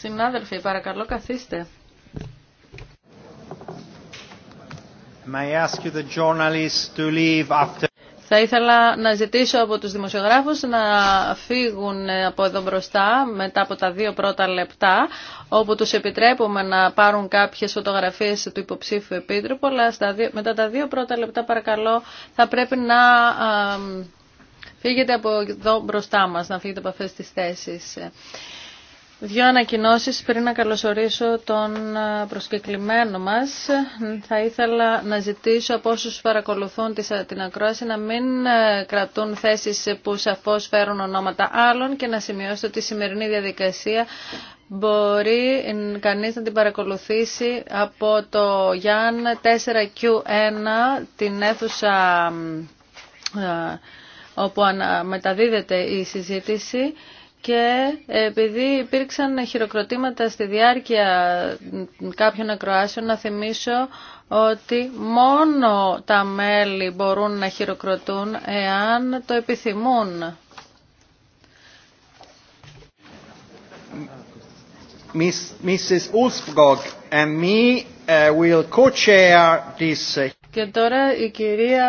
Συνάδελφοι, παρακαλώ καθίστε. Θα ήθελα να ζητήσω από τους δημοσιογράφους να φύγουν ε, από εδώ μπροστά μετά από τα δύο πρώτα λεπτά όπου τους επιτρέπουμε να πάρουν κάποιες φωτογραφίες του υποψήφιου επίτροπου αλλά μετά τα δύο πρώτα λεπτά παρακαλώ θα πρέπει να φύγετε από εδώ μπροστά μας, να φύγετε από αυτές τις θέσεις. Δύο ανακοινώσει πριν να καλωσορίσω τον ε, προσκεκλημένο μας. Θα ήθελα να ζητήσω από όσου παρακολουθούν ε, την ακρόαση να μην ε, κρατούν θέσεις που σαφώς φέρουν ονόματα άλλων και να σημειώσω ότι η σημερινή διαδικασία μπορεί κανείς να την παρακολουθήσει από το Γιάν 4Q1, την αίθουσα όπου μεταδίδεται η συζήτηση και επειδή υπήρξαν χειροκροτήματα στη διάρκεια κάποιων ακροάσεων, να θυμίσω ότι μόνο τα μέλη μπορούν να χειροκροτούν εάν το επιθυμούν. Mrs. and me uh, will co-chair uh, Και τώρα η κυρία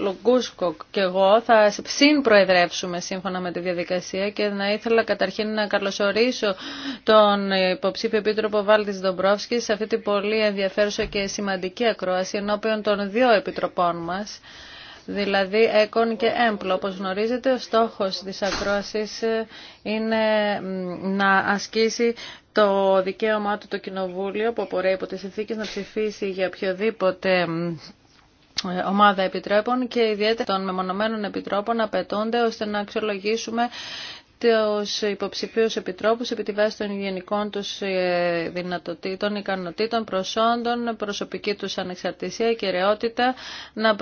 Λουγκούσκοκ και εγώ θα συμπροεδρεύσουμε σύμφωνα με τη διαδικασία και να ήθελα καταρχήν να καλωσορίσω τον υποψήφιο επίτροπο Βάλτης Δομπρόσκη σε αυτή την πολύ ενδιαφέρουσα και σημαντική ακρόαση ενώπιον των δύο επιτροπών μας δηλαδή έκον και έμπλο. Όπως γνωρίζετε, ο στόχος της ακρόασης ε, είναι να ασκήσει το δικαίωμά του το Κοινοβούλιο που απορρέει από τις συνθήκε να ψηφίσει για οποιοδήποτε ε, ομάδα επιτρέπων και ιδιαίτερα των μεμονωμένων επιτρόπων απαιτούνται ώστε να αξιολογήσουμε τους υποψηφίους επιτρόπους επί τη βάση των γενικών τους ε, δυνατοτήτων, ικανοτήτων, προσόντων, προσωπική τους ανεξαρτησία, ρεότητα, να,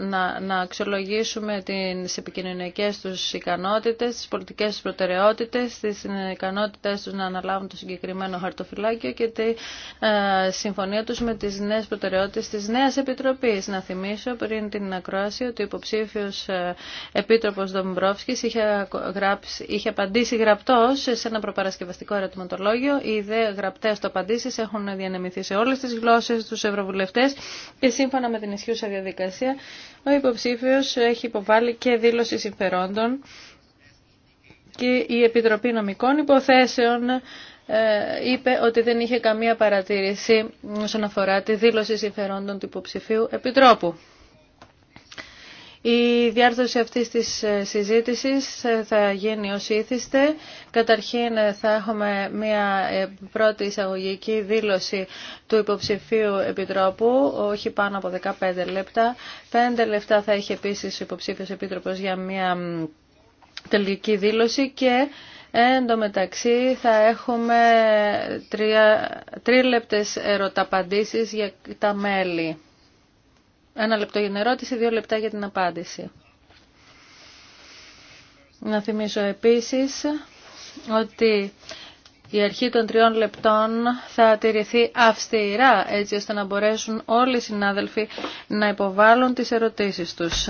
να, να αξιολογήσουμε τις επικοινωνιακές τους ικανότητες, τις πολιτικές τους προτεραιότητες, τις ικανότητες τους να αναλάβουν το συγκεκριμένο χαρτοφυλάκιο και τη ε, συμφωνία τους με τις νέες προτεραιότητες της νέας Επιτροπής. Να θυμίσω πριν την ακρόαση ότι ο υποψήφιος ε, Επίτροπος είχε γράψει είχε απαντήσει γραπτό σε ένα προπαρασκευαστικό ερωτηματολόγιο. Οι δε γραπτές του απαντήσει έχουν διανεμηθεί σε όλες τις γλώσσες του ευρωβουλευτέ και σύμφωνα με την ισχύουσα διαδικασία ο υποψήφιος έχει υποβάλει και δήλωση συμφερόντων και η Επιτροπή Νομικών Υποθέσεων ε, είπε ότι δεν είχε καμία παρατήρηση όσον αφορά τη δήλωση συμφερόντων του υποψηφίου Επιτρόπου. Η διάρθρωση αυτής της ε, συζήτησης ε, θα γίνει ως ήθιστε. Καταρχήν ε, θα έχουμε μια πρώτη εισαγωγική δήλωση του υποψηφίου επιτρόπου, όχι πάνω από 15 λεπτά. 5 λεπτά θα έχει επίσης ο υποψήφιος επίτροπος για μια τελική δήλωση και Εν τω μεταξύ θα έχουμε τρία, τρίλεπτες ερωταπαντήσεις για τα μέλη. Ένα λεπτό για την ερώτηση, δύο λεπτά για την απάντηση. Να θυμίσω επίσης ότι η αρχή των τριών λεπτών θα τηρηθεί αυστηρά, έτσι ώστε να μπορέσουν όλοι οι συνάδελφοι να υποβάλουν τις ερωτήσεις τους.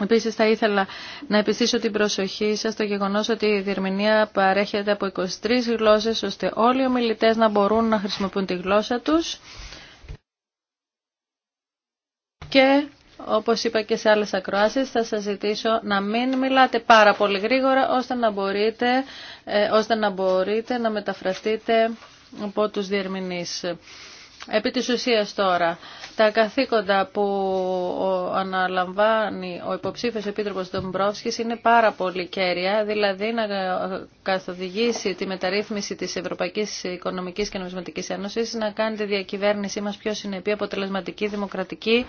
Επίσης θα ήθελα να επιστήσω την προσοχή σας στο γεγονός ότι η διερμηνία παρέχεται από 23 γλώσσες, ώστε όλοι οι ομιλητές να μπορούν να χρησιμοποιούν τη γλώσσα τους και όπως είπα και σε άλλες ακροάσεις, θα σας ζητήσω να μην μιλάτε πάρα πολύ γρήγορα, ώστε να μπορείτε, ε, ώστε να, μπορείτε να μεταφραστείτε από τους διερμηνείς. Επί της ουσίας τώρα, τα καθήκοντα που αναλαμβάνει ο υποψήφιος επίτροπος Ντομπρόσκης είναι πάρα πολύ κέρια, δηλαδή να καθοδηγήσει τη μεταρρύθμιση της Ευρωπαϊκής Οικονομικής και Νομισματικής Ένωσης, να κάνει τη διακυβέρνησή μας πιο συνεπή, αποτελεσματική, δημοκρατική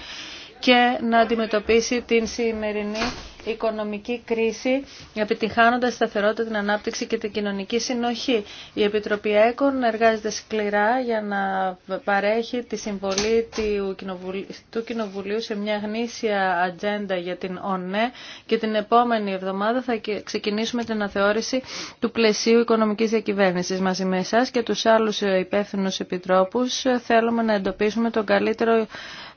και να αντιμετωπίσει την σημερινή οικονομική κρίση, επιτυχάνοντα σταθερότητα την ανάπτυξη και την κοινωνική συνοχή. Η Επιτροπή ΕΚΟΝ εργάζεται σκληρά για να παρέχει τη συμβολή του Κοινοβουλίου σε μια γνήσια ατζέντα για την ΟΝΕ και την επόμενη εβδομάδα θα ξεκινήσουμε την αναθεώρηση του πλαισίου οικονομικής διακυβέρνηση Μαζί με εσά και του άλλου υπεύθυνου επιτρόπους θέλουμε να εντοπίσουμε τον καλύτερο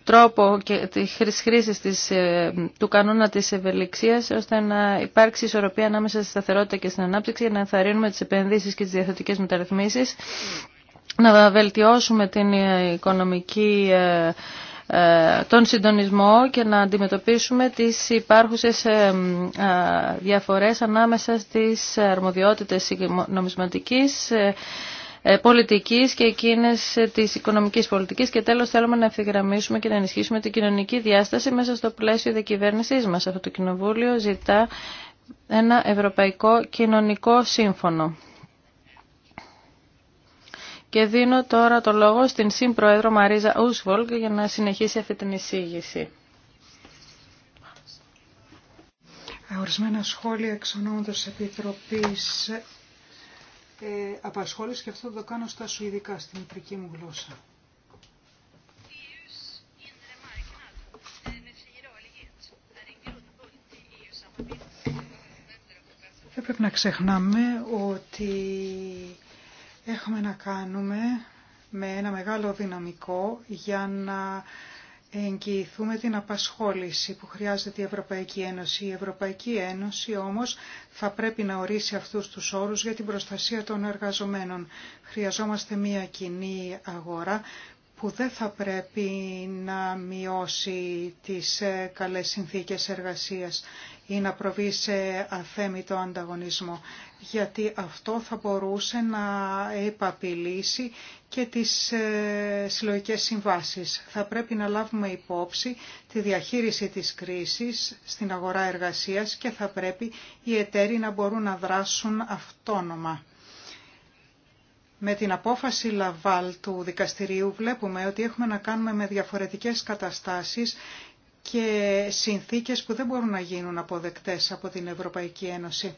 τρόπο και της χρήσης ε, του κανόνα της ευελιξίας ώστε να υπάρξει ισορροπία ανάμεσα στη σταθερότητα και στην ανάπτυξη για να ενθαρρύνουμε τις επενδύσεις και τις διαθετικές μεταρρυθμίσεις να βελτιώσουμε την ε, οικονομική ε, τον συντονισμό και να αντιμετωπίσουμε τις υπάρχουσες διαφορές ανάμεσα στις αρμοδιότητες νομισματικής ε, πολιτικής και εκείνες ε, της οικονομικής πολιτικής και τέλος θέλουμε να ευθυγραμμίσουμε και να ενισχύσουμε την κοινωνική διάσταση μέσα στο πλαίσιο διακυβέρνησής μας. Αυτό το Κοινοβούλιο ζητά ένα Ευρωπαϊκό Κοινωνικό Σύμφωνο. Και δίνω τώρα το λόγο στην Συμπροέδρο Μαρίζα ούσβολκ για να συνεχίσει αυτή την εισήγηση. Ορισμένα σχόλια εξ Επιτροπής ε, απασχόληση και αυτό το κάνω στα σουηδικά, ...στην μητρική μου γλώσσα. Δεν πρέπει να ξεχνάμε ότι έχουμε να κάνουμε με ένα μεγάλο δυναμικό για να εγγυηθούμε την απασχόληση που χρειάζεται η Ευρωπαϊκή Ένωση. Η Ευρωπαϊκή Ένωση όμως θα πρέπει να ορίσει αυτούς τους όρους για την προστασία των εργαζομένων. Χρειαζόμαστε μια κοινή αγορά που δεν θα πρέπει να μειώσει τις ε, καλές συνθήκες εργασίας ή να προβεί σε αθέμητο ανταγωνισμό, γιατί αυτό θα μπορούσε να επαπειλήσει και τις ε, συλλογικές συμβάσεις. Θα πρέπει να λάβουμε υπόψη τη διαχείριση της κρίσης στην αγορά εργασίας και θα πρέπει οι εταίροι να μπορούν να δράσουν αυτόνομα. Με την απόφαση Λαβάλ του δικαστηρίου βλέπουμε ότι έχουμε να κάνουμε με διαφορετικές καταστάσεις και συνθήκες που δεν μπορούν να γίνουν αποδεκτές από την Ευρωπαϊκή Ένωση.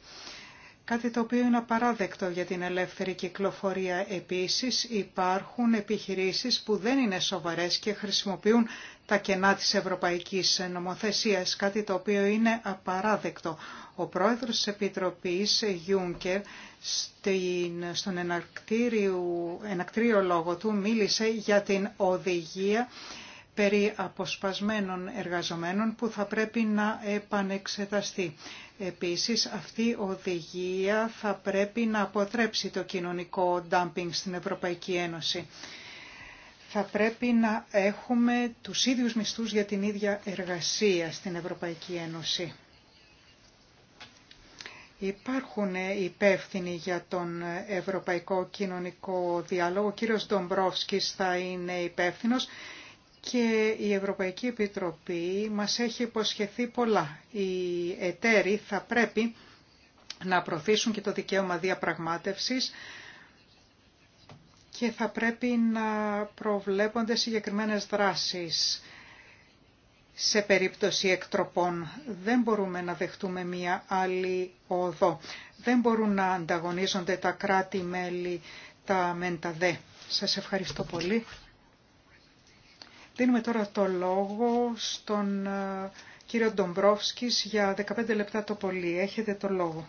Κάτι το οποίο είναι απαράδεκτο για την ελεύθερη κυκλοφορία. Επίσης υπάρχουν επιχειρήσεις που δεν είναι σοβαρές και χρησιμοποιούν τα κενά της ευρωπαϊκής νομοθεσίας, κάτι το οποίο είναι απαράδεκτο. Ο πρόεδρος της Επιτροπής, Γιούνκερ, στην, στον ενακτήριο λόγο του μίλησε για την οδηγία περί αποσπασμένων εργαζομένων που θα πρέπει να επανεξεταστεί. Επίσης, αυτή η οδηγία θα πρέπει να αποτρέψει το κοινωνικό ντάμπινγκ στην Ευρωπαϊκή Ένωση. Θα πρέπει να έχουμε τους ίδιους μισθούς για την ίδια εργασία στην Ευρωπαϊκή Ένωση. Υπάρχουν υπεύθυνοι για τον Ευρωπαϊκό Κοινωνικό Διάλογο. Ο κύριος Ντομπρόφσκης θα είναι υπεύθυνος και η Ευρωπαϊκή Επιτροπή μας έχει υποσχεθεί πολλά. Οι εταίροι θα πρέπει να προωθήσουν και το δικαίωμα διαπραγμάτευσης και θα πρέπει να προβλέπονται συγκεκριμένες δράσεις. Σε περίπτωση εκτροπών δεν μπορούμε να δεχτούμε μία άλλη οδό. Δεν μπορούν να ανταγωνίζονται τα κράτη-μέλη τα μεν τα δε. Σας ευχαριστώ πολύ. Δίνουμε τώρα το λόγο στον ε, κύριο Ντομπρόφσκης για 15 λεπτά το πολύ. Έχετε το λόγο.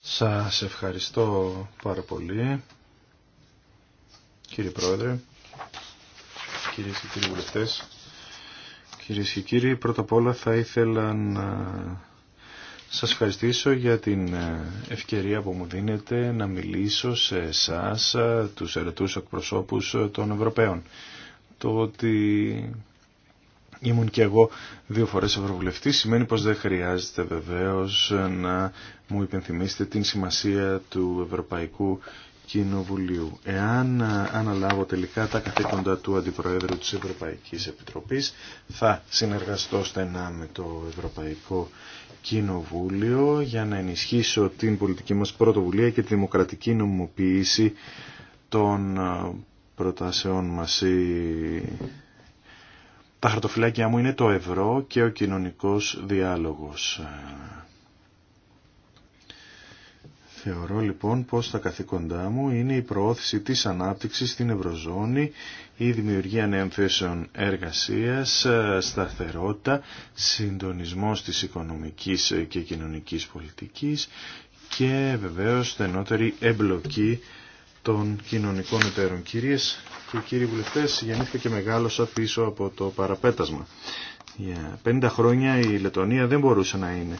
Σας ευχαριστώ πάρα πολύ, κύριε Πρόεδρε, κύριε και κύριοι βουλευτές, κυρίες και κύριοι. Πρώτα απ' όλα θα ήθελα να σας ευχαριστήσω για την ε, ευκαιρία που μου δίνετε να μιλήσω σε εσάς, ε, τους ερετούς εκπροσώπους ε, των Ευρωπαίων. Το ότι ήμουν και εγώ δύο φορές ευρωβουλευτή. σημαίνει πως δεν χρειάζεται βεβαίως να μου υπενθυμίσετε την σημασία του ευρωπαϊκού Κοινοβουλίου. Εάν αναλάβω τελικά τα καθήκοντα του Αντιπροέδρου της Ευρωπαϊκής Επιτροπής, θα συνεργαστώ στενά με το Ευρωπαϊκό Κοινοβούλιο για να ενισχύσω την πολιτική μας πρωτοβουλία και τη δημοκρατική νομιμοποίηση των προτάσεών μας. Τα χαρτοφυλάκια μου είναι το ευρώ και ο κοινωνικός διάλογος. Θεωρώ λοιπόν πως τα καθήκοντά μου είναι η προώθηση της ανάπτυξης στην Ευρωζώνη, η δημιουργία νέων θέσεων εργασίας, σταθερότητα, συντονισμός της οικονομικής και κοινωνικής πολιτικής και βεβαίως στενότερη εμπλοκή των κοινωνικών εταίρων. Κυρίες και κύριοι βουλευτές, γεννήθηκα και μεγάλωσα πίσω από το παραπέτασμα. Για 50 χρόνια η Λετωνία δεν μπορούσε να είναι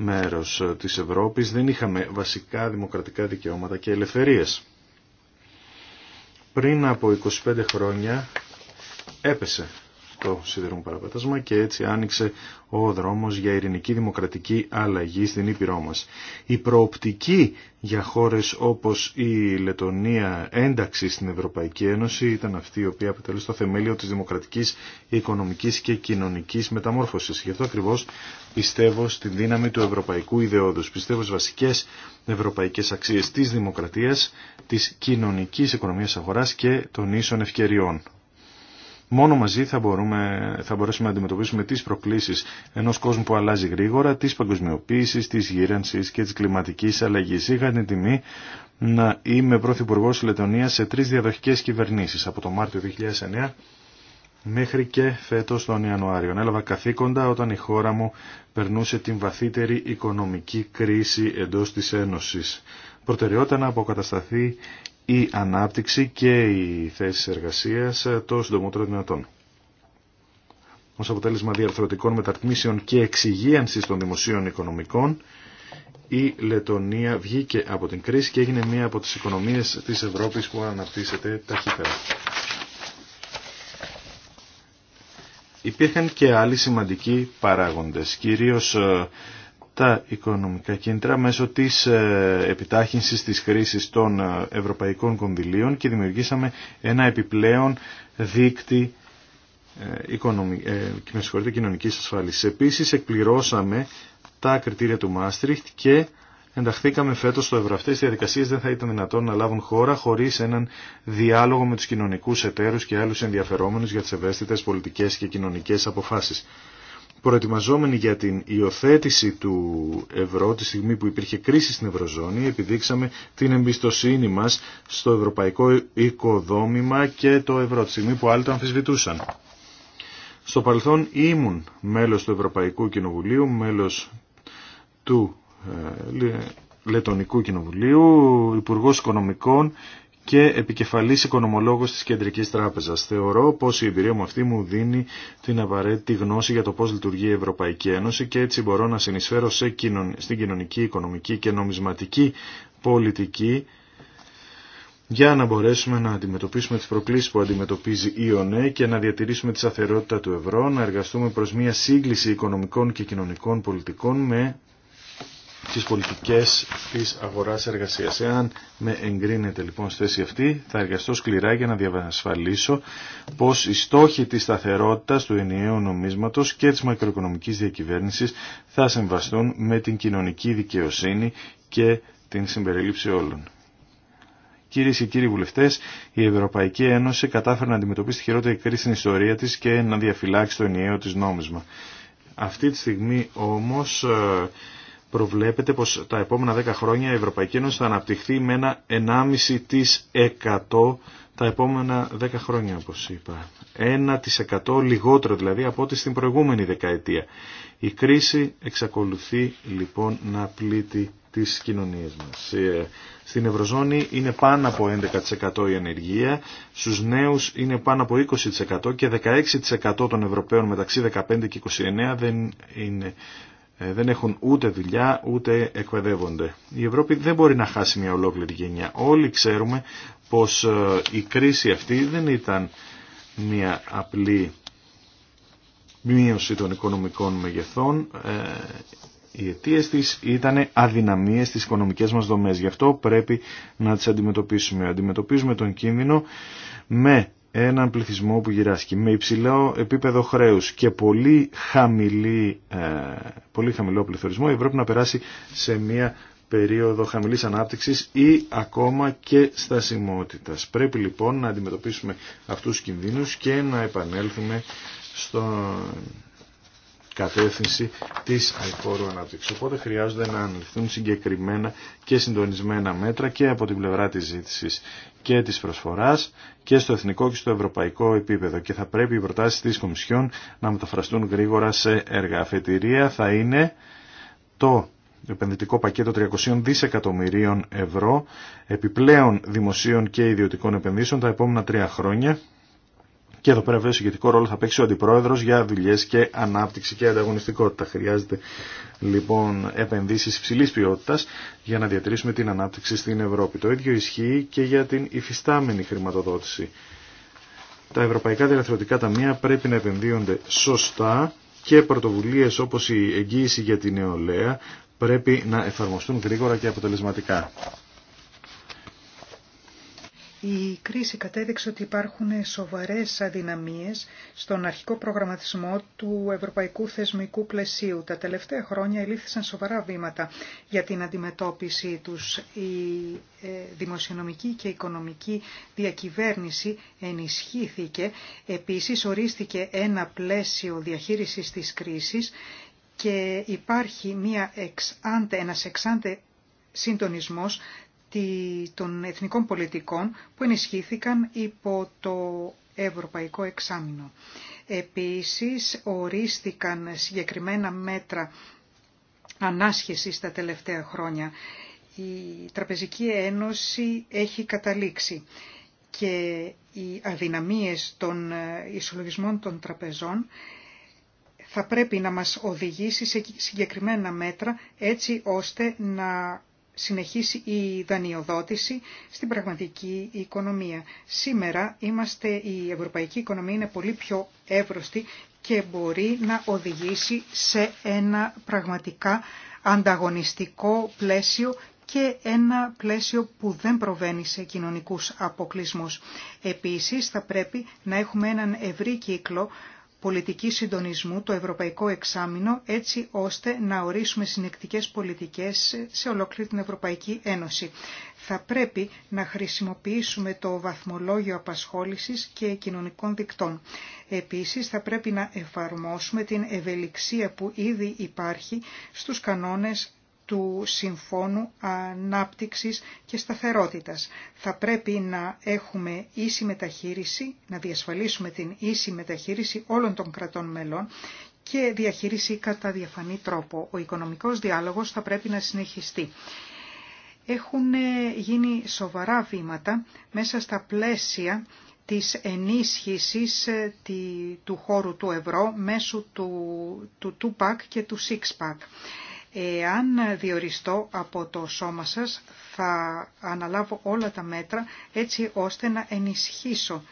μέρος της Ευρώπης δεν είχαμε βασικά δημοκρατικά δικαιώματα και ελευθερίες. Πριν από 25 χρόνια έπεσε το σιδηρούν παραπέτασμα και έτσι άνοιξε ο δρόμος για ειρηνική δημοκρατική αλλαγή στην Ήπειρό μας. Η προοπτική για χώρες όπως η Λετωνία ένταξη στην Ευρωπαϊκή Ένωση ήταν αυτή η οποία αποτελεί το θεμέλιο της δημοκρατικής, οικονομικής και κοινωνικής μεταμόρφωσης. Γι' αυτό ακριβώς πιστεύω στη δύναμη του ευρωπαϊκού ιδεώδους. Πιστεύω στις βασικές ευρωπαϊκές αξίες της δημοκρατίας, της κοινωνικής οικονομίας αγοράς και των ίσων ευκαιριών. Μόνο μαζί θα, μπορούμε, θα μπορέσουμε να αντιμετωπίσουμε τις προκλήσεις ενός κόσμου που αλλάζει γρήγορα, της παγκοσμιοποίησης, της γύρανσης και της κλιματικής αλλαγής. Είχα την τιμή να είμαι πρωθυπουργό Λετωνίας σε τρεις διαδοχικές κυβερνήσεις από το Μάρτιο 2009 μέχρι και φέτος τον Ιανουάριο. Έλαβα καθήκοντα όταν η χώρα μου περνούσε την βαθύτερη οικονομική κρίση εντός της Ένωσης. Προτεραιότητα να αποκατασταθεί η ανάπτυξη και οι θέσει εργασία το συντομότερο δυνατόν. Ω αποτέλεσμα διαρθρωτικών μεταρρυθμίσεων και εξυγίανση των δημοσίων οικονομικών, η Λετωνία βγήκε από την κρίση και έγινε μία από τις οικονομίες της Ευρώπης που αναπτύσσεται ταχύτερα. Υπήρχαν και άλλοι σημαντικοί παράγοντες, κυρίως ε, τα οικονομικά κίνητρα μέσω της ε, επιτάχυνσης της χρήσης των ε, ευρωπαϊκών κονδυλίων και δημιουργήσαμε ένα επιπλέον δίκτυ ε, κοινωνικής ασφάλισης. Επίσης εκπληρώσαμε τα κριτήρια του Μάστριχτ και ενταχθήκαμε φέτος στο ευρώ. Αυτές οι διαδικασίες δεν θα ήταν δυνατόν να λάβουν χώρα χωρίς έναν διάλογο με τους κοινωνικούς εταίρους και άλλους ενδιαφερόμενους για τις ευαίσθητες πολιτικές και κοινωνικές αποφάσεις προετοιμαζόμενοι για την υιοθέτηση του ευρώ τη στιγμή που υπήρχε κρίση στην ευρωζώνη επιδείξαμε την εμπιστοσύνη μας στο ευρωπαϊκό οικοδόμημα και το ευρώ τη στιγμή που άλλοι το αμφισβητούσαν. Στο παρελθόν ήμουν μέλος του Ευρωπαϊκού Κοινοβουλίου, μέλος του ε, Λετωνικού Κοινοβουλίου, Υπουργός Οικονομικών και επικεφαλής οικονομολόγος της Κεντρικής Τράπεζας. Θεωρώ πως η εμπειρία μου αυτή μου δίνει την απαραίτητη γνώση για το πώς λειτουργεί η Ευρωπαϊκή Ένωση και έτσι μπορώ να συνεισφέρω σε στην κοινωνική, οικονομική και νομισματική πολιτική για να μπορέσουμε να αντιμετωπίσουμε τις προκλήσεις που αντιμετωπίζει η ΟΝΕ και να διατηρήσουμε τη σταθερότητα του ευρώ, να εργαστούμε προς μια σύγκληση οικονομικών και κοινωνικών πολιτικών με τις πολιτικές της αγοράς εργασίας. Εάν με εγκρίνεται λοιπόν στη θέση αυτή, θα εργαστώ σκληρά για να διαβασφαλίσω πως οι στόχοι της σταθερότητας του ενιαίου νομίσματος και της μακροοικονομικής διακυβέρνησης θα συμβαστούν με την κοινωνική δικαιοσύνη και την συμπερίληψη όλων. Κυρίε και κύριοι βουλευτέ, η Ευρωπαϊκή Ένωση κατάφερε να αντιμετωπίσει τη χειρότερη κρίση στην ιστορία τη και να διαφυλάξει το ενιαίο τη νόμισμα. Αυτή τη στιγμή όμως ε, προβλέπεται πως τα επόμενα 10 χρόνια η Ευρωπαϊκή Ένωση θα αναπτυχθεί με ένα 1,5% τα επόμενα 10 χρόνια όπως είπα. 1% λιγότερο δηλαδή από ό,τι στην προηγούμενη δεκαετία. Η κρίση εξακολουθεί λοιπόν να πλήττει τις κοινωνίες μας. Ε, στην Ευρωζώνη είναι πάνω από 11% η ανεργία, στους νέους είναι πάνω από 20% και 16% των Ευρωπαίων μεταξύ 15 και 29 δεν είναι ε, δεν έχουν ούτε δουλειά ούτε εκπαιδεύονται. Η Ευρώπη δεν μπορεί να χάσει μια ολόκληρη γενιά. Όλοι ξέρουμε πως ε, η κρίση αυτή δεν ήταν μια απλή μείωση των οικονομικών μεγεθών. Ε, οι αιτίες της ήταν αδυναμίες στις οικονομικές μας δομές. Γι' αυτό πρέπει να τις αντιμετωπίσουμε. Αντιμετωπίζουμε τον κίνδυνο με έναν πληθυσμό που γυράσκει με υψηλό επίπεδο χρέους και πολύ, χαμηλή, ε, πολύ χαμηλό πληθωρισμό η Ευρώπη να περάσει σε μια περίοδο χαμηλής ανάπτυξης ή ακόμα και στασιμότητας. Πρέπει λοιπόν να αντιμετωπίσουμε αυτούς τους κινδύνους και να επανέλθουμε στο κατεύθυνση της αηφόρου ανάπτυξης. Οπότε χρειάζονται να αναλυθούν συγκεκριμένα και συντονισμένα μέτρα και από την πλευρά της ζήτηση και της προσφοράς και στο εθνικό και στο ευρωπαϊκό επίπεδο και θα πρέπει οι προτάσει της Κομισιόν να μεταφραστούν γρήγορα σε έργα. Αφετηρία θα είναι το επενδυτικό πακέτο 300 δισεκατομμυρίων ευρώ επιπλέον δημοσίων και ιδιωτικών επενδύσεων τα επόμενα τρία χρόνια και εδώ πέρα βέβαια συγκεκριτικό ρόλο θα παίξει ο αντιπρόεδρο για δουλειέ και ανάπτυξη και ανταγωνιστικότητα. Χρειάζεται λοιπόν επενδύσει υψηλή ποιότητα για να διατηρήσουμε την ανάπτυξη στην Ευρώπη. Το ίδιο ισχύει και για την υφιστάμενη χρηματοδότηση. Τα ευρωπαϊκά διαλευθερωτικά ταμεία πρέπει να επενδύονται σωστά και πρωτοβουλίε όπω η εγγύηση για την νεολαία πρέπει να εφαρμοστούν γρήγορα και αποτελεσματικά. Η κρίση κατέδειξε ότι υπάρχουν σοβαρές αδυναμίες στον αρχικό προγραμματισμό του Ευρωπαϊκού Θεσμικού Πλαισίου. Τα τελευταία χρόνια ελήφθησαν σοβαρά βήματα για την αντιμετώπιση τους. Η ε, δημοσιονομική και οικονομική διακυβέρνηση ενισχύθηκε. Επίσης ορίστηκε ένα πλαίσιο διαχείρισης της κρίσης και υπάρχει μια εξάντε, ένας συντονισμός των εθνικών πολιτικών που ενισχύθηκαν υπό το Ευρωπαϊκό Εξάμεινο. Επίσης, ορίστηκαν συγκεκριμένα μέτρα ανάσχεσης τα τελευταία χρόνια. Η Τραπεζική Ένωση έχει καταλήξει και οι αδυναμίες των ισολογισμών των τραπεζών θα πρέπει να μας οδηγήσει σε συγκεκριμένα μέτρα έτσι ώστε να συνεχίσει η δανειοδότηση στην πραγματική οικονομία. Σήμερα είμαστε, η ευρωπαϊκή οικονομία είναι πολύ πιο εύρωστη και μπορεί να οδηγήσει σε ένα πραγματικά ανταγωνιστικό πλαίσιο και ένα πλαίσιο που δεν προβαίνει σε κοινωνικούς αποκλεισμούς. Επίσης θα πρέπει να έχουμε έναν ευρύ κύκλο πολιτική συντονισμού το Ευρωπαϊκό Εξάμεινο έτσι ώστε να ορίσουμε συνεκτικές πολιτικές σε ολόκληρη την Ευρωπαϊκή Ένωση. Θα πρέπει να χρησιμοποιήσουμε το βαθμολόγιο απασχόλησης και κοινωνικών δικτών. Επίσης θα πρέπει να εφαρμόσουμε την ευελιξία που ήδη υπάρχει στους κανόνες του Συμφώνου Ανάπτυξης και Σταθερότητας. Θα πρέπει να έχουμε ίση μεταχείριση, να διασφαλίσουμε την ίση μεταχείριση όλων των κρατών μελών και διαχείριση κατά διαφανή τρόπο. Ο οικονομικός διάλογος θα πρέπει να συνεχιστεί. Έχουν γίνει σοβαρά βήματα μέσα στα πλαίσια της ενίσχυσης ε, του χώρου του ευρώ μέσω του, του 2 και του 6 Εάν διοριστώ από το σώμα σας, θα αναλάβω όλα τα μέτρα έτσι ώστε να ενισχύσω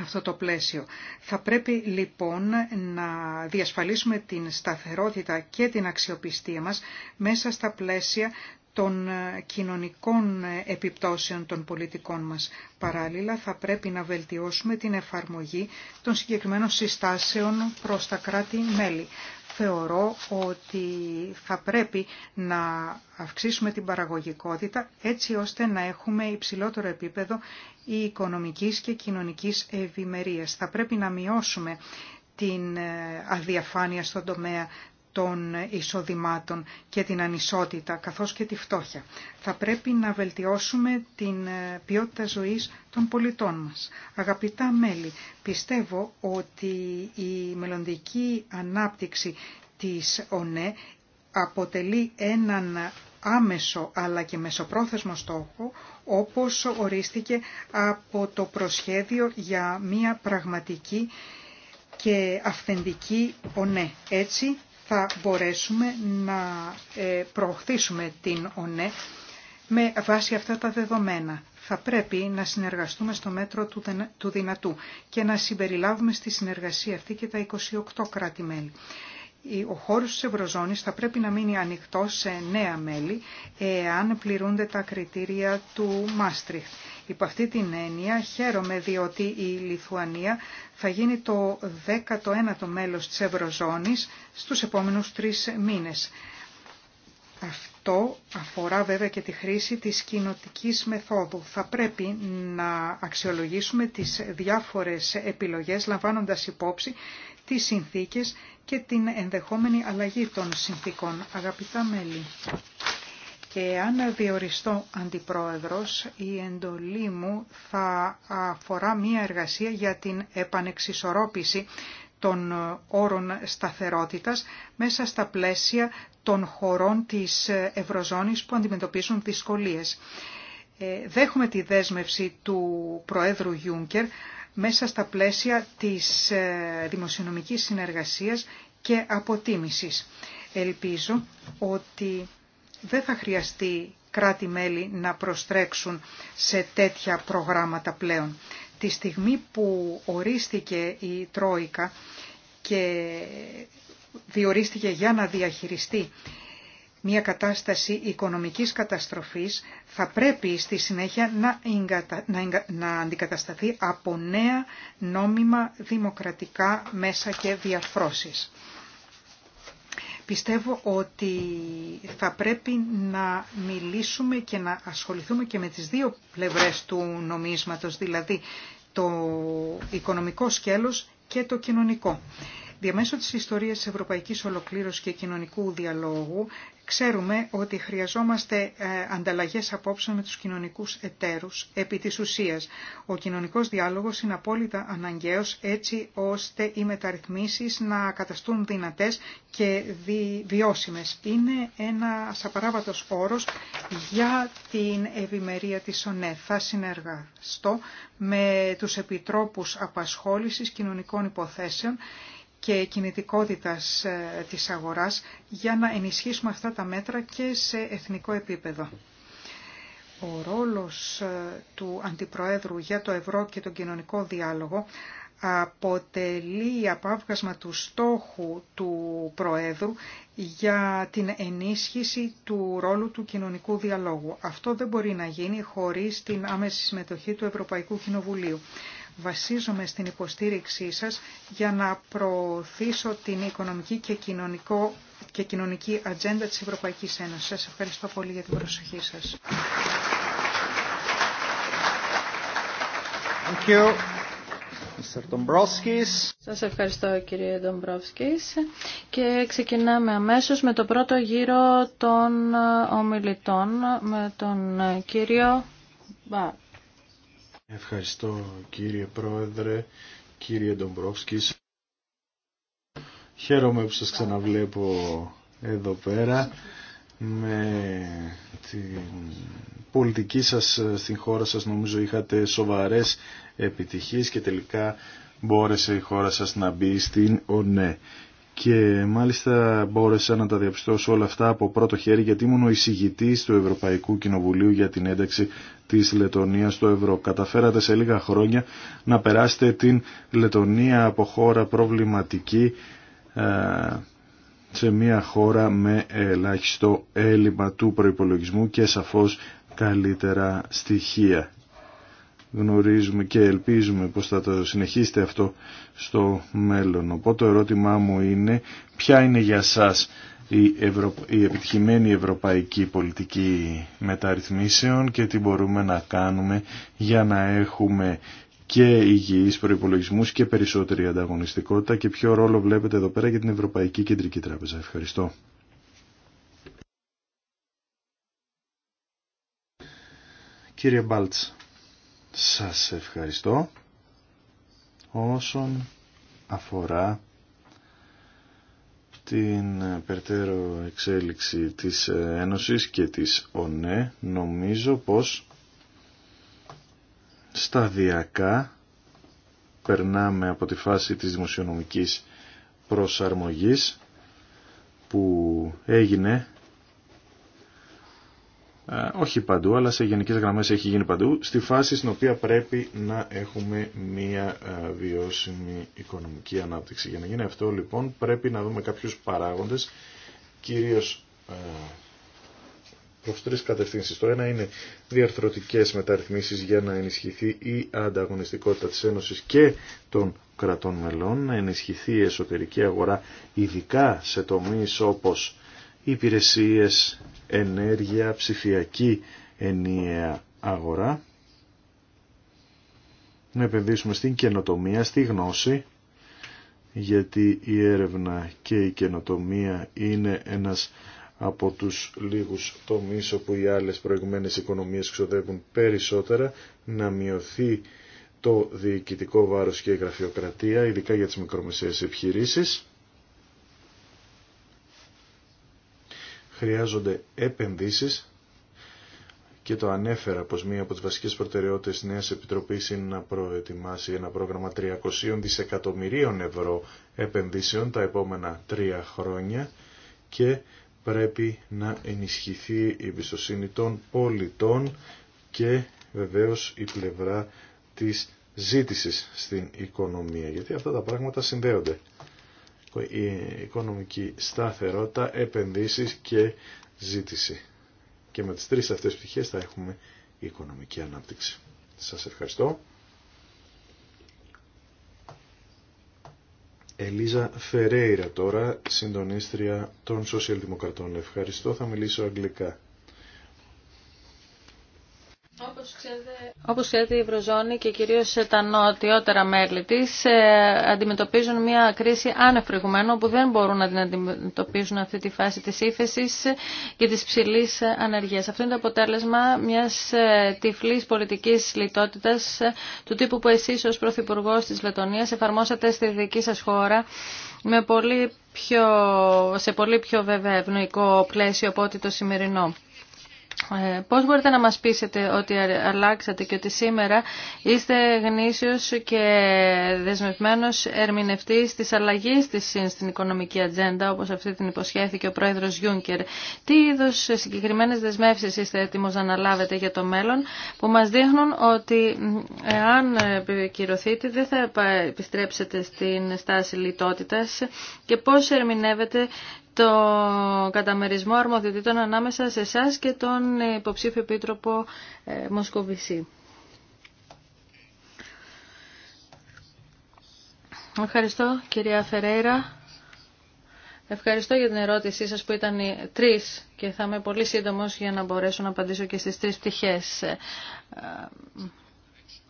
αυτό το πλαίσιο. Θα πρέπει λοιπόν να διασφαλίσουμε την σταθερότητα και την αξιοπιστία μας μέσα στα πλαίσια των κοινωνικών επιπτώσεων των πολιτικών μας. Παράλληλα, θα πρέπει να βελτιώσουμε την εφαρμογή των συγκεκριμένων συστάσεων προς τα κράτη-μέλη θεωρώ ότι θα πρέπει να αυξήσουμε την παραγωγικότητα έτσι ώστε να έχουμε υψηλότερο επίπεδο η οικονομικής και κοινωνικής ευημερίας. Θα πρέπει να μειώσουμε την ε, αδιαφάνεια στον τομέα των εισοδημάτων και την ανισότητα, καθώς και τη φτώχεια. Θα πρέπει να βελτιώσουμε την ε, ποιότητα ζωής των πολιτών μας. Αγαπητά μέλη, πιστεύω ότι η μελλοντική ανάπτυξη της ΟΝΕ αποτελεί έναν άμεσο αλλά και μεσοπρόθεσμο στόχο, όπως ορίστηκε από το προσχέδιο για μια πραγματική και αυθεντική ΟΝΕ. Έτσι θα μπορέσουμε να ε, προωθήσουμε την ΟΝΕ με βάση αυτά τα δεδομένα. Θα πρέπει να συνεργαστούμε στο μέτρο του δυνατού και να συμπεριλάβουμε στη συνεργασία αυτή και τα 28 κράτη-μέλη ο χώρος της Ευρωζώνης θα πρέπει να μείνει ανοιχτό σε νέα μέλη εάν πληρούνται τα κριτήρια του Μάστριχτ. Υπό αυτή την έννοια χαίρομαι διότι η Λιθουανία θα γίνει το 19ο μέλος της Ευρωζώνης στους επόμενους τρεις μήνες. Αυτό αφορά βέβαια και τη χρήση της κοινοτικής μεθόδου. Θα πρέπει να αξιολογήσουμε τις διάφορες επιλογές λαμβάνοντας υπόψη τις συνθήκες και την ενδεχόμενη αλλαγή των συνθήκων. Αγαπητά μέλη, και αν διοριστώ αντιπρόεδρος, η εντολή μου θα αφορά μία εργασία για την επανεξισορρόπηση των όρων σταθερότητας μέσα στα πλαίσια των χωρών της Ευρωζώνης που αντιμετωπίζουν δυσκολίες. Ε, Δέχουμε τη δέσμευση του Προέδρου Γιούνκερ μέσα στα πλαίσια της ε, δημοσιονομικής συνεργασίας και αποτίμησης. Ελπίζω ότι δεν θα χρειαστεί κράτη-μέλη να προστρέξουν σε τέτοια προγράμματα πλέον τη στιγμή που ορίστηκε η Τρόικα και διορίστηκε για να διαχειριστεί μια κατάσταση οικονομικής καταστροφής θα πρέπει στη συνέχεια να, να, να αντικατασταθεί από νέα νόμιμα δημοκρατικά μέσα και διαφρόσεις. Πιστεύω ότι θα πρέπει να μιλήσουμε και να ασχοληθούμε και με τις δύο πλευρές του νομίσματος, δηλαδή το οικονομικό σκέλος και το κοινωνικό. Διαμέσω της ιστορίας της ευρωπαϊκής ολοκλήρωσης και κοινωνικού διαλόγου Ξέρουμε ότι χρειαζόμαστε ε, ανταλλαγές απόψεων με τους κοινωνικούς εταίρους επί της ουσίας. Ο κοινωνικός διάλογος είναι απόλυτα αναγκαίος έτσι ώστε οι μεταρρυθμίσεις να καταστούν δυνατές και βιώσιμες. Είναι ένα απαράβατος όρος για την ευημερία της ΟΝΕ. Θα συνεργαστώ με τους Επιτρόπους Απασχόλησης Κοινωνικών Υποθέσεων και κινητικότητας ε, της αγοράς για να ενισχύσουμε αυτά τα μέτρα και σε εθνικό επίπεδο. Ο ρόλος ε, του Αντιπροέδρου για το ευρώ και τον κοινωνικό διάλογο αποτελεί απάβγασμα του στόχου του Προέδρου για την ενίσχυση του ρόλου του κοινωνικού διαλόγου. Αυτό δεν μπορεί να γίνει χωρίς την άμεση συμμετοχή του Ευρωπαϊκού Κοινοβουλίου. Βασίζομαι στην υποστήριξή σας για να προωθήσω την οικονομική και, κοινωνικό, και κοινωνική ατζέντα της Ευρωπαϊκής Ένωσης. Σας ευχαριστώ πολύ για την προσοχή σας. Thank Σας ευχαριστώ κύριε Ντομπρόφσκης και ξεκινάμε αμέσως με το πρώτο γύρο των ομιλητών με τον κύριο Μπάρ. Ευχαριστώ κύριε Πρόεδρε, κύριε Ντομπρόφσκης. Χαίρομαι που σας ξαναβλέπω εδώ πέρα με την πολιτική σας στην χώρα σας νομίζω είχατε σοβαρές επιτυχίες και τελικά μπόρεσε η χώρα σας να μπει στην ΟΝΕ. Και μάλιστα μπόρεσα να τα διαπιστώσω όλα αυτά από πρώτο χέρι γιατί ήμουν ο εισηγητής του Ευρωπαϊκού Κοινοβουλίου για την ένταξη της Λετωνίας στο ευρώ. Καταφέρατε σε λίγα χρόνια να περάσετε την Λετωνία από χώρα προβληματική ε, σε μια χώρα με ελάχιστο έλλειμμα του προϋπολογισμού και σαφώς καλύτερα στοιχεία γνωρίζουμε και ελπίζουμε πως θα το συνεχίσετε αυτό στο μέλλον. Οπότε το ερώτημά μου είναι ποια είναι για σας η, επιτυχημένη ευρωπαϊκή πολιτική μεταρρυθμίσεων και τι μπορούμε να κάνουμε για να έχουμε και υγιείς προϋπολογισμούς και περισσότερη ανταγωνιστικότητα και ποιο ρόλο βλέπετε εδώ πέρα για την Ευρωπαϊκή Κεντρική Τράπεζα. Ευχαριστώ. Κύριε Μπάλτς. Σας ευχαριστώ. Όσον αφορά την περτέρω εξέλιξη της Ένωσης και της ΟΝΕ, νομίζω πως σταδιακά περνάμε από τη φάση της δημοσιονομικής προσαρμογής που έγινε όχι παντού, αλλά σε γενικές γραμμές έχει γίνει παντού, στη φάση στην οποία πρέπει να έχουμε μία βιώσιμη οικονομική ανάπτυξη. Για να γίνει αυτό λοιπόν πρέπει να δούμε κάποιους παράγοντες, κυρίως προς τρεις κατευθύνσεις. Το ένα είναι διαρθρωτικές μεταρρυθμίσεις για να ενισχυθεί η ανταγωνιστικότητα της Ένωσης και των κρατών μελών, να ενισχυθεί η εσωτερική αγορά ειδικά σε τομείς όπως υπηρεσίες, ενέργεια, ψηφιακή ενιαία αγορά. Να επενδύσουμε στην καινοτομία, στη γνώση, γιατί η έρευνα και η καινοτομία είναι ένας από τους λίγους τομείς όπου οι άλλες προηγουμένες οικονομίες ξοδεύουν περισσότερα, να μειωθεί το διοικητικό βάρος και η γραφειοκρατία, ειδικά για τις μικρομεσαίες επιχειρήσεις. χρειάζονται επενδύσεις και το ανέφερα πως μία από τις βασικές προτεραιότητες τη Νέας επιτροπή είναι να προετοιμάσει ένα πρόγραμμα 300 δισεκατομμυρίων ευρώ επενδύσεων τα επόμενα τρία χρόνια και πρέπει να ενισχυθεί η εμπιστοσύνη των πολιτών και βεβαίως η πλευρά της ζήτησης στην οικονομία, γιατί αυτά τα πράγματα συνδέονται. Η ε, οικονομική σταθερότητα, επενδύσεις και ζήτηση. Και με τις τρεις αυτές πτυχές θα έχουμε οικονομική ανάπτυξη. Σας ευχαριστώ. Ελίζα Φερέιρα τώρα, συντονίστρια των Σοσιαλδημοκρατών. Ευχαριστώ, θα μιλήσω αγγλικά. Όπως ξέρετε η Ευρωζώνη και κυρίως τα νοτιότερα μέλη της ε, αντιμετωπίζουν μια κρίση άνευ που δεν μπορούν να την αντιμετωπίζουν αυτή τη φάση της ύφεση και της ψηλής ανεργίας. Αυτό είναι το αποτέλεσμα μιας ε, τυφλής πολιτικής λιτότητας ε, του τύπου που εσείς ως Πρωθυπουργό της Λετωνίας εφαρμόσατε στη δική σας χώρα πολύ πιο, σε πολύ πιο βέβαια πλαίσιο από ό,τι το σημερινό. Ε, πώς μπορείτε να μας πείσετε ότι αλλάξατε και ότι σήμερα είστε γνήσιος και δεσμευμένος ερμηνευτής της αλλαγής της στην οικονομική ατζέντα, όπως αυτή την υποσχέθηκε ο πρόεδρος Γιούνκερ. Τι είδους συγκεκριμένες δεσμεύσεις είστε έτοιμος να αναλάβετε για το μέλλον, που μας δείχνουν ότι αν κυρωθείτε δεν θα επιστρέψετε στην στάση λιτότητας και πώς ερμηνεύετε το καταμερισμό αρμοδιοτήτων ανάμεσα σε εσά και τον υποψήφιο επίτροπο ε, Μοσκοβισή. Ευχαριστώ κυρία Φερέιρα. Ευχαριστώ για την ερώτησή σας που ήταν οι τρεις και θα είμαι πολύ σύντομος για να μπορέσω να απαντήσω και στις τρεις πτυχές. Ε,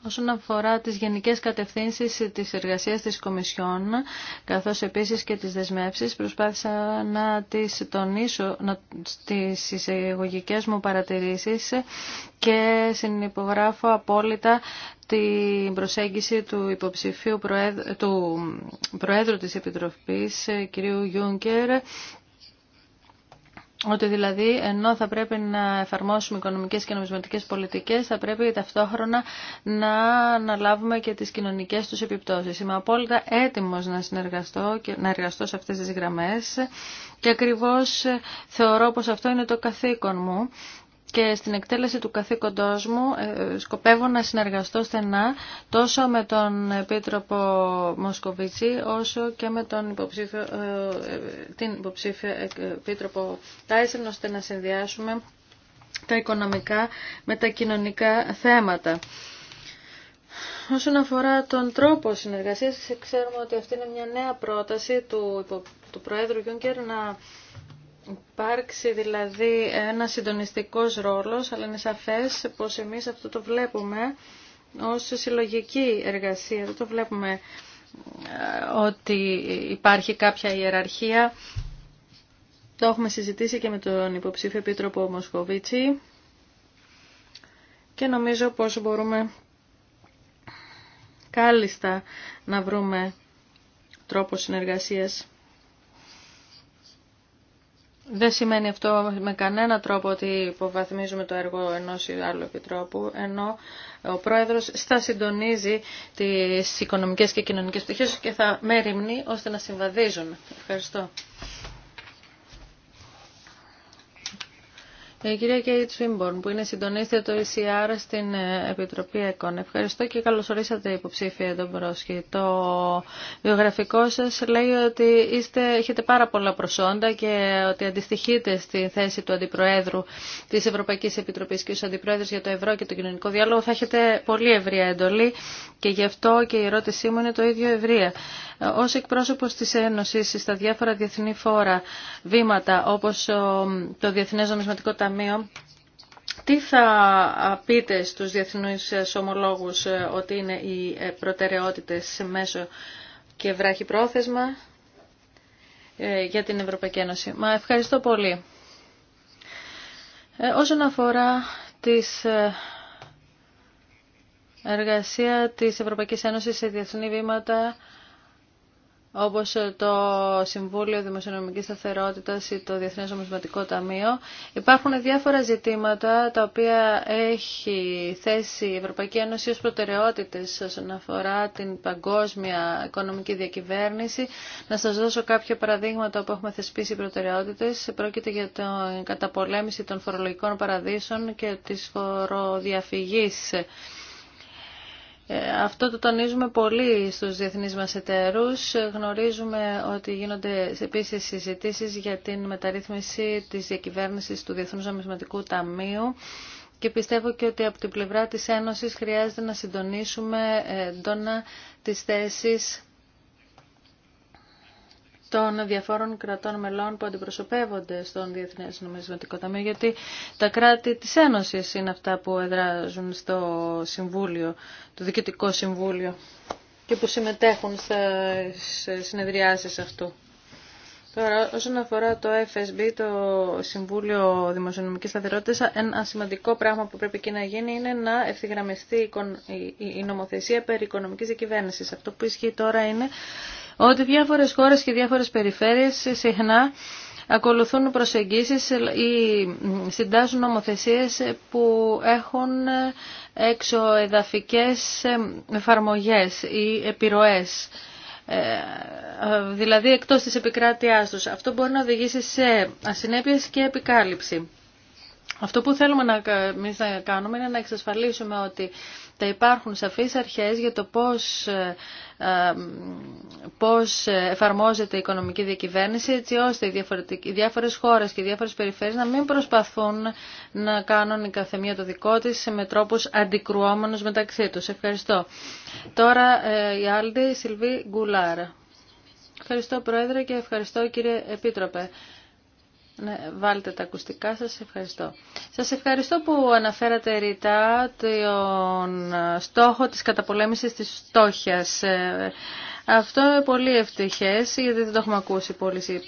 Όσον αφορά τις γενικές κατευθύνσεις της εργασίας της Κομισιόν, καθώς επίσης και τις δεσμεύσεις, προσπάθησα να τις τονίσω να, στις μου παρατηρήσεις και συνυπογράφω απόλυτα την προσέγγιση του υποψηφίου προέδρου, του Προέδρου της Επιτροπής, κ. Γιούγκερ ότι δηλαδή ενώ θα πρέπει να εφαρμόσουμε οικονομικές και νομισματικές πολιτικές θα πρέπει ταυτόχρονα να αναλάβουμε και τις κοινωνικές τους επιπτώσεις. Είμαι απόλυτα έτοιμος να συνεργαστώ και να εργαστώ σε αυτές τις γραμμές και ακριβώς θεωρώ πως αυτό είναι το καθήκον μου και στην εκτέλεση του καθήκοντός μου ε, σκοπεύω να συνεργαστώ στενά τόσο με τον Επίτροπο Μοσκοβίτσι όσο και με τον υποψήφιο, ε, ε, την υποψήφια Επίτροπο Τάισεν ώστε να συνδυάσουμε τα οικονομικά με τα κοινωνικά θέματα. Όσον αφορά τον τρόπο συνεργασίας, ξέρουμε ότι αυτή είναι μια νέα πρόταση του, του Προέδρου Γιούγκερ να υπάρξει δηλαδή ένα συντονιστικός ρόλος, αλλά είναι σαφές πως εμείς αυτό το βλέπουμε ως συλλογική εργασία. Δεν το βλέπουμε ε, ότι υπάρχει κάποια ιεραρχία. Το έχουμε συζητήσει και με τον υποψήφιο επίτροπο Μοσχοβίτσι και νομίζω πως μπορούμε κάλλιστα να βρούμε τρόπο συνεργασίας. Δεν σημαίνει αυτό με κανένα τρόπο ότι υποβαθμίζουμε το έργο ενός ή άλλου επιτρόπου, ενώ ο Πρόεδρος θα συντονίζει τις οικονομικές και κοινωνικές πτυχές και θα μεριμνεί ώστε να συμβαδίζουν. Ευχαριστώ. Ε, η κυρία Κέιτ Σουίμπορν, που είναι συντονίστρια του ECR στην ε, Επιτροπή ΕΚΟΝ. Ευχαριστώ και καλώς ορίσατε υποψήφια τον Πρόσχη. Το βιογραφικό σας λέει ότι είστε, έχετε πάρα πολλά προσόντα και ότι αντιστοιχείτε στη θέση του Αντιπροέδρου της Ευρωπαϊκής Επιτροπής και ως Αντιπρόεδρος για το Ευρώ και το Κοινωνικό Διάλογο θα έχετε πολύ ευρία εντολή και γι' αυτό και η ερώτησή μου είναι το ίδιο ευρία. Ως εκπρόσωπος της Ένωσης στα διάφορα διεθνή φόρα βήματα όπως το Διεθνές Νομισματικό Ταμείο τι θα πείτε στους διεθνούς ομολόγους ε, ότι είναι οι ε, προτεραιότητες σε μέσο και βράχη πρόθεσμα ε, για την Ευρωπαϊκή Ένωση. Μα ευχαριστώ πολύ. όσον αφορά τις εργασία της Ευρωπαϊκής Ένωσης σε διεθνή βήματα όπως ε, το Συμβούλιο Δημοσιονομικής Σταθερότητας ή το Διεθνές Νομισματικό Ταμείο. Υπάρχουν διάφορα ζητήματα τα οποία έχει θέσει η το διεθνες ομισματικο ταμειο υπαρχουν διαφορα ζητηματα Ένωση ως προτεραιότητες όσον αφορά την παγκόσμια οικονομική διακυβέρνηση. Να σας δώσω κάποια παραδείγματα που έχουμε θεσπίσει προτεραιότητες. Πρόκειται για την καταπολέμηση των φορολογικών παραδείσων και της φοροδιαφυγής. Ε, αυτό το τονίζουμε πολύ στους διεθνείς μας εταίρους. Γνωρίζουμε ότι γίνονται επίσης συζητήσεις για την μεταρρύθμιση της διακυβέρνησης του Διεθνούς Νομισματικού Ταμείου και πιστεύω και ότι από την πλευρά της Ένωσης χρειάζεται να συντονίσουμε ε, έντονα τις θέσεις των διαφόρων κρατών μελών που αντιπροσωπεύονται στον Διεθνές Νομισματικό Ταμείο, γιατί τα κράτη τη Ένωση είναι αυτά που εδράζουν στο Συμβούλιο, το Διοικητικό Συμβούλιο και που συμμετέχουν σε συνεδριάσει αυτού. Τώρα, όσον αφορά το FSB, το Συμβούλιο Δημοσιονομικής Σταθερότητας, ένα σημαντικό πράγμα που πρέπει εκεί να γίνει είναι να ευθυγραμμιστεί η νομοθεσία περί οικονομικής διακυβέρνησης. Αυτό που ισχύει τώρα είναι ότι διάφορες χώρες και διάφορες περιφέρειες συχνά ακολουθούν προσεγγίσεις ή συντάσσουν νομοθεσίες που έχουν εξωεδαφικές εφαρμογές ή επιρροές. Ε, δηλαδή εκτός της επικράτειάς τους. Αυτό μπορεί να οδηγήσει σε ασυνέπειες και επικάλυψη. Αυτό που θέλουμε να, να κάνουμε είναι να εξασφαλίσουμε ότι θα υπάρχουν σαφείς αρχές για το πώς, ε, ε, πώς εφαρμόζεται η οικονομική διακυβέρνηση έτσι ώστε οι, οι διάφορες χώρες και οι διάφορες περιφέρειες να μην προσπαθούν να κάνουν η καθεμία το δικό της με τρόπους αντικρουόμενους μεταξύ τους. Ευχαριστώ. Τώρα ε, η Άλντι Σιλβί Γκουλάρα. Ευχαριστώ Πρόεδρε και ευχαριστώ κύριε Επίτροπε. Ναι, βάλτε τα ακουστικά σας. Ευχαριστώ. Σας ευχαριστώ που αναφέρατε ρητά τον ε, στόχο της καταπολέμησης της στόχιας. Ε, αυτό είναι πολύ ευτυχές, γιατί δεν το έχουμε ακούσει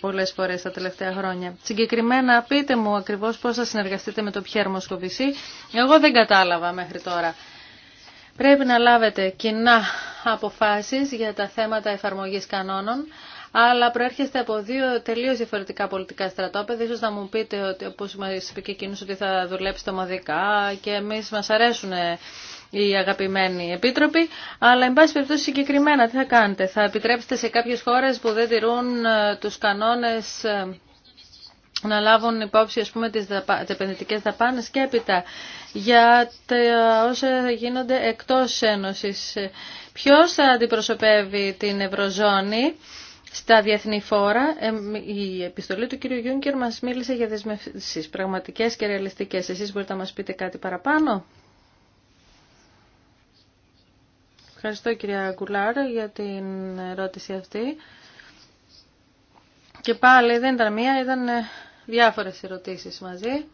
πολλές φορές τα τελευταία χρόνια. Συγκεκριμένα πείτε μου ακριβώς πώς θα συνεργαστείτε με το Πιέρ Μοσκοβισή. Εγώ δεν κατάλαβα μέχρι τώρα. Πρέπει να λάβετε κοινά αποφάσεις για τα θέματα εφαρμογής κανόνων αλλά προέρχεστε από δύο τελείω διαφορετικά πολιτικά στρατόπεδα. σω να μου πείτε, ότι, όπως μας είπε και εκείνο, ότι θα δουλέψετε ομαδικά και εμεί μα αρέσουν οι αγαπημένοι επίτροποι, αλλά εν πάση περιπτώσει συγκεκριμένα τι θα κάνετε. Θα επιτρέψετε σε κάποιες χώρε που δεν τηρούν ε, τους κανόνες ε, να λάβουν υπόψη ας πούμε, τις, δαπα... τις επενδυτικές δαπάνες και έπειτα για τα όσα γίνονται εκτός Ένωσης. Ποιος θα αντιπροσωπεύει την Ευρωζώνη στα διεθνή φόρα, η επιστολή του κύριου Γιούγκερ μας μίλησε για δεσμεύσεις πραγματικέ και ρεαλιστικές. Εσείς μπορείτε να μας πείτε κάτι παραπάνω. Ευχαριστώ κυρία Γκουλάρ για την ερώτηση αυτή. Και πάλι δεν ήταν μία, ήταν ε, διάφορες ερωτήσεις μαζί.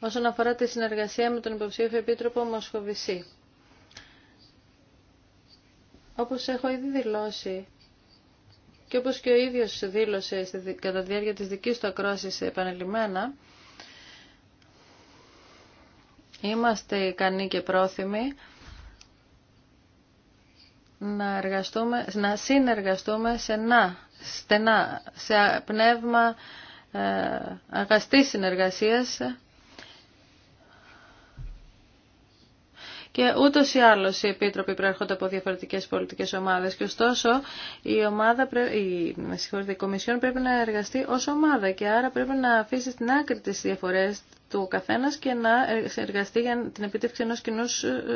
Όσον αφορά τη συνεργασία με τον υποψήφιο επίτροπο Μοσχοβησή. Όπως έχω ήδη δηλώσει και όπως και ο ίδιος δήλωσε κατά τη διάρκεια της δικής του ακρόσης επανελειμμένα, είμαστε ικανοί και πρόθυμοι να, εργαστούμε, να συνεργαστούμε στενά, σε πνεύμα ε, αγαστής συνεργασίας και ούτω ή άλλω οι επίτροποι προέρχονται από διαφορετικέ πολιτικέ ομάδε. Και ωστόσο, η, αλλω οι επιτροποι προερχονται απο διαφορετικέ πολιτικέ ομάδε. και ωστοσο η ομαδα η, η Κομισιόν πρέπει να εργαστεί ω ομάδα και άρα πρέπει να αφήσει στην άκρη τι διαφορέ του καθένα και να εργαστεί για την επίτευξη ενό κοινού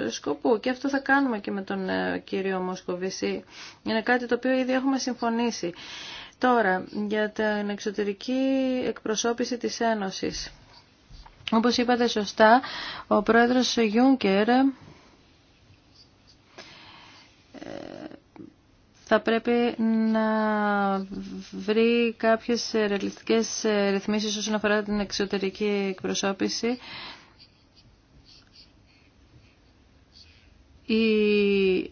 ε, σκοπού. Και αυτό θα κάνουμε και με τον ε, κύριο Μοσκοβίση. Είναι κάτι το οποίο ήδη έχουμε συμφωνήσει. Τώρα, για την εξωτερική εκπροσώπηση της Ένωσης. Όπως είπατε σωστά, ο πρόεδρος Γιούνκερ θα πρέπει να βρει κάποιες ρεαλιστικές ρυθμίσεις όσον αφορά την εξωτερική εκπροσώπηση οι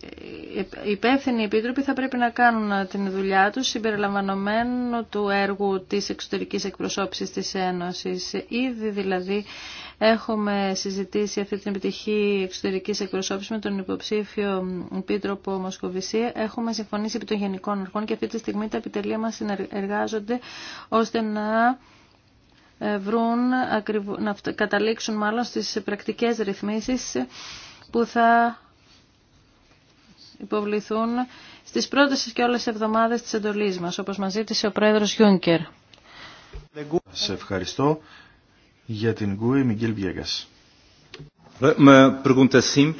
υπεύθυνοι επίτροποι θα πρέπει να κάνουν την δουλειά τους συμπεριλαμβανομένου του έργου της εξωτερικής εκπροσώπησης της Ένωσης. Ήδη δηλαδή έχουμε συζητήσει αυτή την επιτυχή εξωτερικής εκπροσώπησης με τον υποψήφιο επίτροπο Μοσκοβισή. Έχουμε συμφωνήσει επί των γενικών αρχών και αυτή τη στιγμή τα επιτελεία μας συνεργάζονται ώστε να ε, να καταλήξουν μάλλον στις πρακτικές ρυθμίσεις που θα υποβληθούν στις πρώτες και όλες τις εβδομάδες της εντολής μας, όπως μας ζήτησε ο πρόεδρος Γιούνκερ. Σε ευχαριστώ για την Γκουή Μιγγέλ Βιέγκας. Ε,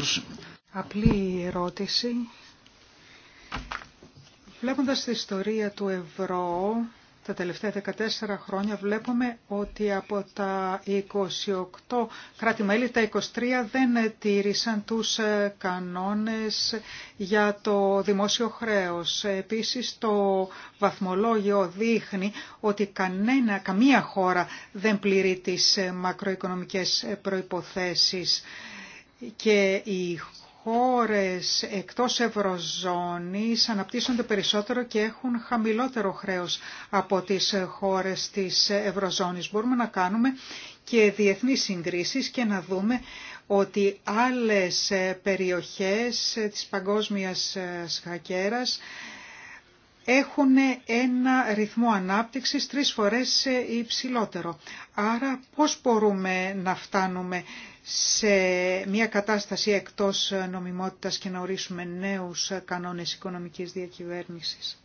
Απλή ερώτηση. Βλέποντας την ιστορία του ευρώ, τα τελευταία 14 χρόνια βλέπουμε ότι από τα 28 κράτη-μέλη τα 23 δεν τήρησαν τους ε, κανόνες για το δημόσιο χρέος. Επίσης το βαθμολόγιο δείχνει ότι κανένα, καμία χώρα δεν πληρεί τις ε, μακροοικονομικές ε, προϋποθέσεις και η χώρες εκτός Ευρωζώνης αναπτύσσονται περισσότερο και έχουν χαμηλότερο χρέος από τις χώρες της Ευρωζώνης. Μπορούμε να κάνουμε και διεθνείς συγκρίσεις και να δούμε ότι άλλες περιοχές της παγκόσμιας σχακέρας έχουν ένα ρυθμό ανάπτυξης τρεις φορές υψηλότερο. Άρα πώς μπορούμε να φτάνουμε σε μια κατάσταση εκτός νομιμότητας και να ορίσουμε νέους κανόνες οικονομικής διακυβέρνησης.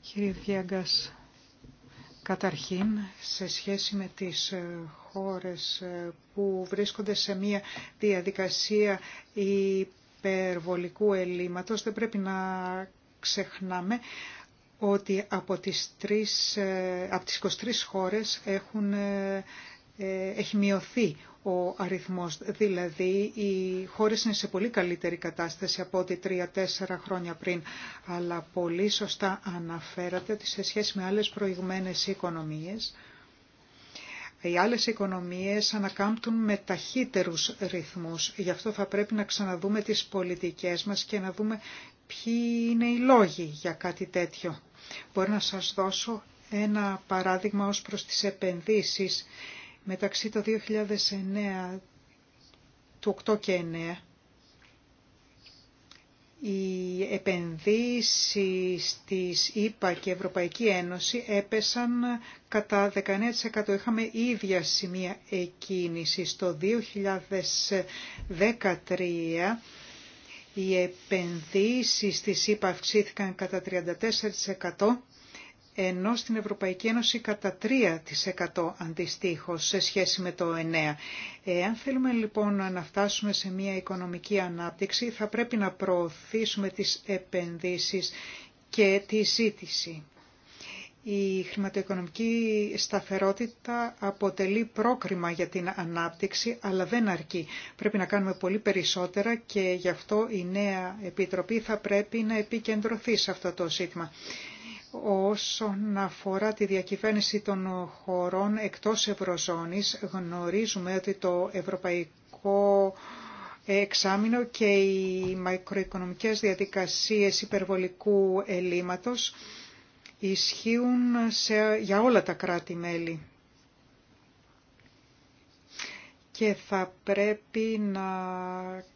Κύριε καταρχήν σε σχέση με τις ε, χώρες ε, που βρίσκονται σε μια διαδικασία υπερβολικού ελλείμματος δεν πρέπει να ξεχνάμε ότι από τις, 23 ε, χώρες έχουν, ε, ε, έχει μειωθεί ο αριθμός. Δηλαδή οι χώρες είναι σε πολύ καλύτερη κατάσταση από ό,τι 3-4 χρόνια πριν. Αλλά πολύ σωστά αναφέρατε ότι σε σχέση με άλλες προηγμένες οικονομίες, οι άλλες οικονομίες ανακάμπτουν με ταχύτερους ρυθμούς. Γι' αυτό θα πρέπει να ξαναδούμε τις πολιτικές μας και να δούμε ποιοι είναι οι λόγοι για κάτι τέτοιο. Μπορώ να σας δώσω ένα παράδειγμα ως προς τις επενδύσεις μεταξύ το 2009 του 8 και 9 οι επενδύσεις της ΕΠΑ και Ευρωπαϊκή Ένωση έπεσαν κατά 19%. Είχαμε ίδια σημεία εκκίνηση. Το 2013 οι επενδύσεις της ΕΠΑ αυξήθηκαν κατά 34% ενώ στην Ευρωπαϊκή Ένωση κατά 3% αντιστοίχως σε σχέση με το 9%. Εάν θέλουμε λοιπόν να φτάσουμε σε μια οικονομική ανάπτυξη θα πρέπει να προωθήσουμε τις επενδύσεις και τη ζήτηση. Η χρηματοοικονομική σταθερότητα αποτελεί πρόκριμα για την ανάπτυξη, αλλά δεν αρκεί. Πρέπει να κάνουμε πολύ περισσότερα και γι' αυτό η νέα Επιτροπή θα πρέπει να επικεντρωθεί σε αυτό το ζήτημα. Όσον αφορά τη διακυβέρνηση των χωρών εκτός Ευρωζώνης, γνωρίζουμε ότι το Ευρωπαϊκό Εξάμεινο και οι μακροοικονομικές διαδικασίες υπερβολικού ελλείμματος ισχύουν σε, για όλα τα κράτη-μέλη. Και θα πρέπει να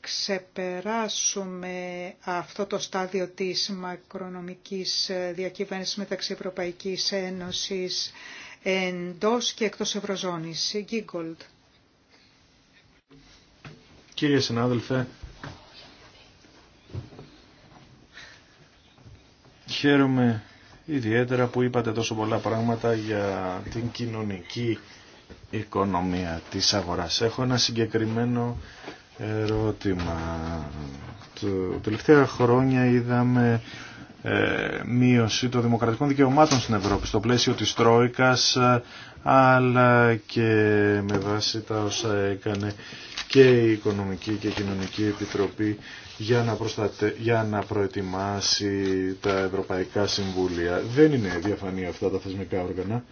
ξεπεράσουμε αυτό το στάδιο της μακρονομικής διακυβέρνησης μεταξύ Ευρωπαϊκής Ένωσης εντός και εκτός Ευρωζώνης. Γκίγκολτ. Κύριε συνάδελφε, χαίρομαι ιδιαίτερα που είπατε τόσο πολλά πράγματα για την κοινωνική οικονομία της αγοράς. Έχω ένα συγκεκριμένο ερώτημα. Το τελευταία χρόνια είδαμε ε, μείωση των δημοκρατικών δικαιωμάτων στην Ευρώπη στο πλαίσιο της Τρόικας ε, αλλά και με βάση τα όσα έκανε και η Οικονομική και Κοινωνική Επιτροπή για να, για να προετοιμάσει τα Ευρωπαϊκά Συμβούλια. Δεν είναι διαφανή αυτά τα θεσμικά όργανα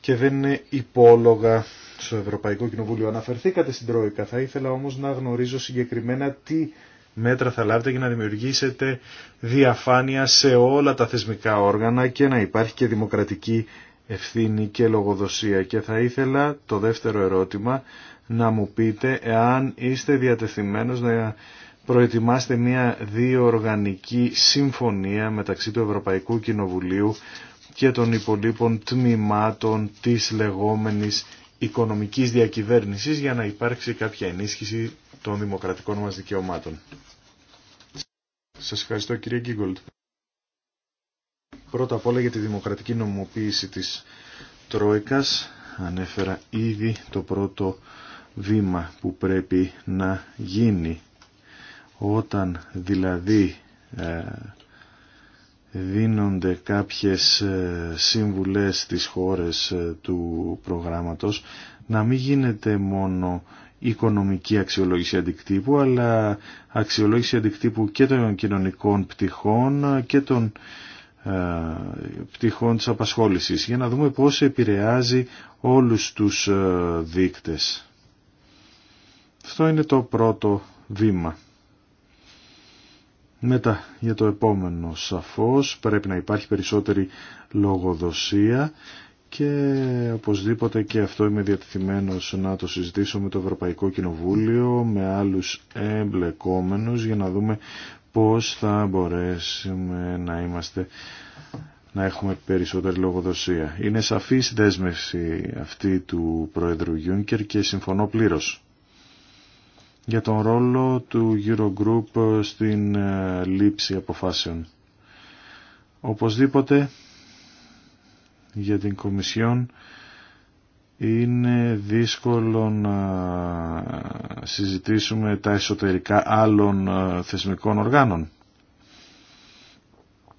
και δεν είναι υπόλογα στο Ευρωπαϊκό Κοινοβούλιο. Αναφερθήκατε στην Τρόικα, θα ήθελα όμως να γνωρίζω συγκεκριμένα τι μέτρα θα λάβετε για να δημιουργήσετε διαφάνεια σε όλα τα θεσμικά όργανα και να υπάρχει και δημοκρατική ευθύνη και λογοδοσία. Και θα ήθελα το δεύτερο ερώτημα να μου πείτε εάν είστε διατεθειμένος να προετοιμάσετε μια διοργανική συμφωνία μεταξύ του Ευρωπαϊκού Κοινοβουλίου και των υπολείπων τμήματων της λεγόμενης οικονομικής διακυβέρνησης για να υπάρξει κάποια ενίσχυση των δημοκρατικών μας δικαιωμάτων. Σας ευχαριστώ κύριε Γκίγκολτ. Πρώτα απ' όλα για τη δημοκρατική νομοποίηση της Τρόικας. Ανέφερα ήδη το πρώτο βήμα που πρέπει να γίνει όταν δηλαδή ε, δίνονται κάποιες ε, σύμβουλες στις χώρες ε, του προγράμματος να μην γίνεται μόνο οικονομική αξιολόγηση αντικτύπου αλλά αξιολόγηση αντικτύπου και των κοινωνικών πτυχών και των πτυχών της απασχόλησης για να δούμε πώς επηρεάζει όλους τους δείκτες αυτό είναι το πρώτο βήμα. Μετά για το επόμενο σαφώς πρέπει να υπάρχει περισσότερη λογοδοσία και οπωσδήποτε και αυτό είμαι διατηθειμένος να το συζητήσω με το Ευρωπαϊκό Κοινοβούλιο, με άλλους εμπλεκόμενους για να δούμε πώς θα μπορέσουμε να είμαστε να έχουμε περισσότερη λογοδοσία. Είναι σαφής δέσμευση αυτή του Πρόεδρου Γιούνκερ και συμφωνώ πλήρως για τον ρόλο του Eurogroup στην ε, λήψη αποφάσεων. Οπωσδήποτε για την Κομισιόν είναι δύσκολο να συζητήσουμε τα εσωτερικά άλλων ε, θεσμικών οργάνων.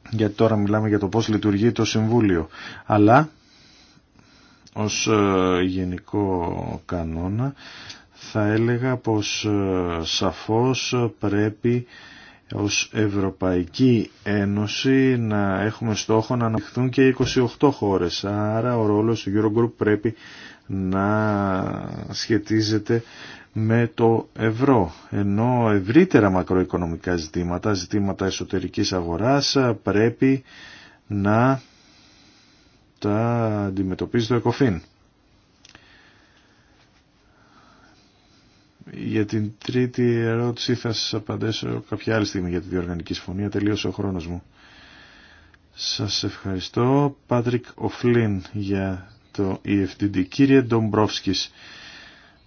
Γιατί τώρα μιλάμε για το πώς λειτουργεί το Συμβούλιο. Αλλά ως ε, γενικό κανόνα θα έλεγα πως ε, σαφώς πρέπει ως Ευρωπαϊκή Ένωση να έχουμε στόχο να αναπτυχθούν και 28 χώρες. Άρα ο ρόλος του Eurogroup πρέπει να σχετίζεται με το ευρώ. Ενώ ευρύτερα μακροοικονομικά ζητήματα, ζητήματα εσωτερικής αγοράς πρέπει να τα αντιμετωπίζει το ΕΚΟΦΗΝ. Για την τρίτη ερώτηση θα σας απαντήσω κάποια άλλη στιγμή για τη διοργανική συμφωνία. Τελείωσε ο χρόνος μου. Σας ευχαριστώ. Πάτρικ Οφλίν για το EFTD. Κύριε Ντομπρόφσκης,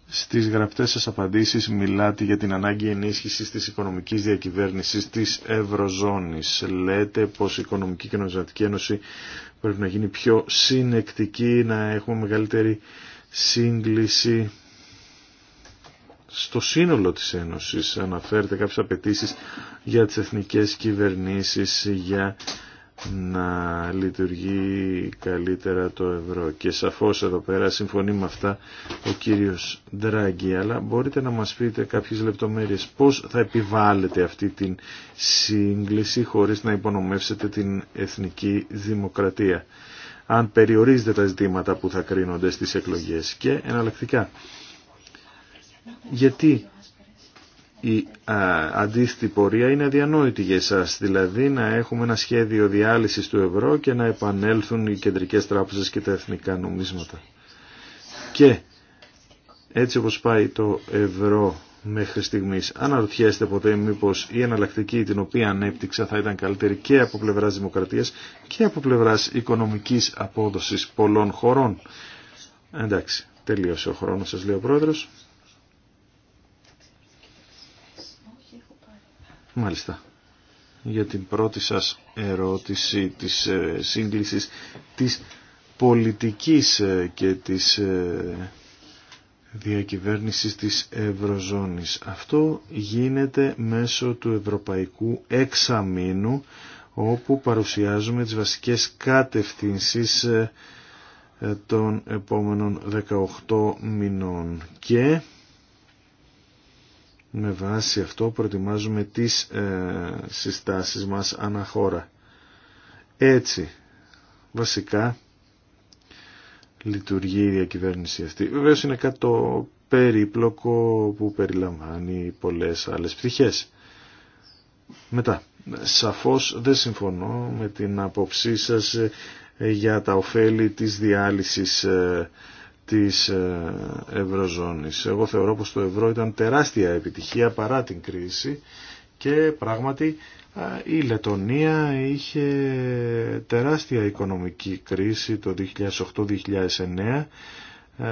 στις γραπτές σας απαντήσεις μιλάτε για την ανάγκη ενίσχυσης της οικονομικής διακυβέρνησης της Ευρωζώνης. Λέτε πως η Οικονομική και Ένωση πρέπει να γίνει πιο συνεκτική, να έχουμε μεγαλύτερη σύγκληση στο σύνολο της Ένωσης αναφέρεται κάποιες απαιτήσει για τις εθνικές κυβερνήσεις για να λειτουργεί καλύτερα το ευρώ. Και σαφώς εδώ πέρα συμφωνεί με αυτά ο κύριος Ντράγκη, αλλά μπορείτε να μας πείτε κάποιες λεπτομέρειες πώς θα επιβάλλετε αυτή την σύγκληση χωρίς να υπονομεύσετε την εθνική δημοκρατία αν περιορίζετε τα ζητήματα που θα κρίνονται στις εκλογές και εναλλακτικά γιατί η α, αντίστοιχη πορεία είναι αδιανόητη για εσάς, δηλαδή να έχουμε ένα σχέδιο διάλυσης του ευρώ και να επανέλθουν οι κεντρικές τράπεζες και τα εθνικά νομίσματα. Και έτσι όπως πάει το ευρώ μέχρι στιγμής, αναρωτιέστε ποτέ μήπως η εναλλακτική την οποία ανέπτυξα θα ήταν καλύτερη και από πλευράς δημοκρατίας και από πλευράς οικονομικής απόδοσης πολλών χωρών. Εντάξει, τελείωσε ο χρόνος σας λέει ο Πρόεδρος. Μάλιστα. Για την πρώτη σας ερώτηση της ε, σύγκλησης της πολιτικής ε, και της ε, διακυβέρνησης της Ευρωζώνης. Αυτό γίνεται μέσω του Ευρωπαϊκού Εξαμήνου όπου παρουσιάζουμε τις βασικές κατευθύνσεις των επόμενων 18 μηνών και με βάση αυτό προετοιμάζουμε τις ε, συστάσεις μας αναχώρα. Έτσι, βασικά, λειτουργεί η διακυβέρνηση αυτή. Βεβαίως είναι κάτι το περίπλοκο που περιλαμβάνει πολλές άλλες πτυχές. Μετά, σαφώς δεν συμφωνώ με την απόψή σας ε, για τα ωφέλη της διάλυσης ε, της ε, Ευρωζώνης. Εγώ θεωρώ πως το ευρώ ήταν τεράστια επιτυχία παρά την κρίση και πράγματι ε, η Λετωνία είχε τεράστια οικονομική κρίση το 2008-2009 ε,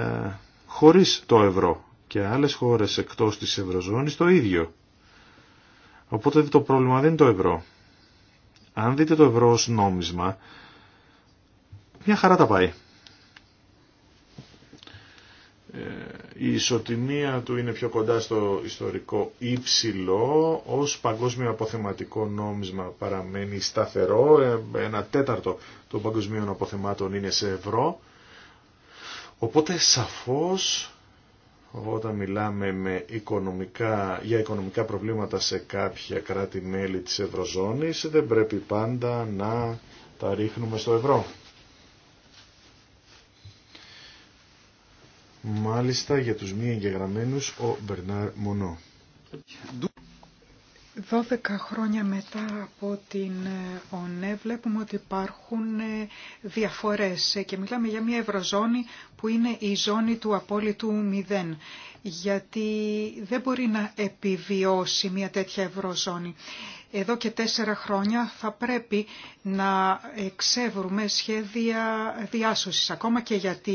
χωρίς το ευρώ και άλλες χώρες εκτός της Ευρωζώνης το ίδιο. Οπότε το πρόβλημα δεν είναι το ευρώ. Αν δείτε το ευρώ ως νόμισμα, μια χαρά τα πάει. Ε, η ισοτιμία του είναι πιο κοντά στο ιστορικό ύψιλο, ως παγκόσμιο αποθεματικό νόμισμα παραμένει σταθερό, ε, ένα τέταρτο των παγκοσμίων αποθεμάτων είναι σε ευρώ, οπότε σαφώς όταν μιλάμε με οικονομικά, για οικονομικά προβλήματα σε κάποια κράτη-μέλη της Ευρωζώνης δεν πρέπει πάντα να τα ρίχνουμε στο ευρώ. Μάλιστα για τους μη εγγεγραμμένους ο Μπερνάρ Μονό. Δώδεκα χρόνια μετά από την ε, ΟΝΕ βλέπουμε ότι υπάρχουν ε, διαφορές ε, και μιλάμε για μια ευρωζώνη που είναι η ζώνη του απόλυτου μηδέν γιατί δεν μπορεί να επιβιώσει μια τέτοια ευρωζώνη. Εδώ και τέσσερα χρόνια θα πρέπει να εξεύρουμε σχέδια διάσωσης, ακόμα και για τη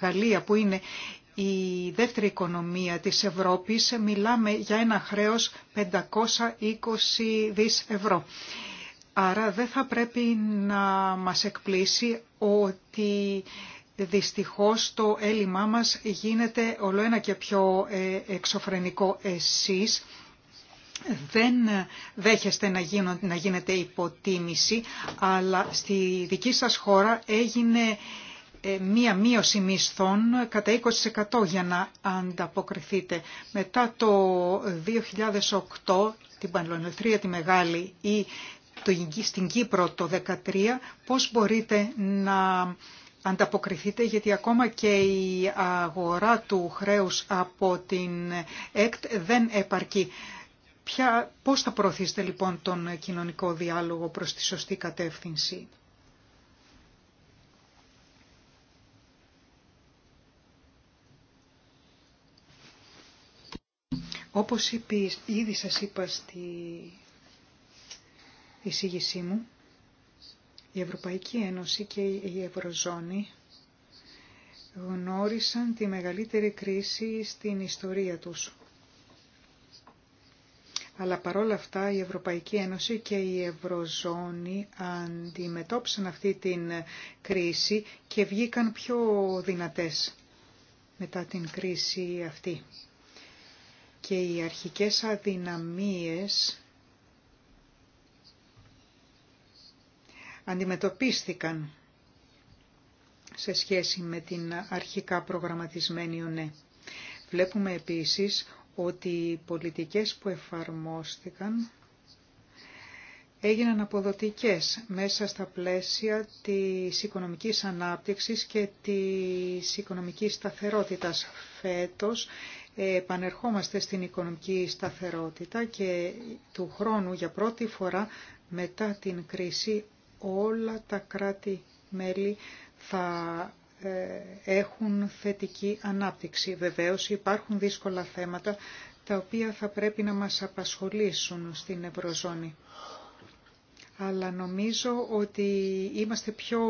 Γαλλία που είναι η δεύτερη οικονομία της Ευρώπης, μιλάμε για ένα χρέος 520 δις ευρώ. Άρα δεν θα πρέπει να μας εκπλήσει ότι δυστυχώς το έλλειμμά μας γίνεται ολοένα και πιο ε, εξωφρενικό εσείς. Δεν δέχεστε να, να γίνεται υποτίμηση, αλλά στη δική σας χώρα έγινε ε, μία μείωση μισθών κατά 20% για να ανταποκριθείτε. Μετά το 2008, την Πανελλονιωθρία τη Μεγάλη ή στην Κύπρο το 2013, πώς μπορείτε να ανταποκριθείτε γιατί ακόμα και η αγορά του χρέους από την ΕΚΤ δεν επαρκεί. πώς θα προωθήσετε λοιπόν τον κοινωνικό διάλογο προς τη σωστή κατεύθυνση. Όπως είπε, ήδη σας είπα στη εισήγησή μου, η Ευρωπαϊκή Ένωση και η Ευρωζώνη γνώρισαν τη μεγαλύτερη κρίση στην ιστορία τους. Αλλά παρόλα αυτά η Ευρωπαϊκή Ένωση και η Ευρωζώνη αντιμετώπισαν αυτή την κρίση και βγήκαν πιο δυνατές μετά την κρίση αυτή. Και οι αρχικές αδυναμίες αντιμετωπίστηκαν σε σχέση με την αρχικά προγραμματισμένη ΟΝΕ. Βλέπουμε επίσης ότι οι πολιτικές που εφαρμόστηκαν έγιναν αποδοτικές μέσα στα πλαίσια της οικονομικής ανάπτυξης και της οικονομικής σταθερότητας. Φέτος επανερχόμαστε στην οικονομική σταθερότητα και του χρόνου για πρώτη φορά μετά την κρίση όλα τα κράτη-μέλη θα ε, έχουν θετική ανάπτυξη. Βεβαίως υπάρχουν δύσκολα θέματα τα οποία θα πρέπει να μας απασχολήσουν στην Ευρωζώνη. Αλλά νομίζω ότι είμαστε πιο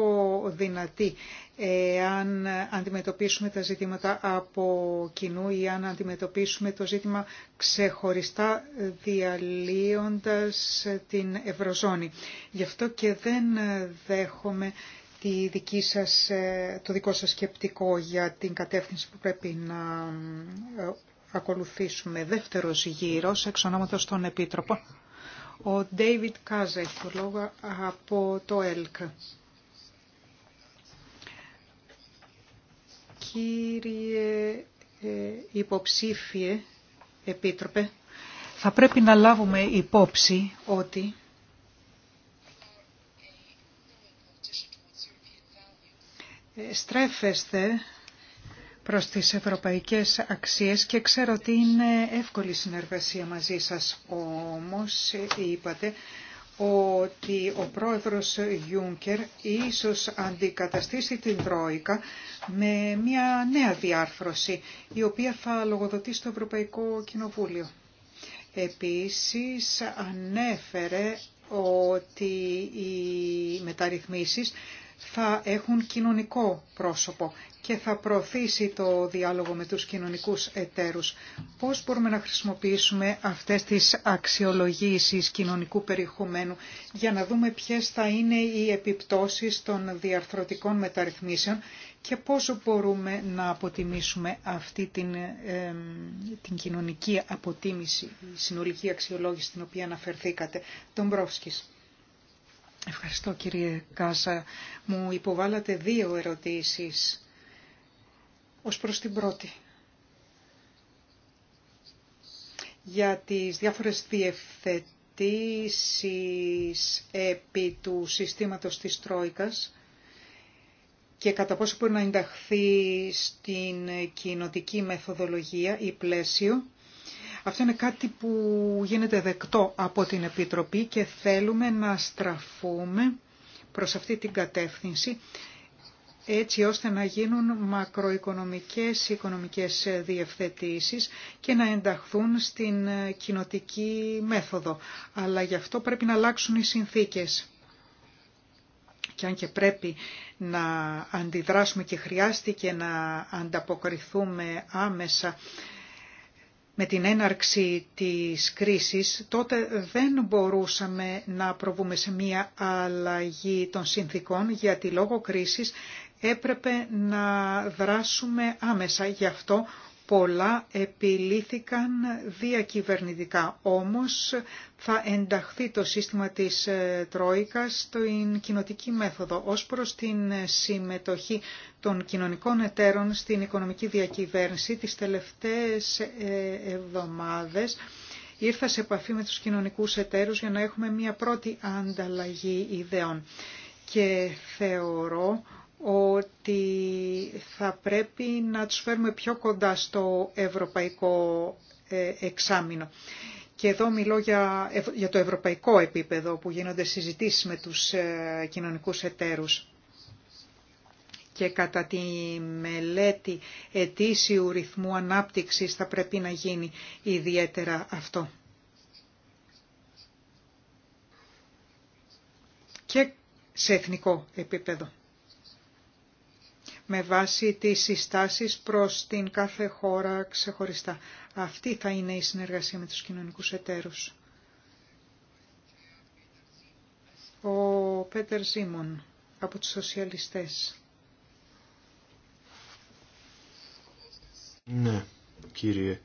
δυνατοί αν αντιμετωπίσουμε τα ζητήματα από κοινού ή αν αντιμετωπίσουμε το ζήτημα ξεχωριστά διαλύοντας την Ευρωζώνη. Γι' αυτό και δεν δέχομαι τη δική ε, το δικό σας σκεπτικό για την κατεύθυνση που πρέπει να ε, ακολουθήσουμε. Δεύτερος γύρος, εξ ονόματος των Επίτροπων, ο David Κάζα, λόγο από το ΕΛΚ. Κύριε ε, υποψήφιε επίτροπε, θα πρέπει να λάβουμε υπόψη ότι στρέφεστε προς τις ευρωπαϊκές αξίες και ξέρω ότι είναι εύκολη συνεργασία μαζί σας. Όμως είπατε ότι ο πρόεδρος Γιούνκερ ίσως αντικαταστήσει την Τρόικα με μια νέα διάρθρωση, η οποία θα λογοδοτεί στο Ευρωπαϊκό Κοινοβούλιο. Επίσης ανέφερε ότι οι μεταρρυθμίσεις θα έχουν κοινωνικό πρόσωπο και θα προωθήσει το διάλογο με τους κοινωνικούς εταίρους. Πώς μπορούμε να χρησιμοποιήσουμε αυτές τις αξιολογήσεις κοινωνικού περιεχομένου για να δούμε ποιες θα είναι οι επιπτώσεις των διαρθρωτικών μεταρρυθμίσεων και πώς μπορούμε να αποτιμήσουμε αυτή την, την κοινωνική αποτίμηση, η συνολική αξιολόγηση στην οποία αναφερθήκατε. Τον Ευχαριστώ κύριε Κάσα. Μου υποβάλατε δύο ερωτήσεις ως προς την πρώτη. Για τις διάφορες διευθετήσεις επί του συστήματος της Τρόικας και κατά πόσο μπορεί να ενταχθεί στην κοινοτική μεθοδολογία ή πλαίσιο, αυτό είναι κάτι που γίνεται δεκτό από την Επιτροπή και θέλουμε να στραφούμε προς αυτή την κατεύθυνση έτσι ώστε να γίνουν μακροοικονομικές οικονομικές διευθετήσεις και να ενταχθούν στην κοινοτική μέθοδο. Αλλά γι' αυτό πρέπει να αλλάξουν οι συνθήκες. Και αν και πρέπει να αντιδράσουμε και χρειάστηκε να ανταποκριθούμε άμεσα με την έναρξη της κρίσης, τότε δεν μπορούσαμε να προβούμε σε μία αλλαγή των συνθήκων, γιατί λόγω κρίσης έπρεπε να δράσουμε άμεσα. Γι' αυτό πολλά επιλήθηκαν διακυβερνητικά. Όμως θα ενταχθεί το σύστημα της ε, Τρόικας στην κοινοτική μέθοδο ως προς την ε, συμμετοχή των κοινωνικών εταίρων στην οικονομική διακυβέρνηση τις τελευταίες ε, εβδομάδες. Ήρθα σε επαφή με τους κοινωνικούς εταίρους για να έχουμε μια πρώτη ανταλλαγή ιδεών και θεωρώ ότι θα πρέπει να τους φέρουμε πιο κοντά στο ευρωπαϊκό ε, εξάμεινο. Και εδώ μιλώ για, το ευρωπαϊκό επίπεδο που γίνονται συζητήσεις με τους ε, κοινωνικούς εταίρους. Και κατά τη μελέτη ετήσιου ρυθμού ανάπτυξης θα πρέπει να γίνει ιδιαίτερα αυτό. Και σε εθνικό επίπεδο με βάση τις συστάσεις προς την κάθε χώρα ξεχωριστά. Αυτή θα είναι η συνεργασία με τους κοινωνικούς εταίρους. Ο Πέτερ Ζήμων από τους σοσιαλιστές. Ναι, κύριε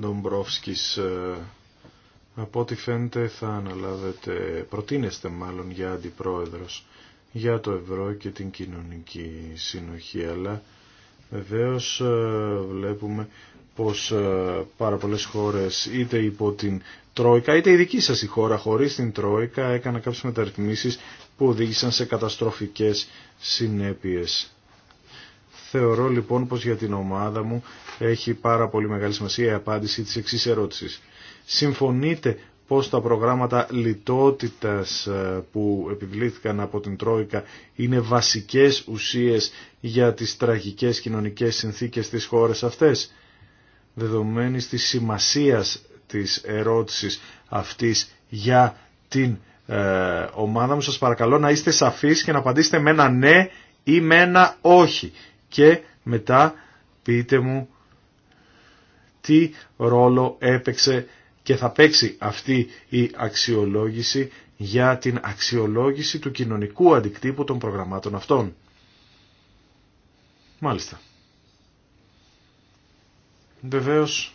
Ντομπρόφσκης, ε, από ό,τι φαίνεται θα αναλάβετε, προτείνεστε μάλλον για αντιπρόεδρος για το ευρώ και την κοινωνική συνοχή, αλλά βεβαίως ε, βλέπουμε πως ε, πάρα πολλές χώρες είτε υπό την Τρόικα, είτε η δική σας η χώρα χωρίς την Τρόικα έκανα κάποιες μεταρρυθμίσεις που οδήγησαν σε καταστροφικές συνέπειες. Θεωρώ λοιπόν πως για την ομάδα μου έχει πάρα πολύ μεγάλη σημασία η απάντηση της εξής ερώτησης. Συμφωνείτε πως τα προγράμματα λιτότητας ε, που επιβλήθηκαν από την Τρόικα είναι βασικές ουσίες για τις τραγικές κοινωνικές συνθήκες της χώρες αυτές. Δεδομένης της σημασίας της ερώτησης αυτής για την ε, ομάδα μου σας παρακαλώ να είστε σαφείς και να απαντήσετε με ένα ναι ή με ένα όχι και μετά πείτε μου τι ρόλο έπαιξε και θα παίξει αυτή η αξιολόγηση για την αξιολόγηση του κοινωνικού αντικτύπου των προγραμμάτων αυτών. Μάλιστα. Βεβαίως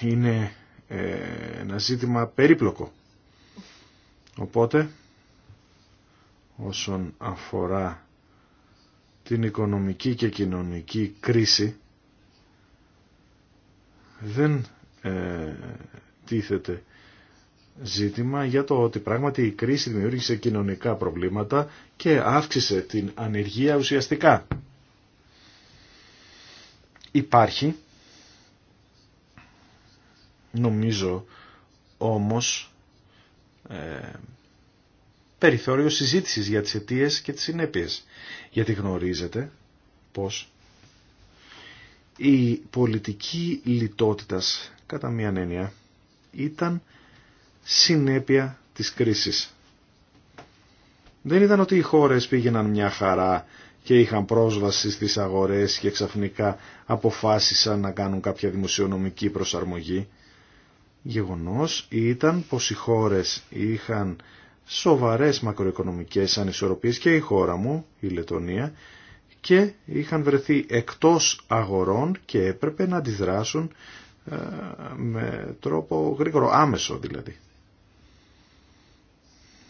είναι ε, ένα ζήτημα περίπλοκο. Οπότε όσον αφορά την οικονομική και κοινωνική κρίση δεν ε, τίθεται ζήτημα για το ότι πράγματι η κρίση δημιούργησε κοινωνικά προβλήματα και αύξησε την ανεργία ουσιαστικά. Υπάρχει, νομίζω όμως, ε, περιθώριο συζήτησης για τις αιτίε και τις συνέπειες. Γιατί γνωρίζετε πως η πολιτική λιτότητας, κατά μία έννοια, ήταν συνέπεια της κρίσης. Δεν ήταν ότι οι χώρες πήγαιναν μια χαρά και είχαν πρόσβαση στις αγορές και ξαφνικά αποφάσισαν να κάνουν κάποια δημοσιονομική προσαρμογή. Γεγονός ήταν πως οι χώρες είχαν σοβαρές μακροοικονομικές ανισορροπίες και η χώρα μου, η Λετωνία, και είχαν βρεθεί εκτός αγορών και έπρεπε να αντιδράσουν ε, με τρόπο γρήγορο, άμεσο δηλαδή.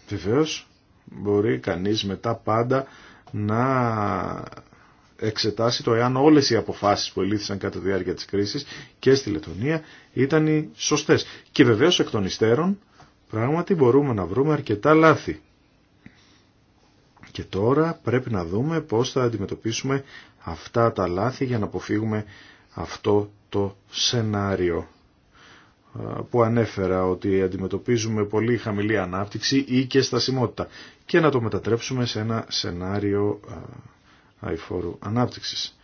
Βεβαίω μπορεί κανείς μετά πάντα να εξετάσει το εάν όλες οι αποφάσεις που ελήθησαν κατά τη διάρκεια της κρίσης και στη Λετωνία ήταν οι σωστές. Και βεβαίως εκ των υστέρων πράγματι μπορούμε να βρούμε αρκετά λάθη. Και τώρα πρέπει να δούμε πώς θα αντιμετωπίσουμε αυτά τα λάθη για να αποφύγουμε αυτό το σενάριο που ανέφερα ότι αντιμετωπίζουμε πολύ χαμηλή ανάπτυξη ή και στασιμότητα και να το μετατρέψουμε σε ένα σενάριο αηφόρου ανάπτυξης.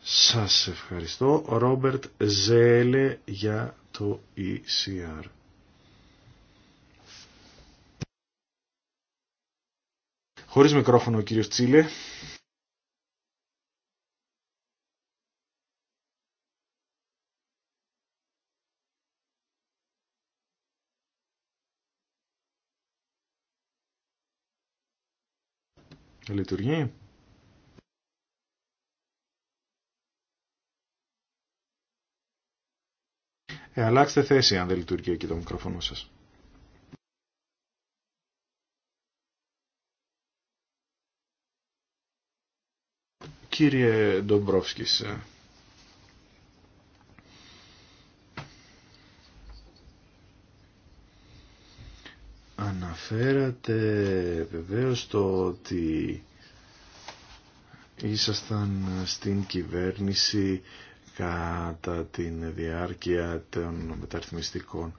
Σας ευχαριστώ, Ρόμπερτ Ζέλε, για το ECR. Χωρίς μικρόφωνο ο κύριος Τσίλε. Λειτουργεί. Ε, αλλάξτε θέση αν δεν λειτουργεί εκεί το μικρόφωνο σας. Κύριε Ντομπρόφσκης, ε, αναφέρατε βεβαίως το ότι ήσασταν στην κυβέρνηση κατά την διάρκεια των μεταρρυθμιστικών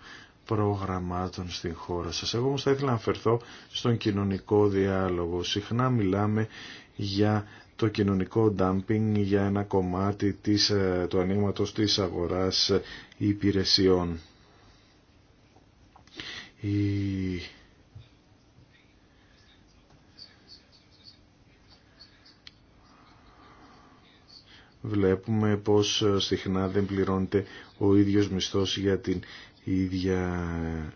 προγραμμάτων στην χώρα σας. Εγώ όμως θα ήθελα να αφαιρθώ στον κοινωνικό διάλογο. Συχνά μιλάμε για το κοινωνικό ντάμπινγκ για ένα κομμάτι της, ε, του ανοίγματο της αγοράς υπηρεσιών. Βλέπουμε πως ε, συχνά δεν πληρώνεται ο ίδιος μισθός για την ίδια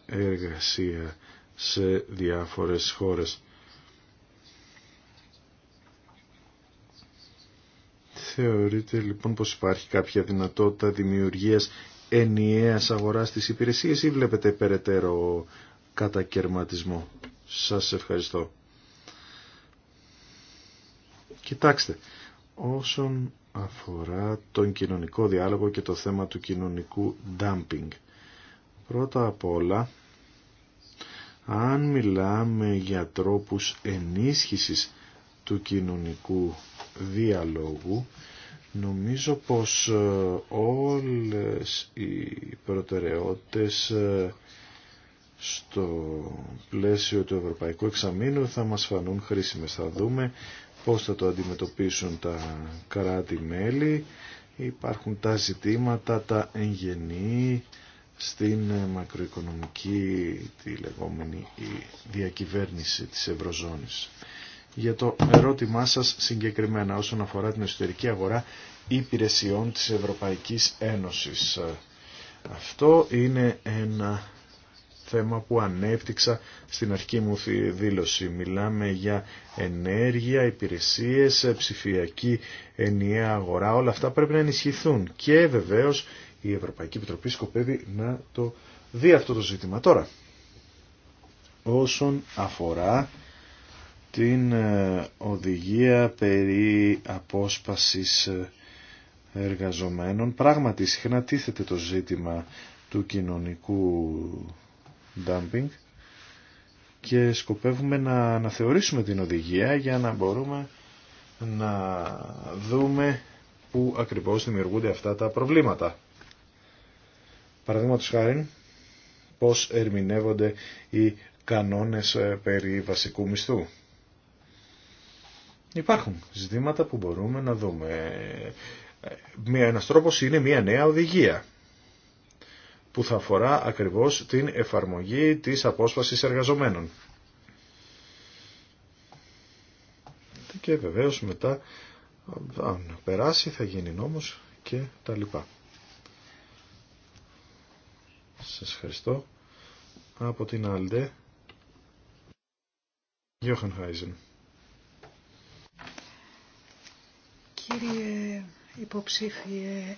εργασία σε διάφορες χώρες. Θεωρείτε λοιπόν πως υπάρχει κάποια δυνατότητα δημιουργίας ενιαίας αγοράς της υπηρεσίας ή βλέπετε περαιτέρω κατακαιρματισμό. Σας ευχαριστώ. Κοιτάξτε, όσον αφορά τον κοινωνικό διάλογο και το θέμα του κοινωνικού dumping. Πρώτα απ' όλα, αν μιλάμε για τρόπους ενίσχυσης του κοινωνικού διαλόγου νομίζω πως ε, όλες οι προτεραιότητες ε, στο πλαίσιο του Ευρωπαϊκού Εξαμήνου θα μας φανούν χρήσιμες. Θα δούμε πώς θα το αντιμετωπίσουν τα κράτη-μέλη. Υπάρχουν τα ζητήματα, τα εγγενή στην ε, μακροοικονομική τη λεγόμενη διακυβέρνηση της Ευρωζώνης για το ερώτημά σας συγκεκριμένα όσον αφορά την εσωτερική αγορά υπηρεσιών της Ευρωπαϊκής Ένωσης. Αυτό είναι ένα θέμα που ανέπτυξα στην αρχή μου δήλωση. Μιλάμε για ενέργεια, υπηρεσίες, ψηφιακή ενιαία αγορά. Όλα αυτά πρέπει να ενισχυθούν. Και βεβαίως η Ευρωπαϊκή Επιτροπή σκοπεύει να το δει αυτό το ζήτημα. Τώρα, όσον αφορά την ε, οδηγία περί απόσπασης ε, εργαζομένων. Πράγματι συχνά τίθεται το ζήτημα του κοινωνικού dumping και σκοπεύουμε να αναθεωρήσουμε την οδηγία για να μπορούμε να δούμε πού ακριβώς δημιουργούνται αυτά τα προβλήματα. Παραδείγματος χάρη, πώς ερμηνεύονται οι κανόνες ε, περί βασικού μισθού. Υπάρχουν ζητήματα που μπορούμε να δούμε. Μια, τρόπο είναι μια νέα οδηγία που θα αφορά ακριβώς την εφαρμογή της απόσπασης εργαζομένων. Και βεβαίως μετά, αν περάσει, θα γίνει νόμος και τα λοιπά. Σας ευχαριστώ. Από την Αλντε, Γιώχαν Χάιζεν. Κύριε υποψήφιε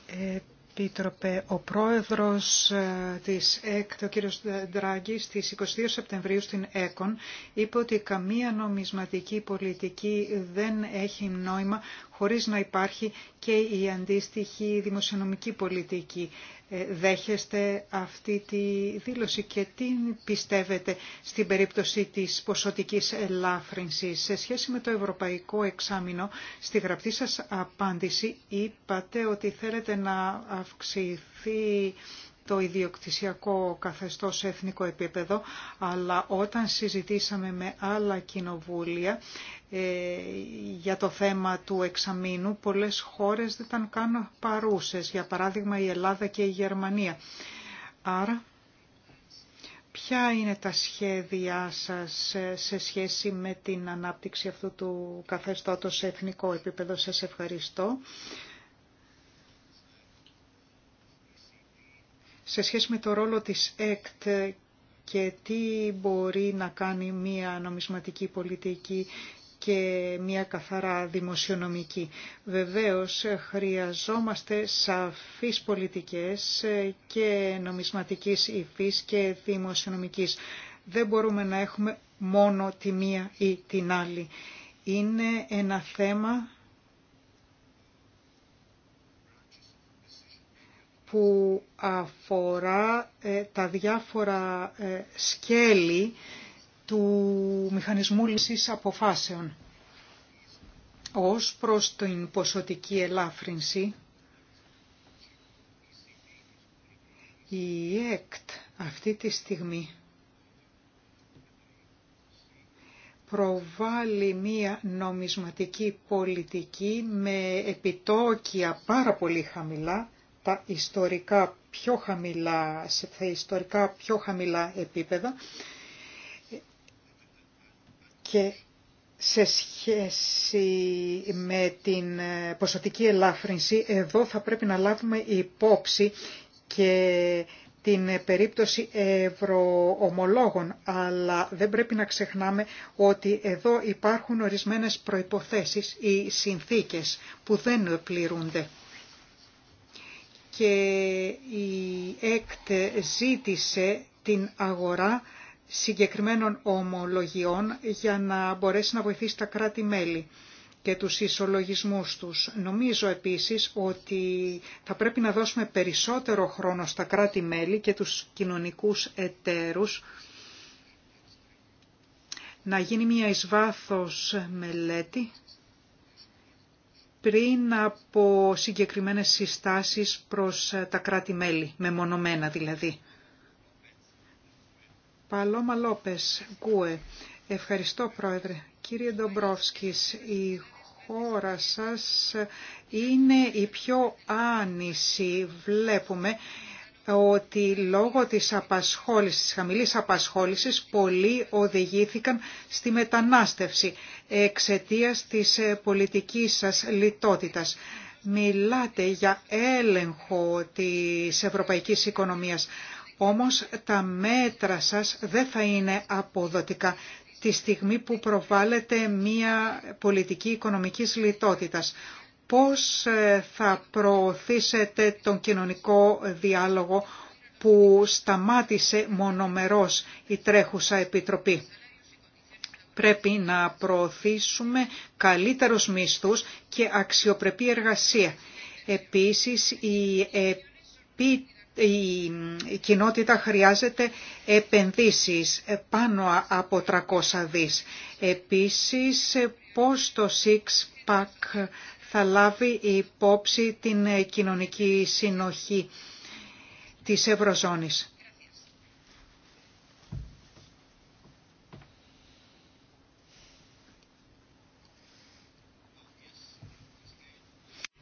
Επίτροπε, ο πρόεδρος ε, της ΕΚ, ο κύριος Ντράγκη, στις 22 Σεπτεμβρίου στην ΕΚΟΝ, είπε ότι καμία νομισματική πολιτική δεν έχει νόημα χωρίς να υπάρχει και η αντίστοιχη δημοσιονομική πολιτική. Ε, δέχεστε αυτή τη δήλωση και τι πιστεύετε στην περίπτωση της ποσοτικής ελάφρυνσης. Σε σχέση με το Ευρωπαϊκό Εξάμεινο, στη γραπτή σας απάντηση είπατε ότι θέλετε να αυξηθεί το ιδιοκτησιακό καθεστώς σε εθνικό επίπεδο, αλλά όταν συζητήσαμε με άλλα κοινοβούλια ε, για το θέμα του εξαμήνου, πολλές χώρες δεν ήταν καν παρούσες, για παράδειγμα η Ελλάδα και η Γερμανία. Άρα, ποια είναι τα σχέδιά σας σε σχέση με την ανάπτυξη αυτού του καθεστώτος σε εθνικό επίπεδο. Σας ευχαριστώ. σε σχέση με το ρόλο της ΕΚΤ και τι μπορεί να κάνει μία νομισματική πολιτική και μία καθαρά δημοσιονομική. Βεβαίως χρειαζόμαστε σαφείς πολιτικές και νομισματικής υφής και δημοσιονομικής. Δεν μπορούμε να έχουμε μόνο τη μία ή την άλλη. Είναι ένα θέμα που αφορά ε, τα διάφορα ε, σκέλη του μηχανισμού λύσης αποφάσεων. Ως προς την ποσοτική ελάφρυνση, η ΕΚΤ αυτή τη στιγμή προβάλλει μία νομισματική πολιτική με επιτόκια πάρα πολύ χαμηλά ιστορικά πιο χαμηλά, σε ιστορικά πιο χαμηλά επίπεδα και σε σχέση με την ε, ποσοτική ελάφρυνση, εδώ θα πρέπει να λάβουμε υπόψη και την ε, περίπτωση ευρωομολόγων, αλλά δεν πρέπει να ξεχνάμε ότι εδώ υπάρχουν ορισμένες προϋποθέσεις ή συνθήκες που δεν πληρούνται και η ΕΚΤ ζήτησε την αγορά συγκεκριμένων ομολογιών για να μπορέσει να βοηθήσει τα κράτη-μέλη και τους ισολογισμούς τους. Νομίζω επίσης ότι θα πρέπει να δώσουμε περισσότερο χρόνο στα κράτη-μέλη και τους κοινωνικούς εταίρους να γίνει μια εισβάθος μελέτη πριν από συγκεκριμένες συστάσεις προς ε, τα κράτη-μέλη, μεμονωμένα δηλαδή. Παλώμα Λόπες, Γκουε. Ευχαριστώ Πρόεδρε. Κύριε Ντομπρόφσκης, η χώρα σας είναι η πιο άνηση. Βλέπουμε ότι λόγω της απασχόλησης, της χαμηλής απασχόλησης, πολλοί οδηγήθηκαν στη μετανάστευση εξαιτίας της ε, πολιτικής σας λιτότητας. Μιλάτε για έλεγχο της ευρωπαϊκής οικονομίας, όμως τα μέτρα σας δεν θα είναι αποδοτικά τη στιγμή που προβάλλεται μια πολιτική οικονομικής λιτότητας πώς ε, θα προωθήσετε τον κοινωνικό διάλογο που σταμάτησε μονομερός η τρέχουσα επιτροπή. Πρέπει να προωθήσουμε καλύτερους μισθούς και αξιοπρεπή εργασία. Επίσης, η, κοινότητα χρειάζεται επενδύσεις ε, πάνω από 300 δις. Επίσης, ε, πώς το Six Pack θα λάβει υπόψη την κοινωνική συνοχή της Ευρωζώνης.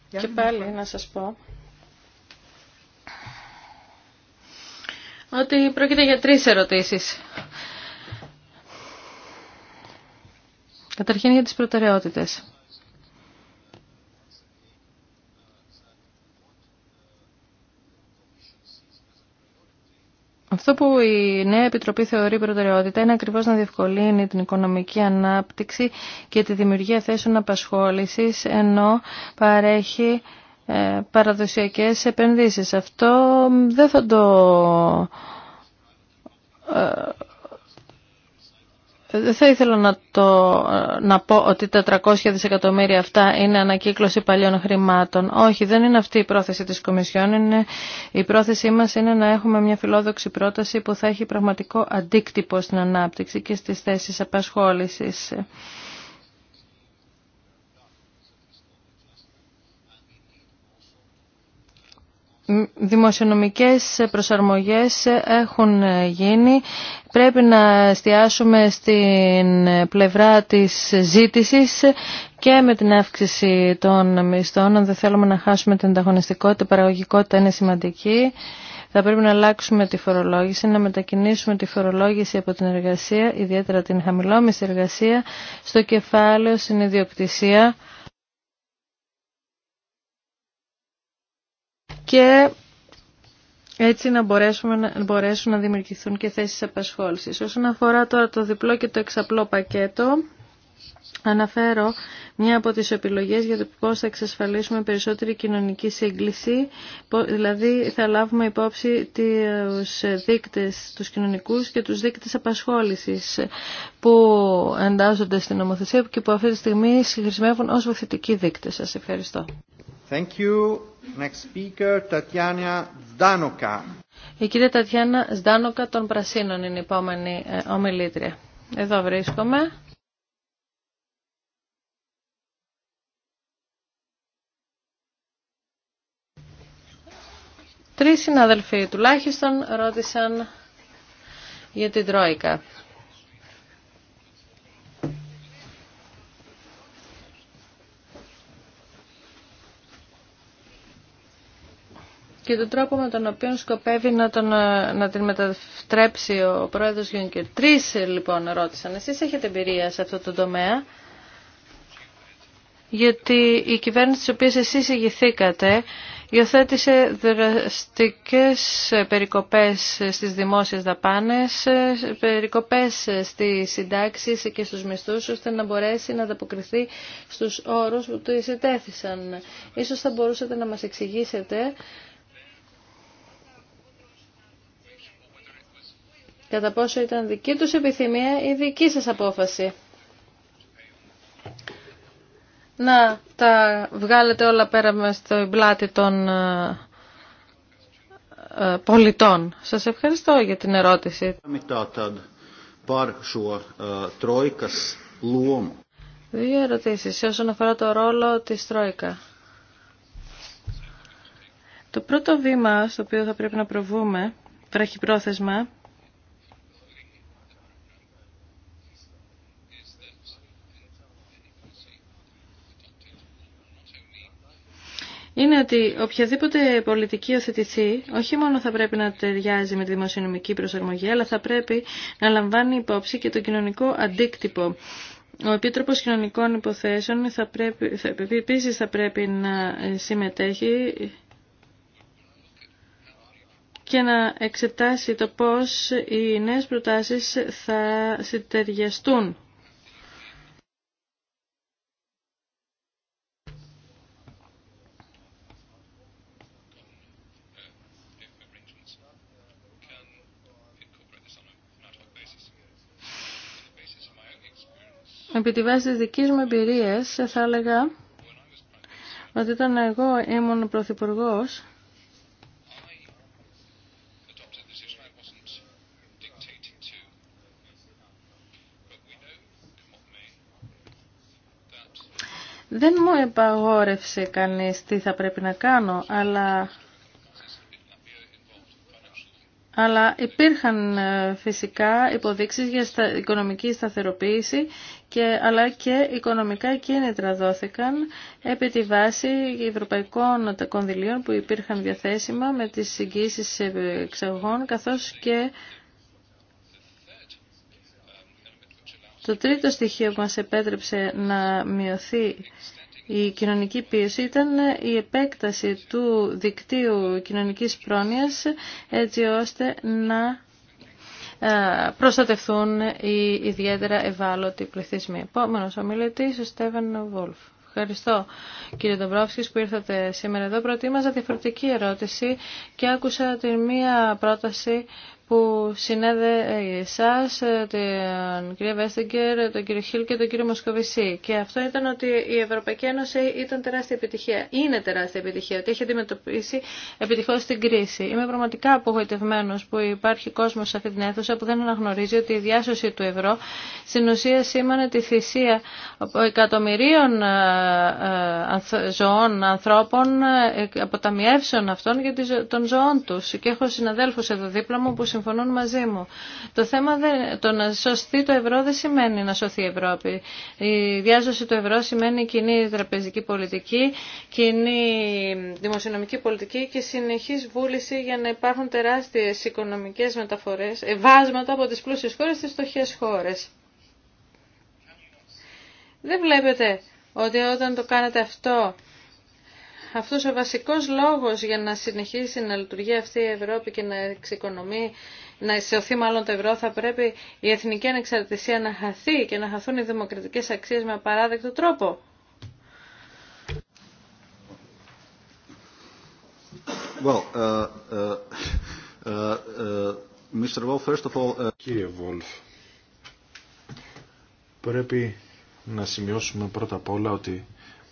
Και πάλι να σας πω ότι πρόκειται για τρεις ερωτήσεις. Καταρχήν για τις προτεραιότητες. Αυτό που η νέα Επιτροπή θεωρεί προτεραιότητα είναι ακριβώς να διευκολύνει την οικονομική ανάπτυξη και τη δημιουργία θέσεων απασχόλησης, ενώ παρέχει ε, παραδοσιακές επενδύσεις. Αυτό δεν θα το ε, δεν θα ήθελα να, το, ε, να πω ότι τα 400 δισεκατομμύρια αυτά είναι ανακύκλωση παλιών χρημάτων. Όχι, δεν είναι αυτή η πρόθεση της Κομισιόν. Είναι, η πρόθεσή μας είναι να έχουμε μια φιλόδοξη πρόταση που θα έχει πραγματικό αντίκτυπο στην ανάπτυξη και στις θέσεις απασχόλησης. δημοσιονομικές προσαρμογές έχουν γίνει. Πρέπει να εστιάσουμε στην πλευρά της ζήτησης και με την αύξηση των μισθών. Αν δεν θέλουμε να χάσουμε την ανταγωνιστικότητα, η παραγωγικότητα είναι σημαντική. Θα πρέπει να αλλάξουμε τη φορολόγηση, να μετακινήσουμε τη φορολόγηση από την εργασία, ιδιαίτερα την χαμηλόμιστη εργασία, στο κεφάλαιο στην ιδιοκτησία και έτσι να, μπορέσουμε, να μπορέσουν να δημιουργηθούν και θέσεις απασχόλησης. Όσον αφορά τώρα το διπλό και το εξαπλό πακέτο, αναφέρω μια από τις επιλογές για το πώς θα εξασφαλίσουμε περισσότερη κοινωνική σύγκληση, δηλαδή θα λάβουμε υπόψη τους δείκτες, τους κοινωνικούς και τους δείκτες απασχόλησης που εντάζονται στην νομοθεσία και που αυτή τη στιγμή χρησιμεύουν ως βοηθητικοί δείκτες. Σας ευχαριστώ. Thank you. Η κυρία Τατιάνα Ζδάνοκα των Πρασίνων είναι η επόμενη ε, ομιλήτρια. Εδώ βρίσκομαι. Τρεις συναδελφοί τουλάχιστον ρώτησαν για την Τρόικα. και τον τρόπο με τον οποίο σκοπεύει να, τον, ε, να την μετατρέψει ο πρόεδρος Γιούνκερ. Τρεις ε, λοιπόν ρώτησαν. Εσείς έχετε εμπειρία σε αυτό το τομέα. Γιατί η κυβέρνηση της οποίας εσείς ηγηθήκατε υιοθέτησε δραστικές ε, περικοπές στις δημόσιες δαπάνες, περικοπές στις συντάξεις και στους μισθούς, ώστε να μπορέσει να ανταποκριθεί στους όρους που του εισετέθησαν. Ίσως θα μπορούσατε να μας εξηγήσετε τα πόσο ήταν δική τους επιθυμία ή δική σας απόφαση να τα βγάλετε όλα πέρα με στο πλάτη των ε, ε, πολιτών. Σας ευχαριστώ για την ερώτηση. Ε, Δύο ερωτήσεις όσον αφορά το ρόλο της Τρόικα. Το πρώτο βήμα στο οποίο θα πρέπει να προβούμε, πρόθεσμα, είναι ότι οποιαδήποτε πολιτική οθετηθεί όχι μόνο θα πρέπει να ταιριάζει με τη δημοσιονομική προσαρμογή, αλλά θα πρέπει να λαμβάνει υπόψη και το κοινωνικό αντίκτυπο. Ο Επίτροπο Κοινωνικών Υποθέσεων θα θα, επίσης θα πρέπει να ε, συμμετέχει και να εξετάσει το πώς οι νέες προτάσεις θα συντεριαστούν επί τη βάση της δικής μου εμπειρίας θα έλεγα ότι όταν εγώ ήμουν Πρωθυπουργό. Δεν μου επαγόρευσε κανείς τι θα πρέπει να κάνω, αλλά αλλά υπήρχαν ε, φυσικά υποδείξεις για οικονομική σταθεροποίηση και, αλλά και οικονομικά κίνητρα δόθηκαν επί τη βάση ευρωπαϊκών κονδυλίων που υπήρχαν διαθέσιμα με τις συγκίσεις εξαγωγών καθώς και το τρίτο στοιχείο που μας επέτρεψε να μειωθεί η κοινωνική πίεση ήταν η επέκταση του δικτύου κοινωνικής πρόνοιας έτσι ώστε να ε, προστατευτούν οι ιδιαίτερα ευάλωτοι πληθυσμοί. Επόμενο ομιλητή, ο Στέβεν Βόλφ. Ευχαριστώ κύριε Ντομπρόφσκης που ήρθατε σήμερα εδώ. Προτίμαζα διαφορετική ερώτηση και άκουσα την μία πρόταση που συνέδε ε, εσά, ε, την κυρία Βέστιγκερ, τον κύριο Χίλ και τον κύριο Μοσκοβισή. Και αυτό ήταν ότι η Ευρωπαϊκή Ένωση ήταν τεράστια επιτυχία. Είναι τεράστια επιτυχία, ότι έχει αντιμετωπίσει επιτυχώ την κρίση. Είμαι πραγματικά απογοητευμένο που υπάρχει κόσμο σε αυτή την αίθουσα που δεν αναγνωρίζει ότι η διάσωση του ευρώ στην ουσία σήμανε τη θυσία εκατομμυρίων ε, ζωών, ανθρώπων, αποταμιεύσεων αυτών για των ζωών του. Και έχω συναδέλφου εδώ δίπλα που συμφωνούν μαζί μου. Το θέμα δεν, το να σωθεί το ευρώ δεν σημαίνει να σωθεί η Ευρώπη. Η διάσωση του ευρώ σημαίνει κοινή τραπεζική πολιτική, κοινή δημοσιονομική πολιτική και συνεχής βούληση για να υπάρχουν τεράστιες οικονομικές μεταφορές, ε, βάσματα από τις πλούσιες χώρες στις στοχές χώρες. Δεν βλέπετε ότι όταν το κάνετε αυτό αυτός ο βασικός λόγος για να συνεχίσει να λειτουργεί αυτή η Ευρώπη και να εξοικονομεί, να εισαιωθεί μάλλον το ευρώ, θα πρέπει η εθνική ανεξαρτησία να χαθεί και να χαθούν οι δημοκρατικές αξίες με απαράδεκτο τρόπο. Well, uh, uh, uh, uh Mr. Wolf, first of all, uh, Κύριε Βόλφ, πρέπει να σημειώσουμε πρώτα απ' όλα ότι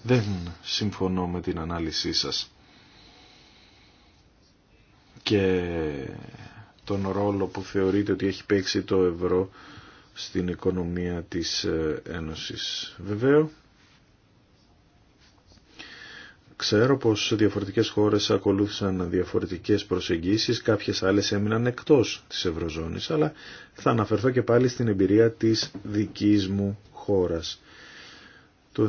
δεν συμφωνώ με την ανάλυση σας και τον ρόλο που θεωρείτε ότι έχει παίξει το ευρώ στην οικονομία της ε, Ένωσης. Βεβαίω, ξέρω πως διαφορετικές χώρες ακολούθησαν διαφορετικές προσεγγίσεις, κάποιες άλλες έμειναν εκτός της Ευρωζώνης, αλλά θα αναφερθώ και πάλι στην εμπειρία της δικής μου χώρας. Το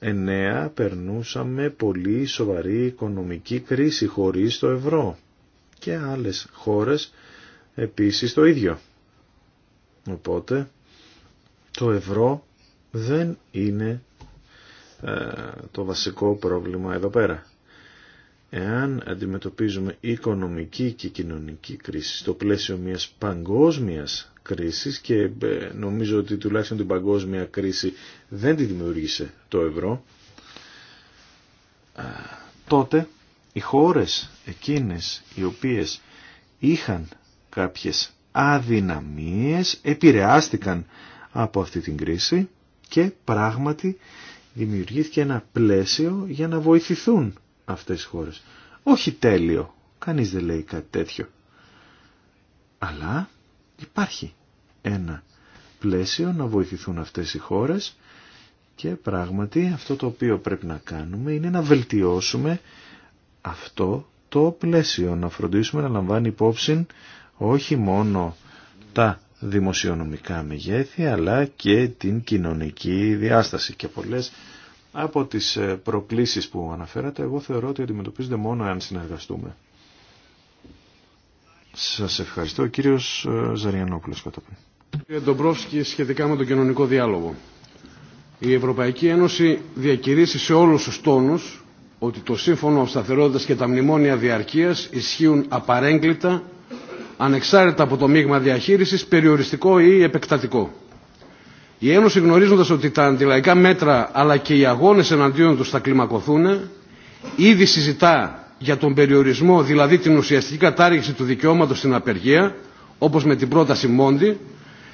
2008-2009 περνούσαμε πολύ σοβαρή οικονομική κρίση χωρίς το ευρώ και άλλες χώρες επίσης το ίδιο. Οπότε το ευρώ δεν είναι ε, το βασικό πρόβλημα εδώ πέρα. Εάν αντιμετωπίζουμε οικονομική και κοινωνική κρίση στο πλαίσιο μιας παγκόσμιας κρίσης και ε, νομίζω ότι τουλάχιστον την παγκόσμια κρίση δεν τη δημιούργησε το ευρώ, τότε οι χώρες εκείνες οι οποίες είχαν κάποιες αδυναμίες επηρεάστηκαν από αυτή την κρίση και πράγματι δημιουργήθηκε ένα πλαίσιο για να βοηθηθούν αυτές οι χώρες. Όχι τέλειο, κανείς δεν λέει κάτι τέτοιο. Αλλά υπάρχει ένα πλαίσιο να βοηθηθούν αυτές οι χώρες και πράγματι αυτό το οποίο πρέπει να κάνουμε είναι να βελτιώσουμε αυτό το πλαίσιο, να φροντίσουμε να λαμβάνει υπόψη όχι μόνο τα δημοσιονομικά μεγέθη αλλά και την κοινωνική διάσταση και πολλές από τις ε, προκλήσεις που αναφέρατε εγώ θεωρώ ότι αντιμετωπίζονται μόνο αν συνεργαστούμε. Σας ευχαριστώ. Ο κύριος ε, Ζαριανόπουλος κατόπιν. Κύριε Ντομπρόφσκι, σχετικά με τον κοινωνικό διάλογο. Η Ευρωπαϊκή Ένωση διακηρύσει σε όλους τους τόνους ότι το Σύμφωνο Σταθερότητας και τα Μνημόνια Διαρκείας ισχύουν απαρέγκλητα, ανεξάρτητα από το μείγμα διαχείρισης, περιοριστικό ή επεκτατικό. Η Ένωση γνωρίζοντας ότι τα αντιλαϊκά μέτρα αλλά και οι αγώνες εναντίον τους θα κλιμακωθούν, ήδη συζητά για τον περιορισμό, δηλαδή την ουσιαστική κατάργηση του δικαιώματος στην απεργία, όπως με την πρόταση Μόντι,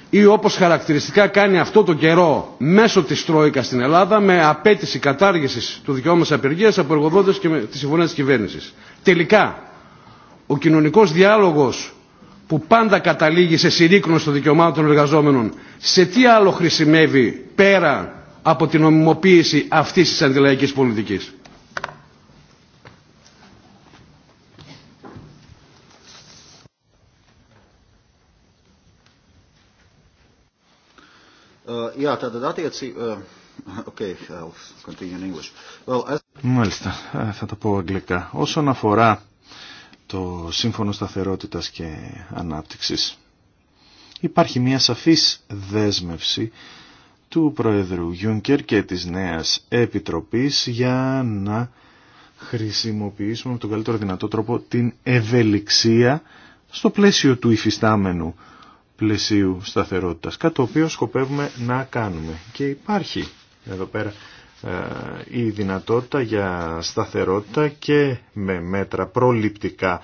ή όπως χαρακτηριστικά κάνει αυτό τον καιρό μέσω της Τρόικα στην Ελλάδα με απέτηση κατάργησης του δικαιώματος απεργίας από εργοδότες και με τη συμφωνία της κυβέρνησης. Τελικά, ο κοινωνικός διάλογος που πάντα καταλήγει σε συρρήκνωση των δικαιωμάτων των εργαζόμενων, σε τι άλλο χρησιμεύει πέρα από την ομιμοποίηση αυτής της αντιλαϊκής πολιτικής. Μάλιστα, θα το πω αγγλικά. Όσον αφορά το Σύμφωνο Σταθερότητας και Ανάπτυξης, υπάρχει μια σαφής δέσμευση του Προεδρού Γιούνκερ και της νέας Επιτροπής για να χρησιμοποιήσουμε με τον καλύτερο δυνατό τρόπο την ευελιξία στο πλαίσιο του υφιστάμενου πλαισίου σταθερότητας, κάτι το οποίο σκοπεύουμε να κάνουμε. Και υπάρχει εδώ πέρα ε, η δυνατότητα για σταθερότητα και με μέτρα προληπτικά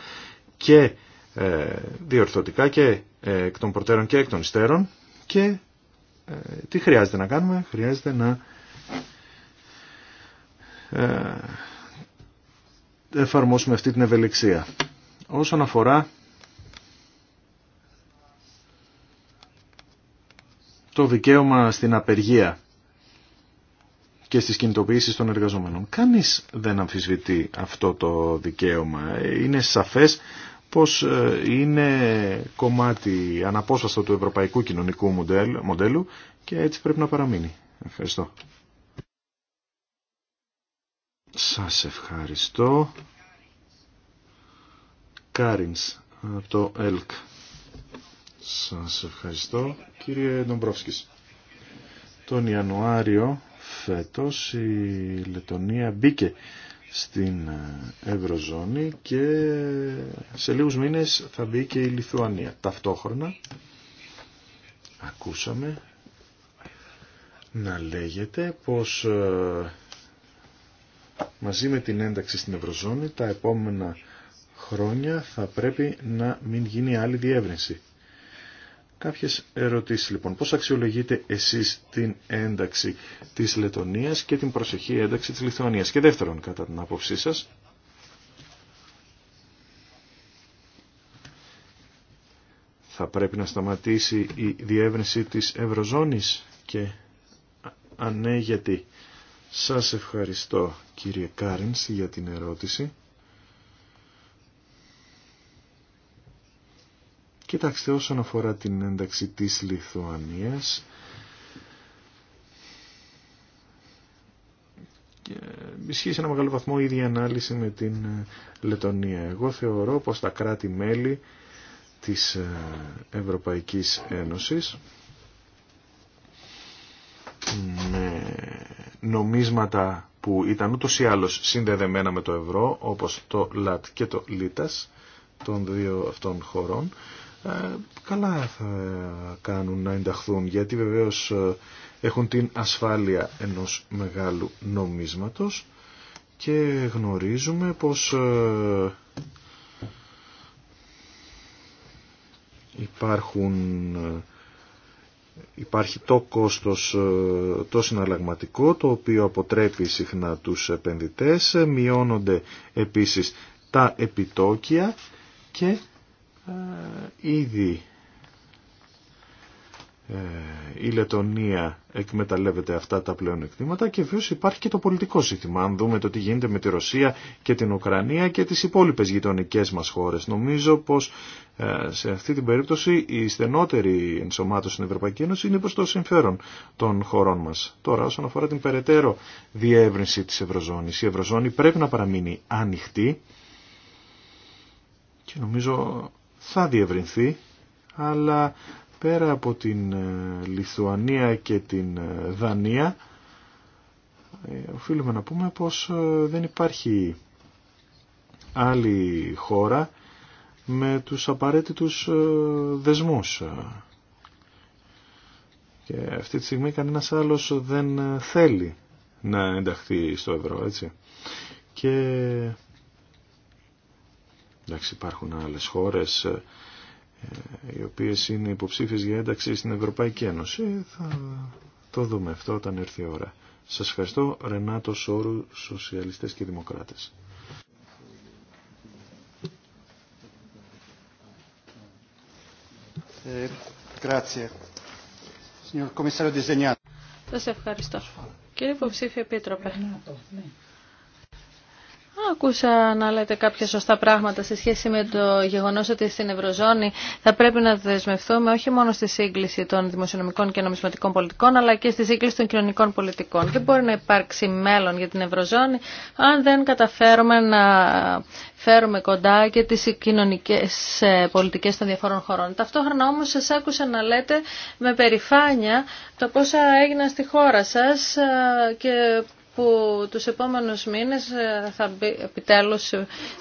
και ε, διορθωτικά και ε, εκ των προτέρων και εκ των υστέρων και τι χρειάζεται να κάνουμε, χρειάζεται να εφαρμόσουμε αυτή την ευελιξία. Όσον αφορά το δικαίωμα στην απεργία και στις κινητοποιήσεις των εργαζομένων. Κανείς δεν αμφισβητεί αυτό το δικαίωμα. Είναι σαφές πως ε, είναι κομμάτι αναπόσπαστο του ευρωπαϊκού κοινωνικού μοντέλου και έτσι πρέπει να παραμείνει. Ευχαριστώ. Σας ευχαριστώ. Κάρινς από το ΕΛΚ. Σας ευχαριστώ. Κύριε Ντομπρόφσκης, τον Ιανουάριο φέτος η Λετωνία μπήκε στην ε, Ευρωζώνη και σε λίγους μήνες θα μπει και η Λιθουανία. Ταυτόχρονα ακούσαμε να λέγεται πως ε, μαζί με την ένταξη στην Ευρωζώνη τα επόμενα χρόνια θα πρέπει να μην γίνει άλλη διεύρυνση. Κάποιες ερωτήσεις λοιπόν. Πώς αξιολογείτε εσείς την ένταξη της Λετωνίας και την προσεχή ένταξη της Λιθουανίας. Και δεύτερον, κατά την άποψή σας, θα πρέπει να σταματήσει η διεύρυνση της Ευρωζώνης και ανέγεται. Σας ευχαριστώ κύριε Κάρινς για την ερώτηση. Κοιτάξτε, όσον αφορά την ένταξη της Λιθουανίας, ισχύει σε ένα μεγάλο βαθμό η ίδια ανάλυση με την ε, Λετωνία. Εγώ θεωρώ πως τα κράτη-μέλη της ε, Ευρωπαϊκής Ένωσης με νομίσματα που ήταν ούτως ή άλλως συνδεδεμένα με το ευρώ, όπως το ΛΑΤ και το ΛΙΤΑΣ των δύο αυτών χωρών, ε, καλά θα κάνουν να ενταχθούν γιατί βεβαίως ε, έχουν την ασφάλεια ενός μεγάλου νομίσματος και γνωρίζουμε πως ε, υπάρχουν υπάρχει το κόστος το συναλλαγματικό το οποίο αποτρέπει συχνά τους επενδυτές μειώνονται επίσης τα επιτόκια και ε, ήδη ε, η Λετωνία εκμεταλλεύεται αυτά τα πλέον και βέβαια υπάρχει και το πολιτικό ζήτημα. Αν δούμε το τι γίνεται με τη Ρωσία και την Ουκρανία και τις υπόλοιπες γειτονικές μας χώρες. Νομίζω πως ε, σε αυτή την περίπτωση η στενότερη ενσωμάτωση στην Ευρωπαϊκή Ένωση είναι προς το συμφέρον των χωρών μας. Τώρα όσον αφορά την περαιτέρω διεύρυνση της Ευρωζώνης, η Ευρωζώνη πρέπει να παραμείνει ανοιχτή και νομίζω θα διευρυνθεί, αλλά πέρα από την ε, Λιθουανία και την ε, Δανία, ε, οφείλουμε να πούμε πως δεν υπάρχει άλλη χώρα με τους απαραίτητους δεσμούς. Και αυτή τη στιγμή κανένας άλλος δεν θέλει να ενταχθεί στο ευρώ, έτσι. Και Εντάξει, υπάρχουν άλλες χώρες ε, ε, οι οποίες είναι υποψήφιες για ένταξη στην Ευρωπαϊκή Ένωση. Θα το δούμε αυτό όταν έρθει η ώρα. Σας ευχαριστώ, Ρενάτο Σόρου, Σοσιαλιστές και Δημοκράτες. Ε, Σας ευχαριστώ. Κύριε Υποψήφιο Επίτροπε, ναι. Άκουσα να λέτε κάποια σωστά πράγματα σε σχέση με το γεγονός ότι στην Ευρωζώνη θα πρέπει να δεσμευτούμε όχι μόνο στη σύγκληση των δημοσιονομικών και νομισματικών πολιτικών αλλά και στη σύγκληση των κοινωνικών πολιτικών. Δεν μπορεί να υπάρξει μέλλον για την Ευρωζώνη αν δεν καταφέρουμε να φέρουμε κοντά και τις κοινωνικές ε, πολιτικές των διαφορών χωρών. Ταυτόχρονα όμως σας άκουσα να λέτε με περηφάνεια το πόσα έγιναν στη χώρα σας ε, και που τους επόμενους μήνες ε, θα μπει επιτέλους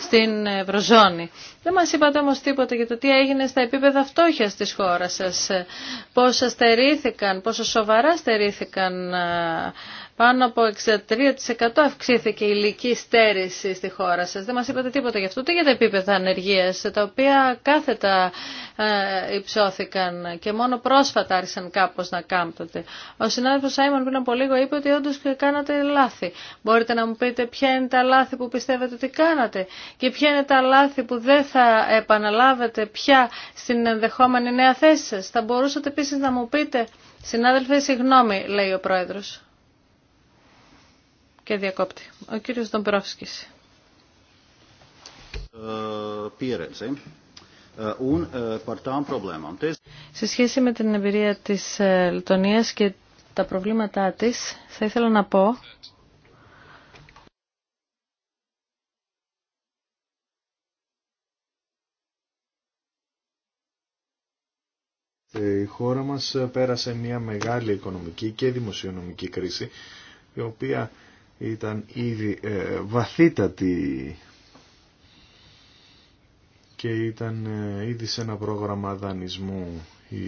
στην Ευρωζώνη. Δεν μας είπατε όμως τίποτα για το τι έγινε στα επίπεδα φτώχεια της χώρας σας, πόσα στερήθηκαν, πόσο σοβαρά στερήθηκαν ε, πάνω από 63% αυξήθηκε η ηλική στέρηση στη χώρα σας. Δεν μας είπατε τίποτα γι' αυτό, Τι για τα επίπεδα ανεργίας, τα οποία κάθετα ε, υψώθηκαν και μόνο πρόσφατα άρχισαν κάπως να κάμπτονται. Ο συνάδελφος Σάιμον πριν από λίγο είπε ότι όντως κάνατε λάθη. Μπορείτε να μου πείτε ποια είναι τα λάθη που πιστεύετε ότι κάνατε και ποια είναι τα λάθη που δεν θα επαναλάβετε πια στην ενδεχόμενη νέα θέση σας. Θα μπορούσατε επίσης να μου πείτε, συνάδελφε, συγγνώμη, λέει ο πρόεδρος και διακόπτη. Ο κύριος Δομπρόφσκης. Ε, Σε σχέση με την εμπειρία της ε, Λετωνίας και τα προβλήματά της, θα ήθελα να πω ε, Η χώρα μας πέρασε μια μεγάλη οικονομική και δημοσιονομική κρίση, η οποία ήταν ήδη ε, βαθύτατη και ήταν ε, ήδη σε ένα πρόγραμμα δανεισμού η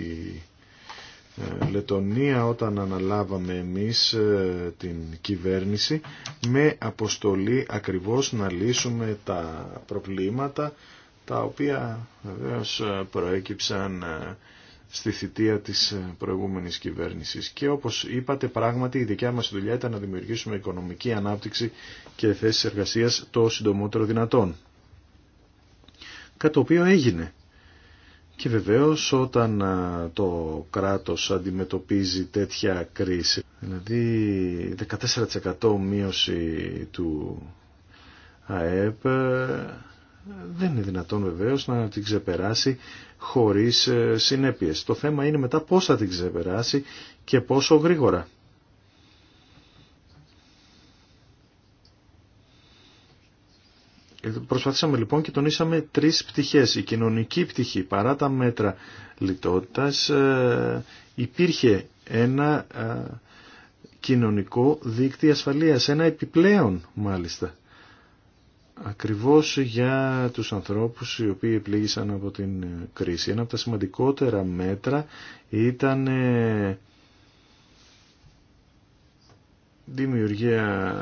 λετονία Λετωνία όταν αναλάβαμε εμείς ε, την κυβέρνηση με αποστολή ακριβώς να λύσουμε τα προβλήματα τα οποία βεβαίως ε, προέκυψαν ε, στη θητεία της ε, προηγούμενης κυβέρνησης. Και όπως είπατε πράγματι η δικιά μας δουλειά ήταν να δημιουργήσουμε οικονομική ανάπτυξη και θέσεις εργασίας το συντομότερο δυνατόν. Κάτι το οποίο έγινε. Και βεβαίως όταν ε, το κράτος αντιμετωπίζει τέτοια κρίση, δηλαδή 14% μείωση του ΑΕΠ, ε, δεν είναι δυνατόν βεβαίως να την ξεπεράσει χωρίς ε, συνέπειες. Το θέμα είναι μετά πώς θα την ξεπεράσει και πόσο γρήγορα. Ε, προσπαθήσαμε λοιπόν και τονίσαμε τρεις πτυχές. Η κοινωνική πτυχή παρά τα μέτρα λιτότητας ε, υπήρχε ένα κοινωνικό δίκτυο ασφαλείας, ένα επιπλέον μάλιστα ακριβώς για τους ανθρώπους οι οποίοι επλήγησαν από την κρίση. Ένα από τα σημαντικότερα μέτρα ήταν ε, δημιουργία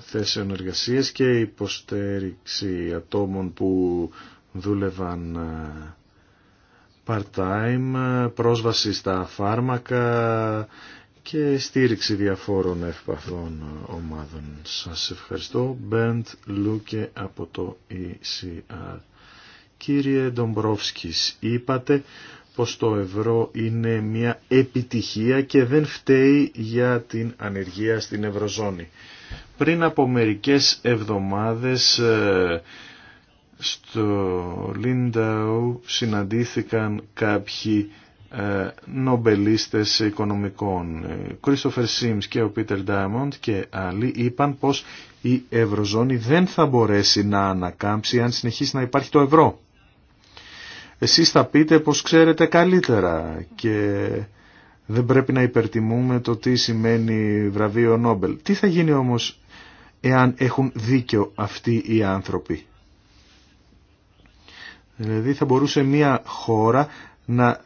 θέσεων εργασίας και υποστήριξη ατόμων που δούλευαν ε, part-time, πρόσβαση στα φάρμακα, και στήριξη διαφόρων ευπαθών ομάδων. Σας ευχαριστώ. Μπέντ Λούκε από το ECR. Κύριε Ντομπρόφσκης, είπατε πως το ευρώ είναι μια επιτυχία και δεν φταίει για την ανεργία στην Ευρωζώνη. Πριν από μερικές εβδομάδες ε, στο Λίνταου συναντήθηκαν κάποιοι ε, νομπελίστες οικονομικών. Κρίστοφερ Σίμς και ο Πίτερ Ντάιμοντ και άλλοι είπαν πως η Ευρωζώνη δεν θα μπορέσει να ανακάμψει αν συνεχίσει να υπάρχει το ευρώ. Εσείς θα πείτε πως ξέρετε καλύτερα και δεν πρέπει να υπερτιμούμε το τι σημαίνει βραβείο Νόμπελ. Τι θα γίνει όμως εάν έχουν δίκιο αυτοί οι άνθρωποι. Δηλαδή θα μπορούσε μια χώρα να ε,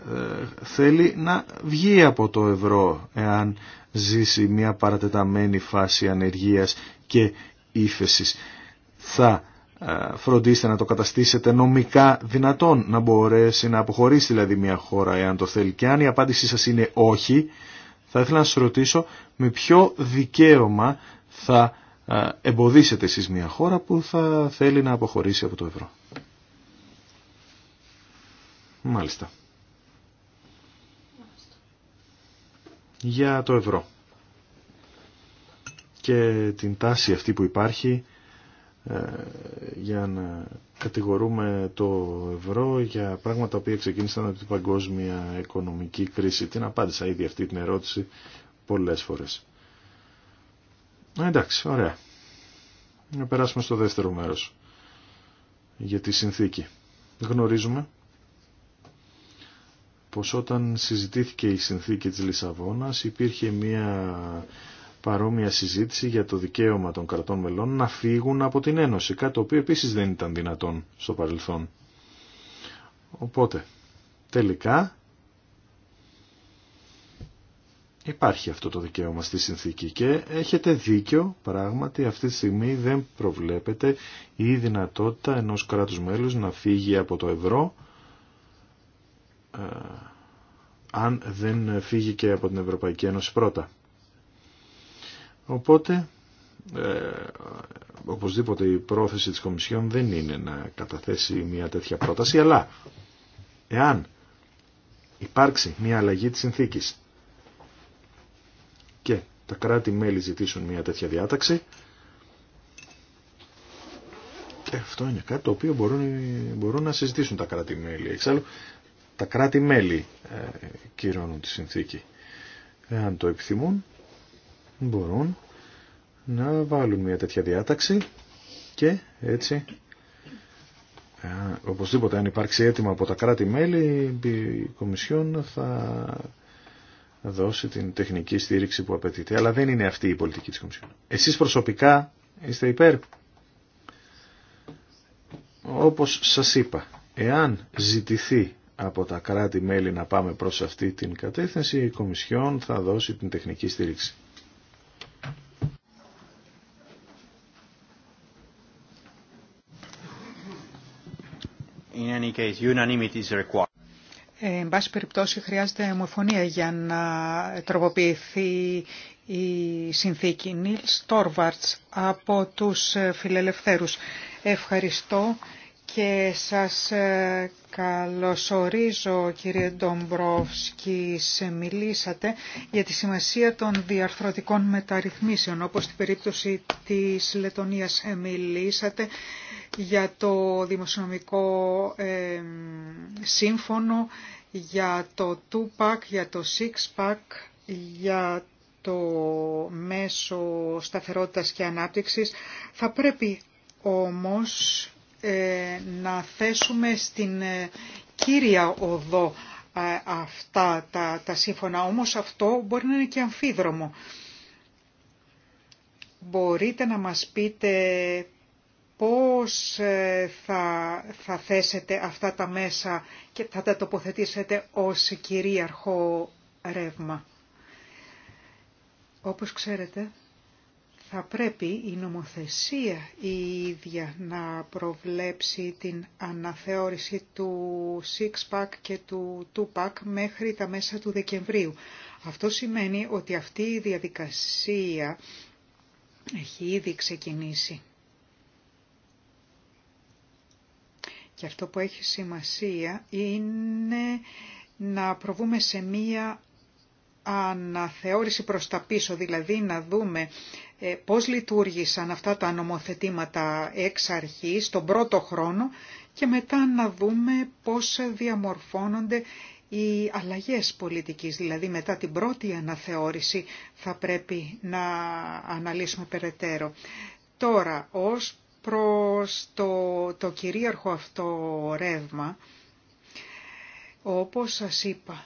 θέλει να βγει από το ευρώ εάν ζήσει μια παρατεταμένη φάση ανεργίας και ύφεσης. Θα ε, φροντίσετε να το καταστήσετε νομικά δυνατόν να μπορέσει να αποχωρήσει δηλαδή μια χώρα εάν το θέλει και αν η απάντησή σας είναι όχι θα ήθελα να σας ρωτήσω με ποιο δικαίωμα θα ε, εμποδίσετε εσείς μια χώρα που θα θέλει να αποχωρήσει από το ευρώ. Μάλιστα. για το ευρώ. Και την τάση αυτή που υπάρχει ε, για να κατηγορούμε το ευρώ για πράγματα που ξεκίνησαν από την παγκόσμια οικονομική κρίση. Την απάντησα ήδη αυτή την ερώτηση πολλές φορές. Ε, εντάξει, ωραία. Να περάσουμε στο δεύτερο μέρος για τη συνθήκη. Γνωρίζουμε πως όταν συζητήθηκε η συνθήκη της Λισαβόνας υπήρχε μια παρόμοια συζήτηση για το δικαίωμα των κρατών μελών να φύγουν από την Ένωση, κάτι το οποίο επίσης δεν ήταν δυνατόν στο παρελθόν. Οπότε, τελικά υπάρχει αυτό το δικαίωμα στη συνθήκη και έχετε δίκιο, πράγματι αυτή τη στιγμή δεν προβλέπεται η δυνατότητα ενός κράτους μέλους να φύγει από το ευρώ ε, αν δεν φύγει και από την Ευρωπαϊκή Ένωση πρώτα. Οπότε, ε, οπωσδήποτε η πρόθεση της Κομισιόν δεν είναι να καταθέσει μια τέτοια πρόταση, αλλά εάν υπάρξει μια αλλαγή της συνθήκης και τα κράτη-μέλη ζητήσουν μια τέτοια διάταξη, και αυτό είναι κάτι το οποίο μπορούν, μπορούν να συζητήσουν τα κράτη-μέλη. Εξάλλου τα κράτη-μέλη ε, κυρώνουν τη συνθήκη. Εάν το επιθυμούν, μπορούν να βάλουν μια τέτοια διάταξη και έτσι ε, οπωσδήποτε αν υπάρξει αίτημα από τα κράτη-μέλη η Κομισιόν θα δώσει την τεχνική στήριξη που απαιτείται. Αλλά δεν είναι αυτή η πολιτική της Κομισιόν. Εσείς προσωπικά είστε υπέρ. Όπως σας είπα, εάν ζητηθεί από τα κράτη-μέλη να πάμε προς αυτή την κατεύθυνση, η Κομισιόν θα δώσει την τεχνική στήριξη. In ε, εν πάση περιπτώσει χρειάζεται ομοφωνία για να τροποποιηθεί η συνθήκη. Νίλ Τόρβαρτς, από τους φιλελευθέρους. Ευχαριστώ και σας ε, καλωσορίζω κύριε Ντομπρόφσκι, μιλήσατε για τη σημασία των διαρθρωτικών μεταρρυθμίσεων, όπως στην περίπτωση της Λετωνίας ε, μιλήσατε για το δημοσιονομικό ε, σύμφωνο, για το 2-pack, για το 6-pack, για το μέσο σταθερότητας και ανάπτυξης. Θα πρέπει όμως ε, να θέσουμε στην ε, κύρια οδό ε, αυτά τα, τα σύμφωνα. Όμως αυτό μπορεί να είναι και αμφίδρομο. Μπορείτε να μας πείτε πώς θα, θα θέσετε αυτά τα μέσα και θα τα τοποθετήσετε ως κυρίαρχο ρεύμα. Όπως ξέρετε, θα πρέπει η νομοθεσία η ίδια να προβλέψει την αναθεώρηση του Six pack και του ΤΟΥΠΑΚ pack μέχρι τα μέσα του Δεκεμβρίου. Αυτό σημαίνει ότι αυτή η διαδικασία έχει ήδη ξεκινήσει. Και αυτό που έχει σημασία είναι να προβούμε σε μία αναθεώρηση προς τα πίσω, δηλαδή να δούμε ε, πώς λειτουργήσαν αυτά τα νομοθετήματα εξ αρχής, τον πρώτο χρόνο και μετά να δούμε πώς διαμορφώνονται οι αλλαγές πολιτικής. Δηλαδή μετά την πρώτη αναθεώρηση θα πρέπει να αναλύσουμε περαιτέρω. Τώρα, ως προς το, το κυρίαρχο αυτό ρεύμα, όπως σας είπα,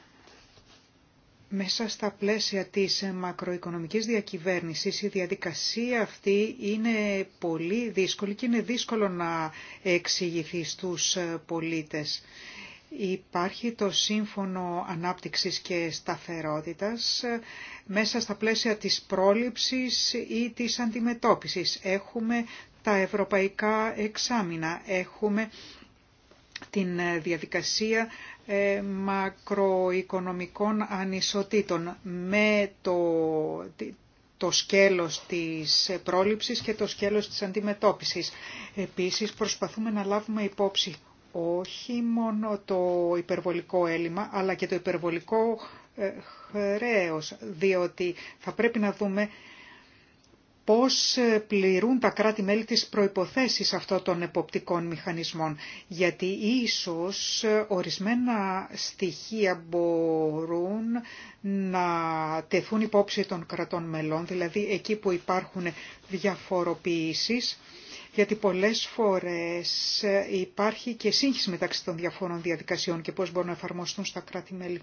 μέσα στα πλαίσια της μακροοικονομικής διακυβέρνησης η διαδικασία αυτή είναι πολύ δύσκολη και είναι δύσκολο να εξηγηθεί στους πολίτες. Υπάρχει το Σύμφωνο Ανάπτυξης και Σταθερότητας μέσα στα πλαίσια της πρόληψης ή της αντιμετώπισης. Έχουμε τα ευρωπαϊκά εξάμεινα, έχουμε την ε, διαδικασία ε, μακροοικονομικών ανισοτήτων με το, το σκέλος της πρόληψης και το σκέλος της αντιμετώπισης. Επίσης προσπαθούμε να λάβουμε υπόψη όχι μόνο το υπερβολικό έλλειμμα, αλλά και το υπερβολικό ε, χρέος, διότι θα πρέπει να δούμε πώς ε, πληρούν τα κράτη-μέλη τις προϋποθέσεις αυτών των εποπτικών μηχανισμών. Γιατί ίσως ε, ορισμένα στοιχεία μπορούν να τεθούν υπόψη των κρατών μελών, δηλαδή εκεί που υπάρχουν διαφοροποιήσεις, γιατί πολλές φορές ε, υπάρχει και σύγχυση μεταξύ των διαφόρων διαδικασιών και πώς μπορούν να εφαρμοστούν στα κράτη-μέλη.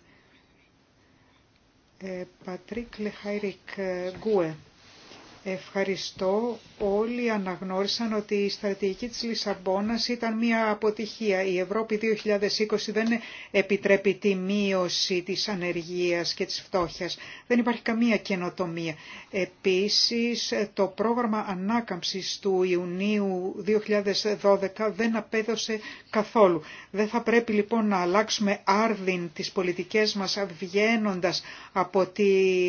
Γκουε. Ευχαριστώ. Όλοι αναγνώρισαν ότι η στρατηγική της Λισαμπόνας ήταν μια αποτυχία. Η Ευρώπη 2020 δεν επιτρέπει τη μείωση της ανεργίας και της φτώχειας. Δεν υπάρχει καμία καινοτομία. Επίσης, το πρόγραμμα ανάκαμψης του Ιουνίου 2012 δεν απέδωσε καθόλου. Δεν θα πρέπει λοιπόν να αλλάξουμε άρδιν τις πολιτικές μας βγαίνοντα από τη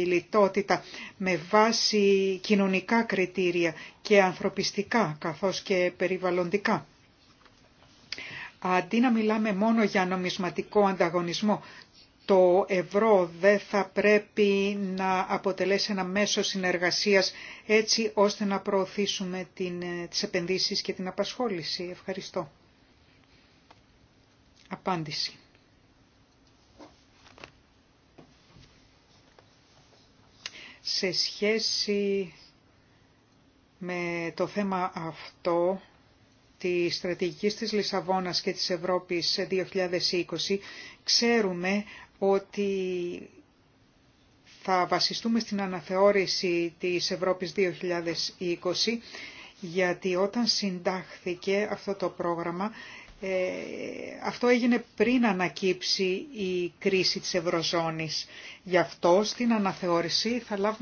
λιτότητα με βάση κοινωνικά κριτήρια και ανθρωπιστικά καθώς και περιβαλλοντικά. Αντί να μιλάμε μόνο για νομισματικό ανταγωνισμό, το ευρώ δεν θα πρέπει να αποτελέσει ένα μέσο συνεργασίας έτσι ώστε να προωθήσουμε την, ε, τις επενδύσεις και την απασχόληση. Ευχαριστώ. Απάντηση. Σε σχέση με το θέμα αυτό τη στρατηγική της Λισαβόνας και της Ευρώπης 2020 ξέρουμε ότι θα βασιστούμε στην αναθεώρηση της Ευρώπης 2020 γιατί όταν συντάχθηκε αυτό το πρόγραμμα ε, αυτό έγινε πριν ανακύψει η κρίση της Ευρωζώνης. Γι' αυτό στην αναθεώρηση θα,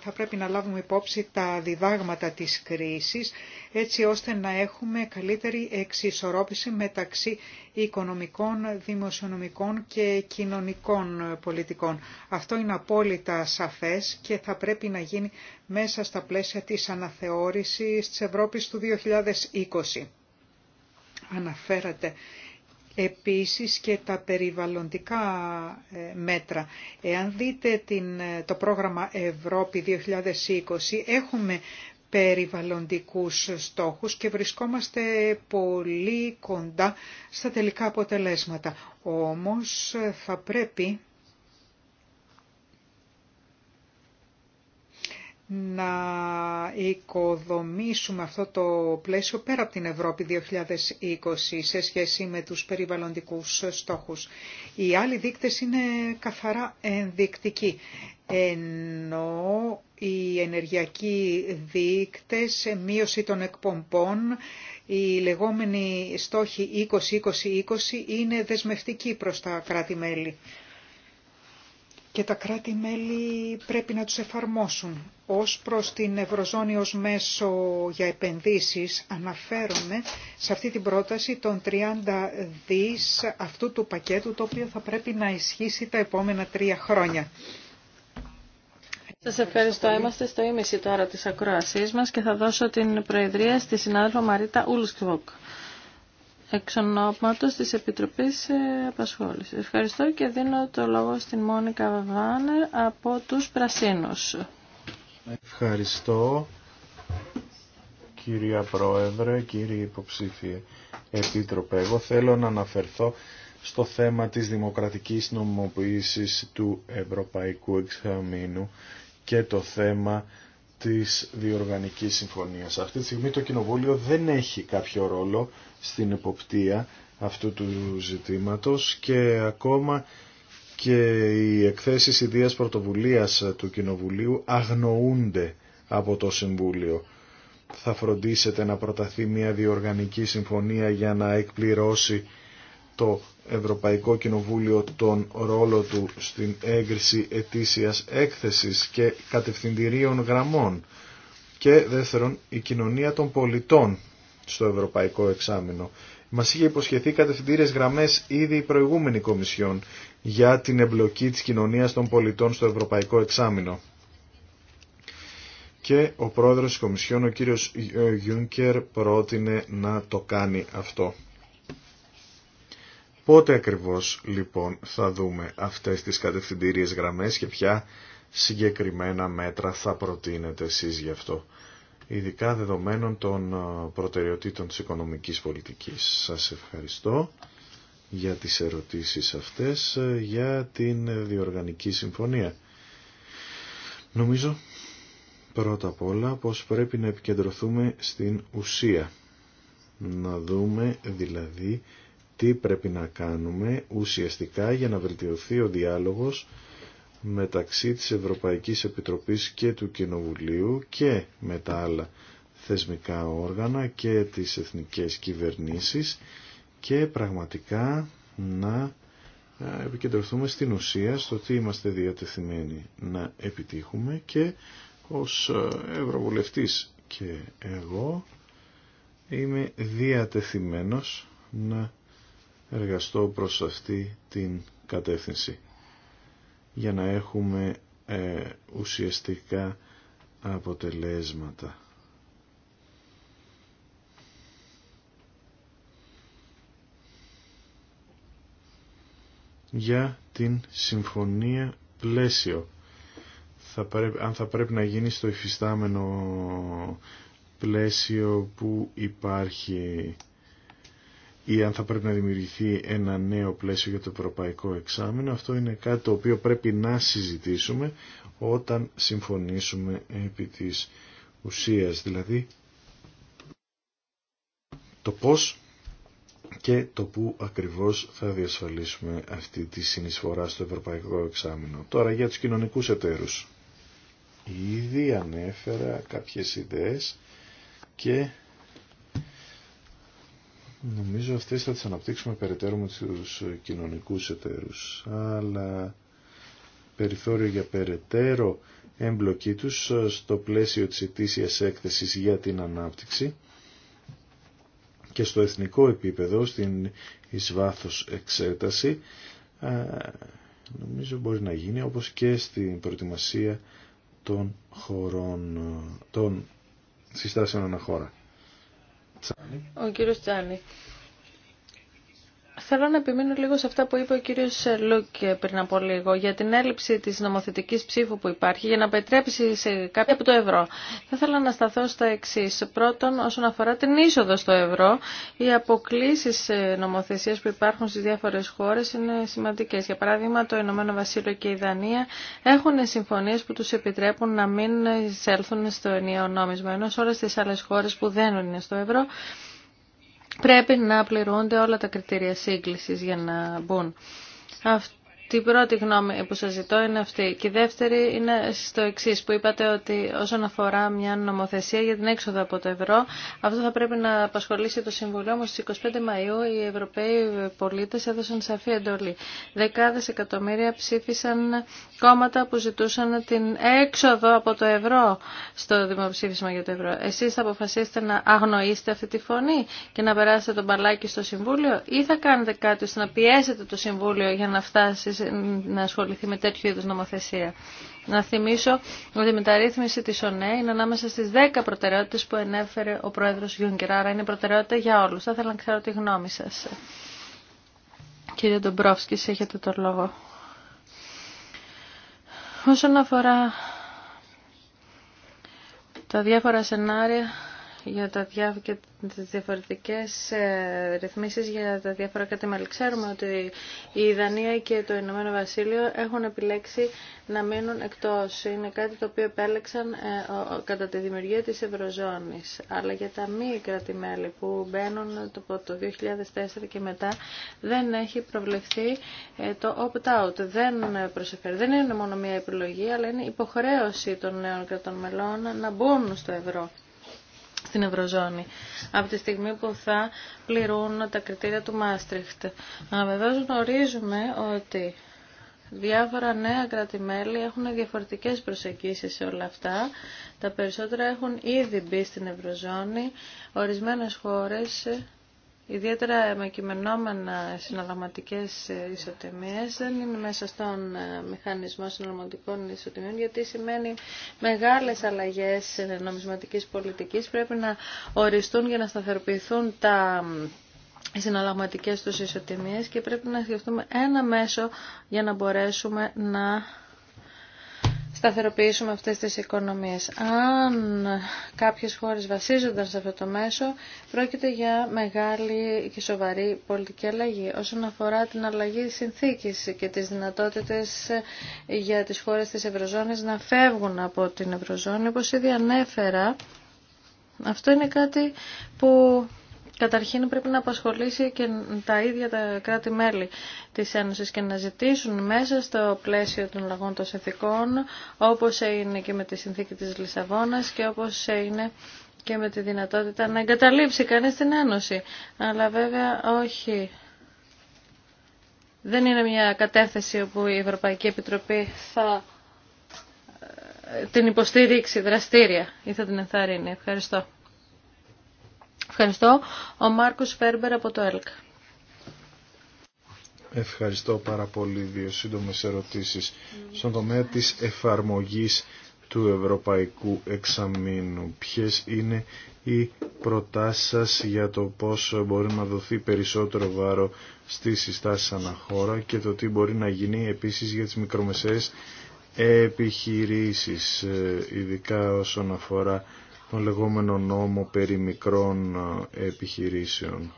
θα πρέπει να λάβουμε υπόψη τα διδάγματα της κρίσης, έτσι ώστε να έχουμε καλύτερη εξισορρόπηση μεταξύ οικονομικών, δημοσιονομικών και κοινωνικών πολιτικών. Αυτό είναι απόλυτα σαφές και θα πρέπει να γίνει μέσα στα πλαίσια της αναθεώρησης της Ευρώπης του 2020 αναφέρατε. Επίσης και τα περιβαλλοντικά ε, μέτρα. Εάν δείτε την, ε, το πρόγραμμα Ευρώπη 2020, έχουμε περιβαλλοντικούς στόχους και βρισκόμαστε πολύ κοντά στα τελικά αποτελέσματα. Όμως ε, θα πρέπει να οικοδομήσουμε αυτό το πλαίσιο πέρα από την Ευρώπη 2020 σε σχέση με τους περιβαλλοντικούς στόχους. Οι άλλοι δείκτες είναι καθαρά ενδεικτικοί, ενώ οι ενεργειακοί δείκτες, μείωση των εκπομπών, οι λεγόμενοι στόχοι 20-20-20 είναι δεσμευτικοί προς τα κράτη-μέλη και τα κράτη-μέλη πρέπει να τους εφαρμόσουν. Ως προς την Ευρωζώνη ως μέσο για επενδύσεις αναφέρομαι σε αυτή την πρόταση των 30 δις αυτού του πακέτου το οποίο θα πρέπει να ισχύσει τα επόμενα τρία χρόνια. Σας ευχαριστώ. Είμαστε στο ίμιση τώρα της ακροασής μας και θα δώσω την προεδρία στη συνάδελφο Μαρίτα Ούλσκβοκ εξ ονόματος της Επιτροπής ε, Απασχόλησης. Ευχαριστώ και δίνω το λόγο στην Μόνικα Βαβάνερ από τους Πρασίνους. Ευχαριστώ κυρία Πρόεδρε, κύριε υποψήφιε Επίτροπε. Εγώ θέλω να αναφερθώ στο θέμα της δημοκρατικής νομοποίησης του Ευρωπαϊκού Εξαμήνου και το θέμα της διοργανικής συμφωνίας. Αυτή τη στιγμή το Κοινοβούλιο δεν έχει κάποιο ρόλο στην εποπτεία αυτού του ζητήματος και ακόμα και οι εκθέσεις ιδίας πρωτοβουλίας του Κοινοβουλίου αγνοούνται από το Συμβούλιο. Θα φροντίσετε να προταθεί μια διοργανική συμφωνία για να εκπληρώσει το Ευρωπαϊκό Κοινοβούλιο τον ρόλο του στην έγκριση ετήσιας έκθεσης και κατευθυντηρίων γραμμών και δεύτερον η κοινωνία των πολιτών στο Ευρωπαϊκό Εξάμεινο. Μας είχε υποσχεθεί κατευθυντήριες γραμμές ήδη η προηγούμενη Κομισιόν για την εμπλοκή της κοινωνίας των πολιτών στο Ευρωπαϊκό Εξάμεινο. Και ο πρόεδρος της Κομισιόν, ο κύριος Γιούνκερ, πρότεινε να το κάνει αυτό. Πότε ακριβώς λοιπόν θα δούμε αυτές τις κατευθυντήριες γραμμές και ποια συγκεκριμένα μέτρα θα προτείνετε εσείς γι' αυτό, ειδικά δεδομένων των ε, προτεραιοτήτων της οικονομικής πολιτικής. Σας ευχαριστώ για τις ερωτήσεις αυτές, ε, για την διοργανική συμφωνία. Νομίζω πρώτα απ' όλα πως πρέπει να επικεντρωθούμε στην ουσία. Να δούμε δηλαδή τι πρέπει να κάνουμε ουσιαστικά για να βελτιωθεί ο διάλογος μεταξύ της Ευρωπαϊκής Επιτροπής και του Κοινοβουλίου και με τα άλλα θεσμικά όργανα και τις εθνικές κυβερνήσεις και πραγματικά να ε, επικεντρωθούμε στην ουσία στο τι είμαστε διατεθειμένοι να επιτύχουμε και ως ε, Ευρωβουλευτής και εγώ είμαι διατεθειμένος να εργαστώ προς αυτή την κατεύθυνση για να έχουμε ε, ουσιαστικά αποτελέσματα. Για την συμφωνία πλαίσιο. Θα πρέπει, αν θα πρέπει να γίνει στο υφιστάμενο πλαίσιο που υπάρχει ή αν θα πρέπει να δημιουργηθεί ένα νέο πλαίσιο για το ευρωπαϊκό εξάμεινο. Αυτό είναι κάτι το οποίο πρέπει να συζητήσουμε όταν συμφωνήσουμε επί της ουσίας, δηλαδή το πώς και το που ακριβώς θα διασφαλίσουμε αυτή τη συνεισφορά στο ευρωπαϊκό εξάμεινο. Τώρα για τους κοινωνικούς εταίρους. Ήδη ανέφερα κάποιες ιδέες και Νομίζω αυτές θα τις αναπτύξουμε περαιτέρω με τους κοινωνικούς εταίρους, αλλά περιθώριο για περαιτέρω εμπλοκή τους στο πλαίσιο της ετήσιας έκθεσης για την ανάπτυξη και στο εθνικό επίπεδο, στην εις εξέταση, νομίζω μπορεί να γίνει, όπως και στην προετοιμασία των χωρών, των συστάσεων αναχώρα. Ο κύριος Τσάνη. Θέλω να επιμείνω λίγο σε αυτά που είπε ο κύριος Λούκ πριν από λίγο για την έλλειψη της νομοθετικής ψήφου που υπάρχει για να πετρέψει σε κάποια από το ευρώ. Θα ήθελα να σταθώ στα εξή. Πρώτον, όσον αφορά την είσοδο στο ευρώ, οι αποκλήσει ε, νομοθεσίας που υπάρχουν στις διάφορες χώρες είναι σημαντικές. Για παράδειγμα, το Ηνωμένο Βασίλειο και η Δανία έχουν συμφωνίες που τους επιτρέπουν να μην εισέλθουν στο ενιαίο νόμισμα, ενώ όλες τις άλλε χώρε που δεν είναι στο ευρώ πρέπει να πληρούνται όλα τα κριτήρια σύγκλησης για να μπουν. Αυτό την πρώτη γνώμη που σας ζητώ είναι αυτή. Και η δεύτερη είναι στο εξή που είπατε ότι όσον αφορά μια νομοθεσία για την έξοδο από το ευρώ, αυτό θα πρέπει να απασχολήσει το Συμβουλίο, όμως στις 25 Μαΐου οι Ευρωπαίοι πολίτες έδωσαν σαφή εντολή. Δεκάδες εκατομμύρια ψήφισαν κόμματα που ζητούσαν την έξοδο από το ευρώ στο δημοψήφισμα για το ευρώ. Εσείς θα αποφασίσετε να αγνοήσετε αυτή τη φωνή και να περάσετε τον μπαλάκι στο Συμβούλιο ή θα κάνετε κάτι ώστε να πιέσετε το Συμβούλιο για να φτάσει να ασχοληθεί με τέτοιου είδους νομοθεσία. Να θυμίσω ότι η μεταρρύθμιση της ΟΝΕ είναι ανάμεσα στις 10 προτεραιότητες που ενέφερε ο Πρόεδρος Γιούγκερ. Άρα είναι προτεραιότητα για όλους. Θα ήθελα να ξέρω τη γνώμη σας. Κύριε Ντομπρόφσκη, έχετε το λόγο. Όσον αφορά τα διάφορα σενάρια για τα διά, και διαφορετικές ε, ρυθμίσεις για τα διάφορα κατεμέλη. Ξέρουμε ότι η Δανία και το Ηνωμένο Βασίλειο έχουν επιλέξει να μείνουν εκτός. Είναι κάτι το οποίο επέλεξαν ε, κατά τη δημιουργία της Ευρωζώνης. Αλλά για τα μη κρατημέλη που μπαίνουν το 2004 και μετά δεν έχει προβλεφθεί ε, το opt-out. Δεν Δεν είναι μόνο μια επιλογή, αλλά είναι υποχρέωση των νέων κρατών μελών να μπουν στο ευρώ στην Ευρωζώνη από τη στιγμή που θα πληρούν τα κριτήρια του Μάστριχτ. Αλλά γνωρίζουμε ότι διάφορα νέα κρατημέλη έχουν διαφορετικές προσεγγίσεις σε όλα αυτά. Τα περισσότερα έχουν ήδη μπει στην Ευρωζώνη. Ορισμένες χώρες ιδιαίτερα με κειμενόμενα συναλλαγματικές ισοτιμίες δεν είναι μέσα στον ε, μηχανισμό συναλλαγματικών ισοτιμίων γιατί σημαίνει μεγάλες αλλαγές νομισματικής πολιτικής πρέπει να οριστούν για να σταθεροποιηθούν τα οι συναλλαγματικές τους ισοτιμίες και πρέπει να σκεφτούμε ένα μέσο για να μπορέσουμε να σταθεροποιήσουμε αυτές τις οικονομίες. Αν κάποιες χώρες βασίζονταν σε αυτό το μέσο, πρόκειται για μεγάλη και σοβαρή πολιτική αλλαγή. Όσον αφορά την αλλαγή συνθήκης και τις δυνατότητες για τις χώρες της Ευρωζώνης να φεύγουν από την Ευρωζώνη, όπως ήδη ανέφερα, αυτό είναι κάτι που καταρχήν πρέπει να απασχολήσει και τα ίδια τα κράτη-μέλη της Ένωσης και να ζητήσουν μέσα στο πλαίσιο των λαγών των συνθήκων, όπως είναι και με τη συνθήκη της Λισαβόνας και όπως είναι και με τη δυνατότητα να εγκαταλείψει κανείς την Ένωση. Αλλά βέβαια όχι. Δεν είναι μια κατεύθυνση όπου η Ευρωπαϊκή Επιτροπή θα ε, την υποστήριξει δραστήρια ή θα την ενθαρρύνει. Ευχαριστώ. Ευχαριστώ. Ο Μάρκος Φέρμπερ από το ΕΛΚ. Ευχαριστώ πάρα πολύ. Δύο σύντομες ερωτήσεις. Στον τομέα της εφαρμογής του Ευρωπαϊκού Εξαμήνου, ποιες είναι οι προτάσεις σας για το πόσο μπορεί να δοθεί περισσότερο βάρο στις συστάσεις αναχώρα και το τι μπορεί να γίνει επίσης για τις μικρομεσαίες επιχειρήσεις, ε, ειδικά όσον αφορά τον λεγόμενο νόμο περί μικρών επιχειρήσεων.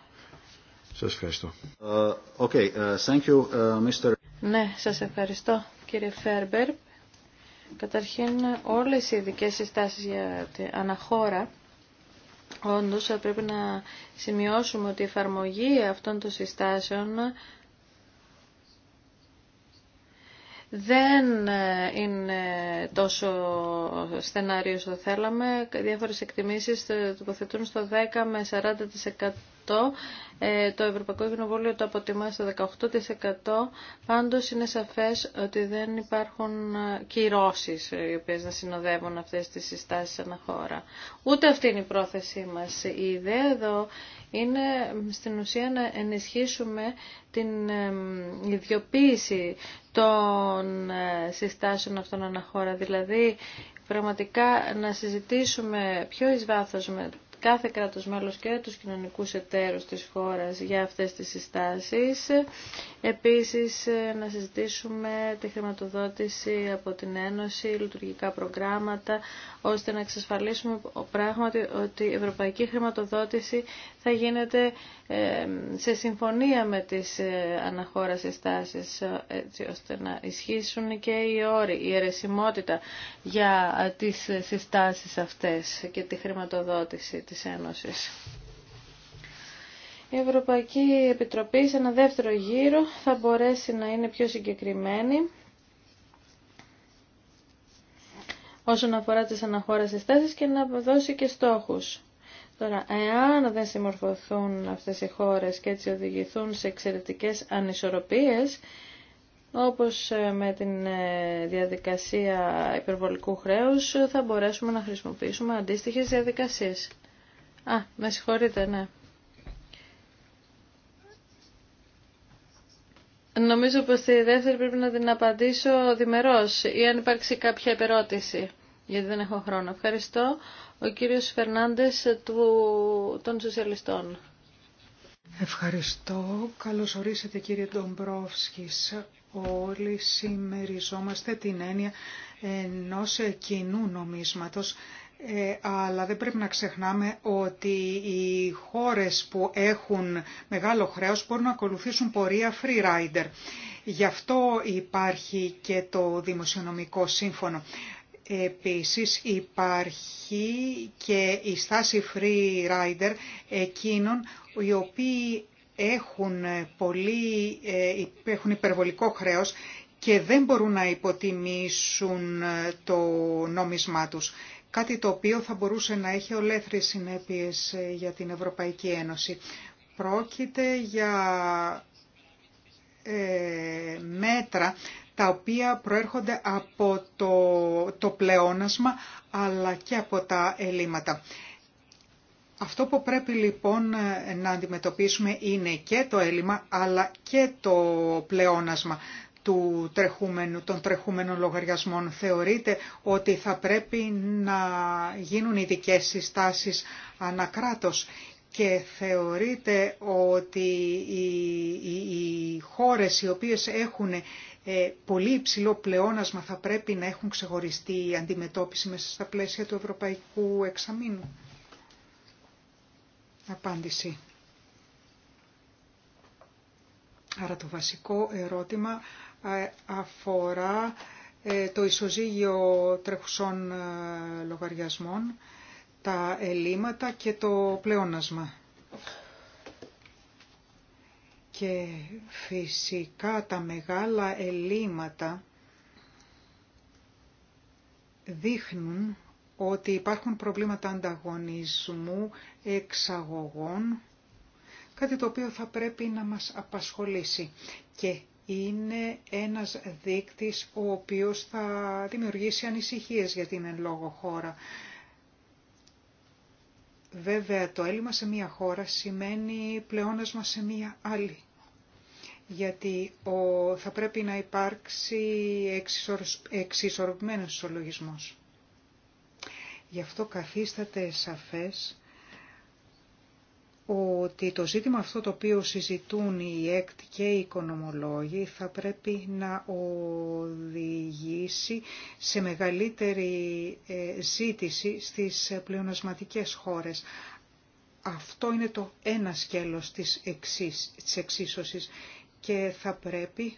Σας ευχαριστώ. Okay. Ε, ε, thank you, ε, Mr. Ναι, σας ευχαριστώ κύριε Φέρμπερ. Καταρχήν όλες οι ειδικέ συστάσεις για την αναχώρα Όντως πρέπει να σημειώσουμε ότι η εφαρμογή αυτών των συστάσεων δεν ε, είναι τόσο στενάριο όσο θέλαμε. Διάφορες εκτιμήσεις ε, τοποθετούν στο 10 με 40%. Ε, το Ευρωπαϊκό Κοινοβούλιο το αποτιμά στο 18%. Πάντως είναι σαφές ότι δεν υπάρχουν ε, κυρώσεις ε, οι οποίες να συνοδεύουν αυτές τις συστάσεις αναχώρα. χώρα. Ούτε αυτή είναι η πρόθεσή μας. Η ιδέα εδώ είναι στην ουσία να ενισχύσουμε την ιδιοποίηση των συστάσεων αυτών αναχώρα. Δηλαδή πραγματικά να συζητήσουμε πιο εις βάθος με κάθε κράτος μέλος και τους κοινωνικούς εταίρους της χώρας για αυτές τις συστάσεις. Επίσης, ε, να συζητήσουμε τη χρηματοδότηση από την Ένωση, λειτουργικά προγράμματα, ώστε να εξασφαλίσουμε πράγματι ότι η ευρωπαϊκή χρηματοδότηση θα γίνεται ε, σε συμφωνία με τις ε, αναχώρας συστάσεις, έτσι ώστε να ισχύσουν και οι όροι, η αιρεσιμότητα για τις συστάσεις αυτές και τη χρηματοδότηση η Ευρωπαϊκή Επιτροπή σε ένα δεύτερο γύρο θα μπορέσει να είναι πιο συγκεκριμένη όσον αφορά τις τη θέσεις και να δώσει και στόχους. Τώρα, εάν δεν συμμορφωθούν αυτές οι χώρες και έτσι οδηγηθούν σε εξαιρετικές ανισορροπίες, όπως ε, με την ε, διαδικασία υπερβολικού χρέους, θα μπορέσουμε να χρησιμοποιήσουμε αντίστοιχες διαδικασίες. Α, με συγχωρείτε, ναι. Νομίζω πως τη δεύτερη πρέπει να την απαντήσω διμερώς ή αν υπάρξει κάποια επερώτηση, γιατί δεν έχω χρόνο. Ευχαριστώ. Ο κύριος Φερνάντες του, των Σοσιαλιστών. Ευχαριστώ. Καλώς ορίσατε κύριε Ντομπρόφσκης. Όλοι συμμεριζόμαστε την έννοια ενός κοινού νομίσματος ε, αλλά δεν πρέπει να ξεχνάμε ότι οι χώρες που έχουν μεγάλο χρέος μπορούν να ακολουθήσουν πορεία free rider. Γι' αυτό υπάρχει και το Δημοσιονομικό Σύμφωνο. Επίσης υπάρχει και η στάση free rider εκείνων οι οποίοι έχουν, πολύ, ε, έχουν υπερβολικό χρέος και δεν μπορούν να υποτιμήσουν ε, το νόμισμά τους κάτι το οποίο θα μπορούσε να έχει ολέθριες συνέπειες ε, για την Ευρωπαϊκή Ένωση. Πρόκειται για ε, μέτρα τα οποία προέρχονται από το, το πλεόνασμα αλλά και από τα ελλείμματα. Αυτό που πρέπει λοιπόν ε, να αντιμετωπίσουμε είναι και το έλλειμμα αλλά και το πλεόνασμα του τρεχούμενου, των τρεχούμενων λογαριασμών. Θεωρείτε ότι θα πρέπει να γίνουν ειδικέ συστάσεις ανακράτος και θεωρείτε ότι οι, οι, οι χώρες οι οποίες έχουν ε, πολύ υψηλό πλεόνασμα θα πρέπει να έχουν ξεχωριστή αντιμετώπιση μέσα στα πλαίσια του Ευρωπαϊκού Εξαμήνου. Απάντηση. Άρα το βασικό ερώτημα αφορά ε, το ισοζύγιο τρέχουσων ε, λογαριασμών, τα ελλείμματα και το πλεόνασμα. Και φυσικά τα μεγάλα ελλείμματα δείχνουν ότι υπάρχουν προβλήματα ανταγωνισμού εξαγωγών, κάτι το οποίο θα πρέπει να μας απασχολήσει. Και είναι ένας δείκτης ο οποίος θα δημιουργήσει ανησυχίες για την εν λόγω χώρα. Βέβαια το έλλειμμα σε μία χώρα σημαίνει πλεόνασμα σε μία άλλη. Γιατί ο, θα πρέπει να υπάρξει εξισορροπημένος ισολογισμός. Γι' αυτό καθίσταται σαφές ότι το ζήτημα αυτό το οποίο συζητούν οι ΕΚΤ και οι οικονομολόγοι θα πρέπει να οδηγήσει σε μεγαλύτερη ε, ζήτηση στις πλεονασματικές χώρες. Αυτό είναι το ένα σκέλος της, εξίσωσης και θα πρέπει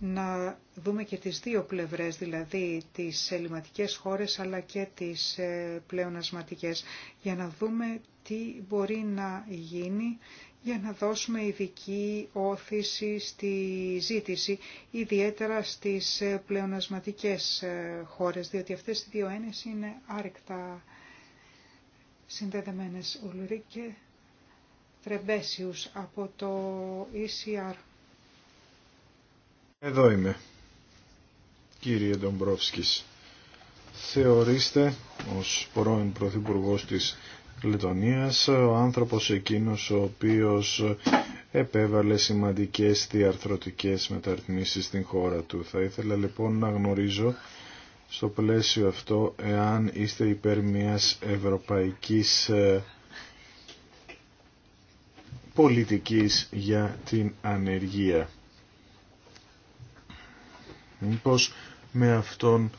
να δούμε και τις δύο πλευρές, δηλαδή τις ελληματικές χώρες αλλά και τις ε, πλεονασματικές, για να δούμε τι μπορεί να γίνει για να δώσουμε ειδική όθηση στη ζήτηση, ιδιαίτερα στις ε, πλεονασματικές ε, χώρες, διότι αυτές οι δύο έννοιες είναι άρρηκτα συνδεδεμένες. ολουρίκε Τρεμπέσιους από το ECR. Εδώ είμαι, κύριε Ντομπρόφσκης. Θεωρείστε ως πρώην Πρωθυπουργός της Λετωνίας ο άνθρωπος εκείνος ο οποίος επέβαλε σημαντικές διαρθρωτικές μεταρρυθμίσεις στην χώρα του. Θα ήθελα λοιπόν να γνωρίζω στο πλαίσιο αυτό εάν είστε υπέρ μιας ευρωπαϊκής ε, πολιτικής για την ανεργία. Μήπως με αυτόν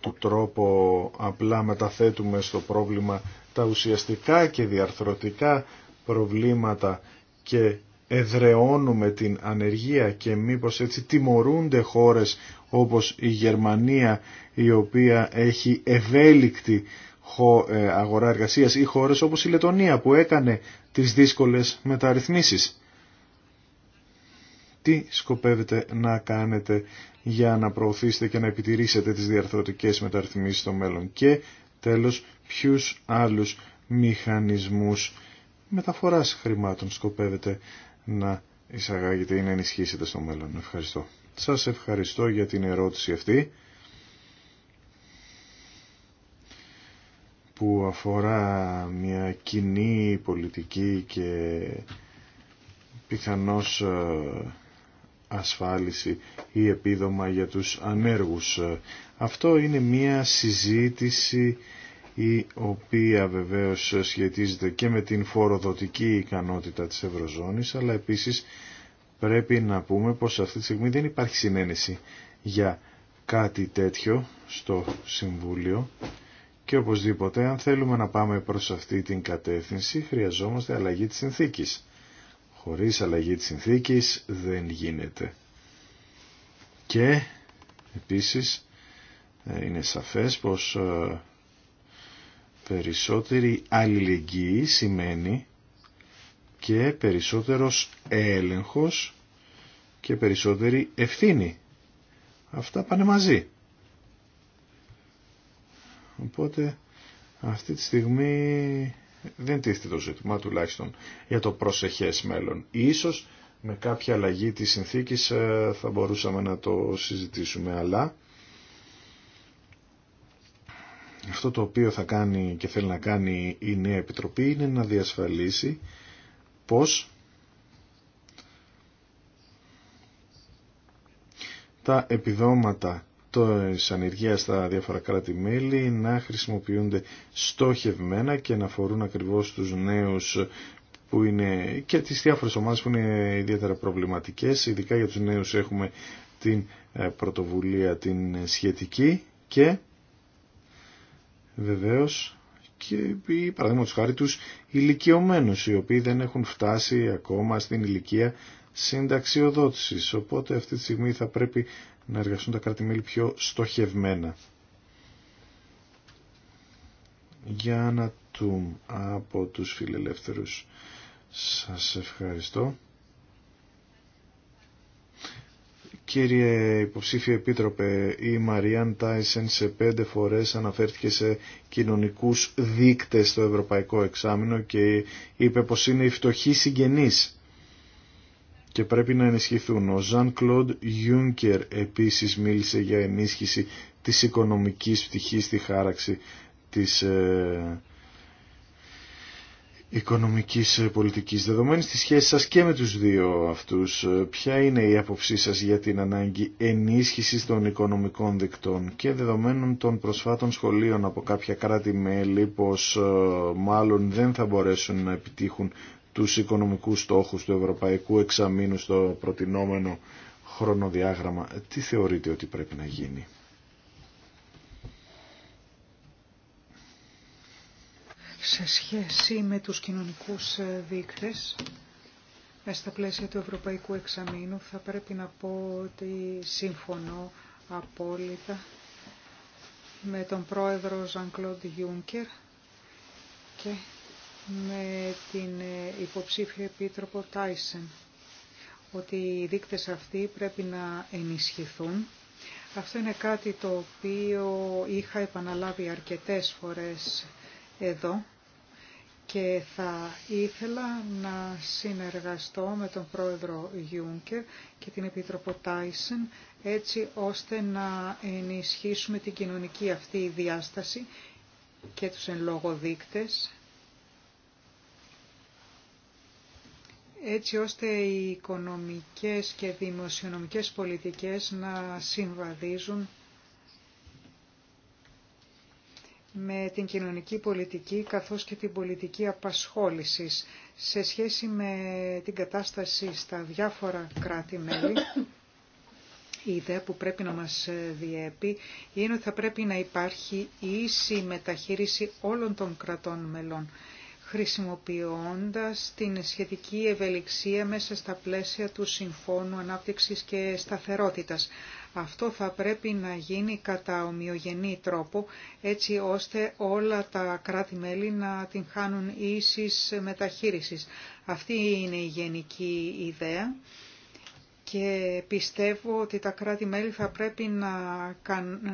τον τρόπο απλά μεταθέτουμε στο πρόβλημα τα ουσιαστικά και διαρθρωτικά προβλήματα και εδρεώνουμε την ανεργία και μήπως έτσι τιμωρούνται χώρες όπως η Γερμανία η οποία έχει ευέλικτη ε, αγορά εργασίας ή χώρες όπως η Λετωνία που έκανε τις δύσκολες μεταρρυθμίσεις τι σκοπεύετε να κάνετε για να προωθήσετε και να επιτηρήσετε τις διαρθρωτικές μεταρρυθμίσεις στο μέλλον και τέλος ποιους άλλους μηχανισμούς μεταφοράς χρημάτων σκοπεύετε να εισαγάγετε ή να ενισχύσετε στο μέλλον. Ευχαριστώ. Σας ευχαριστώ για την ερώτηση αυτή που αφορά μια κοινή πολιτική και πιθανώς ε, ασφάλιση ή επίδομα για τους ανέργους. Αυτό είναι μια συζήτηση η οποία βεβαίως σχετίζεται και με την φοροδοτική ικανότητα της Ευρωζώνης, αλλά επίσης πρέπει να πούμε πως αυτή τη στιγμή δεν υπάρχει συνένεση για κάτι τέτοιο στο Συμβούλιο και οπωσδήποτε αν θέλουμε να πάμε προς αυτή την κατεύθυνση χρειαζόμαστε αλλαγή της συνθήκης. Χωρίς αλλαγή της συνθήκης δεν γίνεται. Και επίσης ε, είναι σαφές πως ε, περισσότερη αλληλεγγύη σημαίνει και περισσότερος έλεγχος και περισσότερη ευθύνη. Αυτά πάνε μαζί. Οπότε αυτή τη στιγμή δεν τίθεται το ζήτημα τουλάχιστον για το προσεχές μέλλον. Ίσως με κάποια αλλαγή της συνθήκης ε, θα μπορούσαμε να το συζητήσουμε, αλλά αυτό το οποίο θα κάνει και θέλει να κάνει η νέα Επιτροπή είναι να διασφαλίσει πως τα επιδόματα της ανεργίας στα διάφορα κράτη-μέλη να χρησιμοποιούνται στόχευμένα και να αφορούν ακριβώς τους νέους που είναι και τις διάφορες ομάδες που είναι ιδιαίτερα προβληματικές. Ειδικά για τους νέους έχουμε την ε, πρωτοβουλία την σχετική και βεβαίως και παραδείγματο χάρη τους ηλικιωμένους οι οποίοι δεν έχουν φτάσει ακόμα στην ηλικία συνταξιοδότησης. Οπότε αυτή τη στιγμή θα πρέπει να εργαστούν τα κράτη-μέλη πιο στοχευμένα. Για να του από τους φιλελεύθερους. Σας ευχαριστώ. Κύριε Υποψήφιε Επίτροπε, η Μαριάν Τάισεν σε πέντε φορές αναφέρθηκε σε κοινωνικούς δείκτες στο Ευρωπαϊκό Εξάμεινο και είπε πως είναι η φτωχή συγγενής και πρέπει να ενισχυθούν. Ο Ζαν Κλοντ Γιούνκερ επίσης μίλησε για ενίσχυση της οικονομικής πτυχής στη χάραξη της ε, οικονομικής ε, πολιτικής. Δεδομένης της σχέσης σας και με τους δύο αυτούς, ε, ποια είναι η άποψή σας για την ανάγκη ενίσχυσης των οικονομικών δικτών και δεδομένων των προσφάτων σχολείων από κάποια κράτη-μέλη πως ε, μάλλον δεν θα μπορέσουν να επιτύχουν τους οικονομικούς στόχους του Ευρωπαϊκού Εξαμήνου στο προτινόμενο χρονοδιάγραμμα. Τι θεωρείτε ότι πρέπει να γίνει. Σε σχέση με τους κοινωνικούς ε, δείκτες, ε, στα πλαίσια του Ευρωπαϊκού Εξαμήνου, θα πρέπει να πω ότι συμφωνώ απόλυτα με τον πρόεδρο Ζαν Κλοντ Γιούνκερ και με την ε, υποψήφια επίτροπο Τάισεν ότι οι δείκτες αυτοί πρέπει να ενισχυθούν. Αυτό είναι κάτι το οποίο είχα επαναλάβει αρκετές φορές εδώ και θα ήθελα να συνεργαστώ με τον πρόεδρο Γιούνκερ και την Επίτροπο Τάισεν έτσι ώστε να ενισχύσουμε την κοινωνική αυτή διάσταση και τους εν λόγω έτσι ώστε οι οικονομικές και δημοσιονομικές πολιτικές να συμβαδίζουν με την κοινωνική πολιτική καθώς και την πολιτική απασχόλησης σε σχέση με την κατάσταση στα διάφορα κράτη-μέλη. Η ιδέα που πρέπει να μας διέπει είναι ότι θα πρέπει να υπάρχει ίση μεταχείριση όλων των κρατών μελών χρησιμοποιώντας την σχετική ευελιξία μέσα στα πλαίσια του Συμφώνου Ανάπτυξης και Σταθερότητας. Αυτό θα πρέπει να γίνει κατά ομοιογενή τρόπο, έτσι ώστε όλα τα κράτη-μέλη να την χάνουν ίσης μεταχείρισης. Αυτή είναι η γενική ιδέα και πιστεύω ότι τα κράτη-μέλη θα πρέπει να,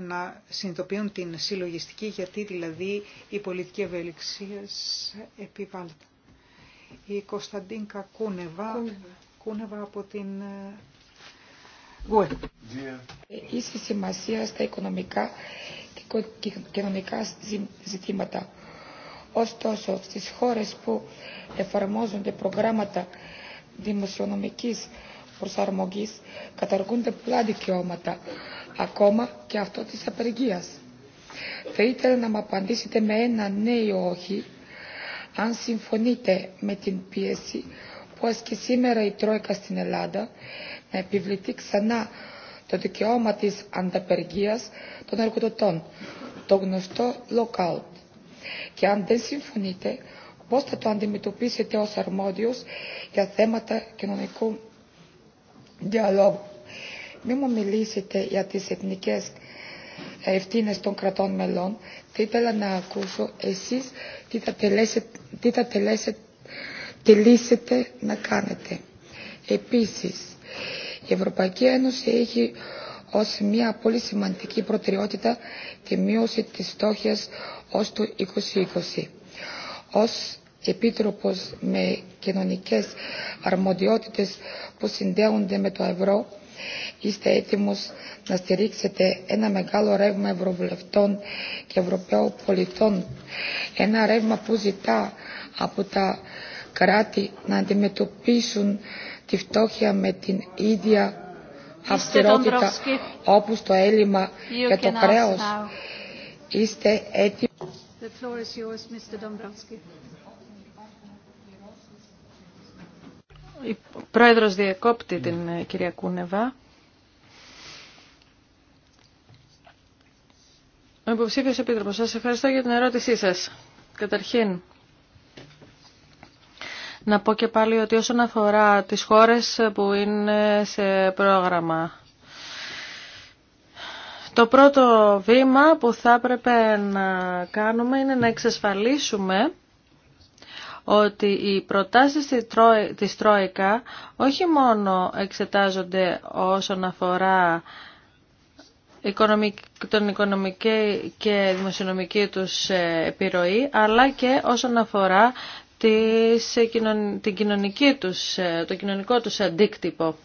να συνειδητοποιούν την συλλογιστική γιατί δηλαδή η πολιτική ευελιξία επιβάλλεται. Η Κωνσταντίνκα Κούνεβα, Κούνεβα, από την ε, ΓΟΕ. Είσαι σημασία στα οικονομικά και κοινωνικά ζητήματα. Ωστόσο, στις χώρες που εφαρμόζονται προγράμματα δημοσιονομικής προσαρμογής καταργούνται πολλά δικαιώματα, ακόμα και αυτό της απεργίας. Θα ήθελα να μου απαντήσετε με ένα ναι ή όχι, αν συμφωνείτε με την πίεση που ασκεί σήμερα η Τρόικα στην Ελλάδα να επιβληθεί ξανά το δικαιώμα της ανταπεργίας των εργοδοτών, το γνωστό lockout. Και αν δεν συμφωνείτε, πώς θα το αντιμετωπίσετε ως αρμόδιος για θέματα κοινωνικού διαλόγου. Μη μου μιλήσετε για τις εθνικές ε, ευθύνε των κρατών μελών. Θα ήθελα να ακούσω εσείς τι θα, τελέσετε, τι θα τελέσετε, να κάνετε. Επίσης, η Ευρωπαϊκή Ένωση έχει ως μια πολύ σημαντική προτεραιότητα τη μείωση της στόχιας ως το 2020. Ως επίτροπος με κοινωνικές αρμοδιότητες που συνδέονται με το ευρώ, είστε έτοιμος να στηρίξετε ένα μεγάλο ρεύμα ευρωβουλευτών και ευρωπαίων πολιτών, ένα ρεύμα που ζητά από τα κράτη να αντιμετωπίσουν τη φτώχεια με την ίδια αυστηρότητα όπως το έλλειμμα και το κρέος. Είστε έτοιμοι. Η πρόεδρος διεκόπτη την ε, κυρία Κούνεβα. Ο υποψήφιος επίτροπος, σας ευχαριστώ για την ερώτησή σας. Καταρχήν, να πω και πάλι ότι όσον αφορά τις χώρες που είναι σε πρόγραμμα, το πρώτο βήμα που θα έπρεπε να κάνουμε είναι να εξασφαλίσουμε ότι οι προτάσεις της Τρόικα όχι μόνο εξετάζονται όσον αφορά τον οικονομική και δημοσιονομική τους ε, επιρροή, αλλά και όσον αφορά ε, την κοινωνική τους, ε, το κοινωνικό τους αντίκτυπο.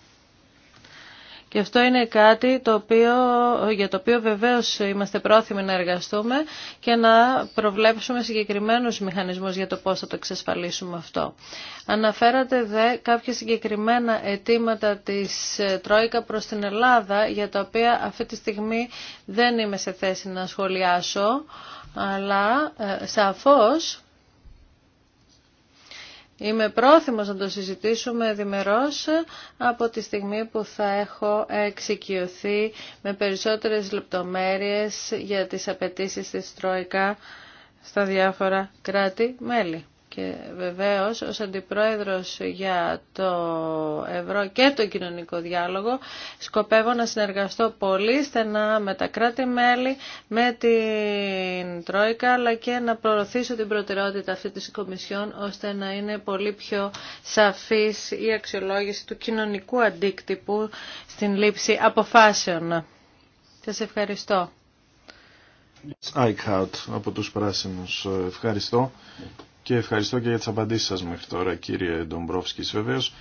Και αυτό είναι κάτι το οποίο, για το οποίο βεβαίως είμαστε πρόθυμοι να εργαστούμε και να προβλέψουμε συγκεκριμένους μηχανισμούς για το πώς θα το εξασφαλίσουμε αυτό. Αναφέρατε δε κάποια συγκεκριμένα αιτήματα της ε, Τρόικα προς την Ελλάδα για τα οποία αυτή τη στιγμή δεν είμαι σε θέση να σχολιάσω αλλά ε, σαφώς Είμαι πρόθυμος να το συζητήσουμε διμερώς από τη στιγμή που θα έχω εξοικειωθεί με περισσότερες λεπτομέρειες για τις απαιτήσεις της Τρόικα στα διάφορα κράτη-μέλη. Και βεβαίως ως Αντιπρόεδρος για το Ευρώ και το Κοινωνικό Διάλογο σκοπεύω να συνεργαστώ πολύ στενά με τα κράτη-μέλη, με την Τρόικα αλλά και να προωθήσω την προτεραιότητα αυτή της Κομισιόν ώστε να είναι πολύ πιο σαφής η αξιολόγηση του κοινωνικού αντίκτυπου στην λήψη αποφάσεων. Σας ευχαριστώ. από τους Ευχαριστώ και ευχαριστώ και για τις απαντήσεις σας μέχρι τώρα κύριε Ντομπρόφσκης βεβαίως.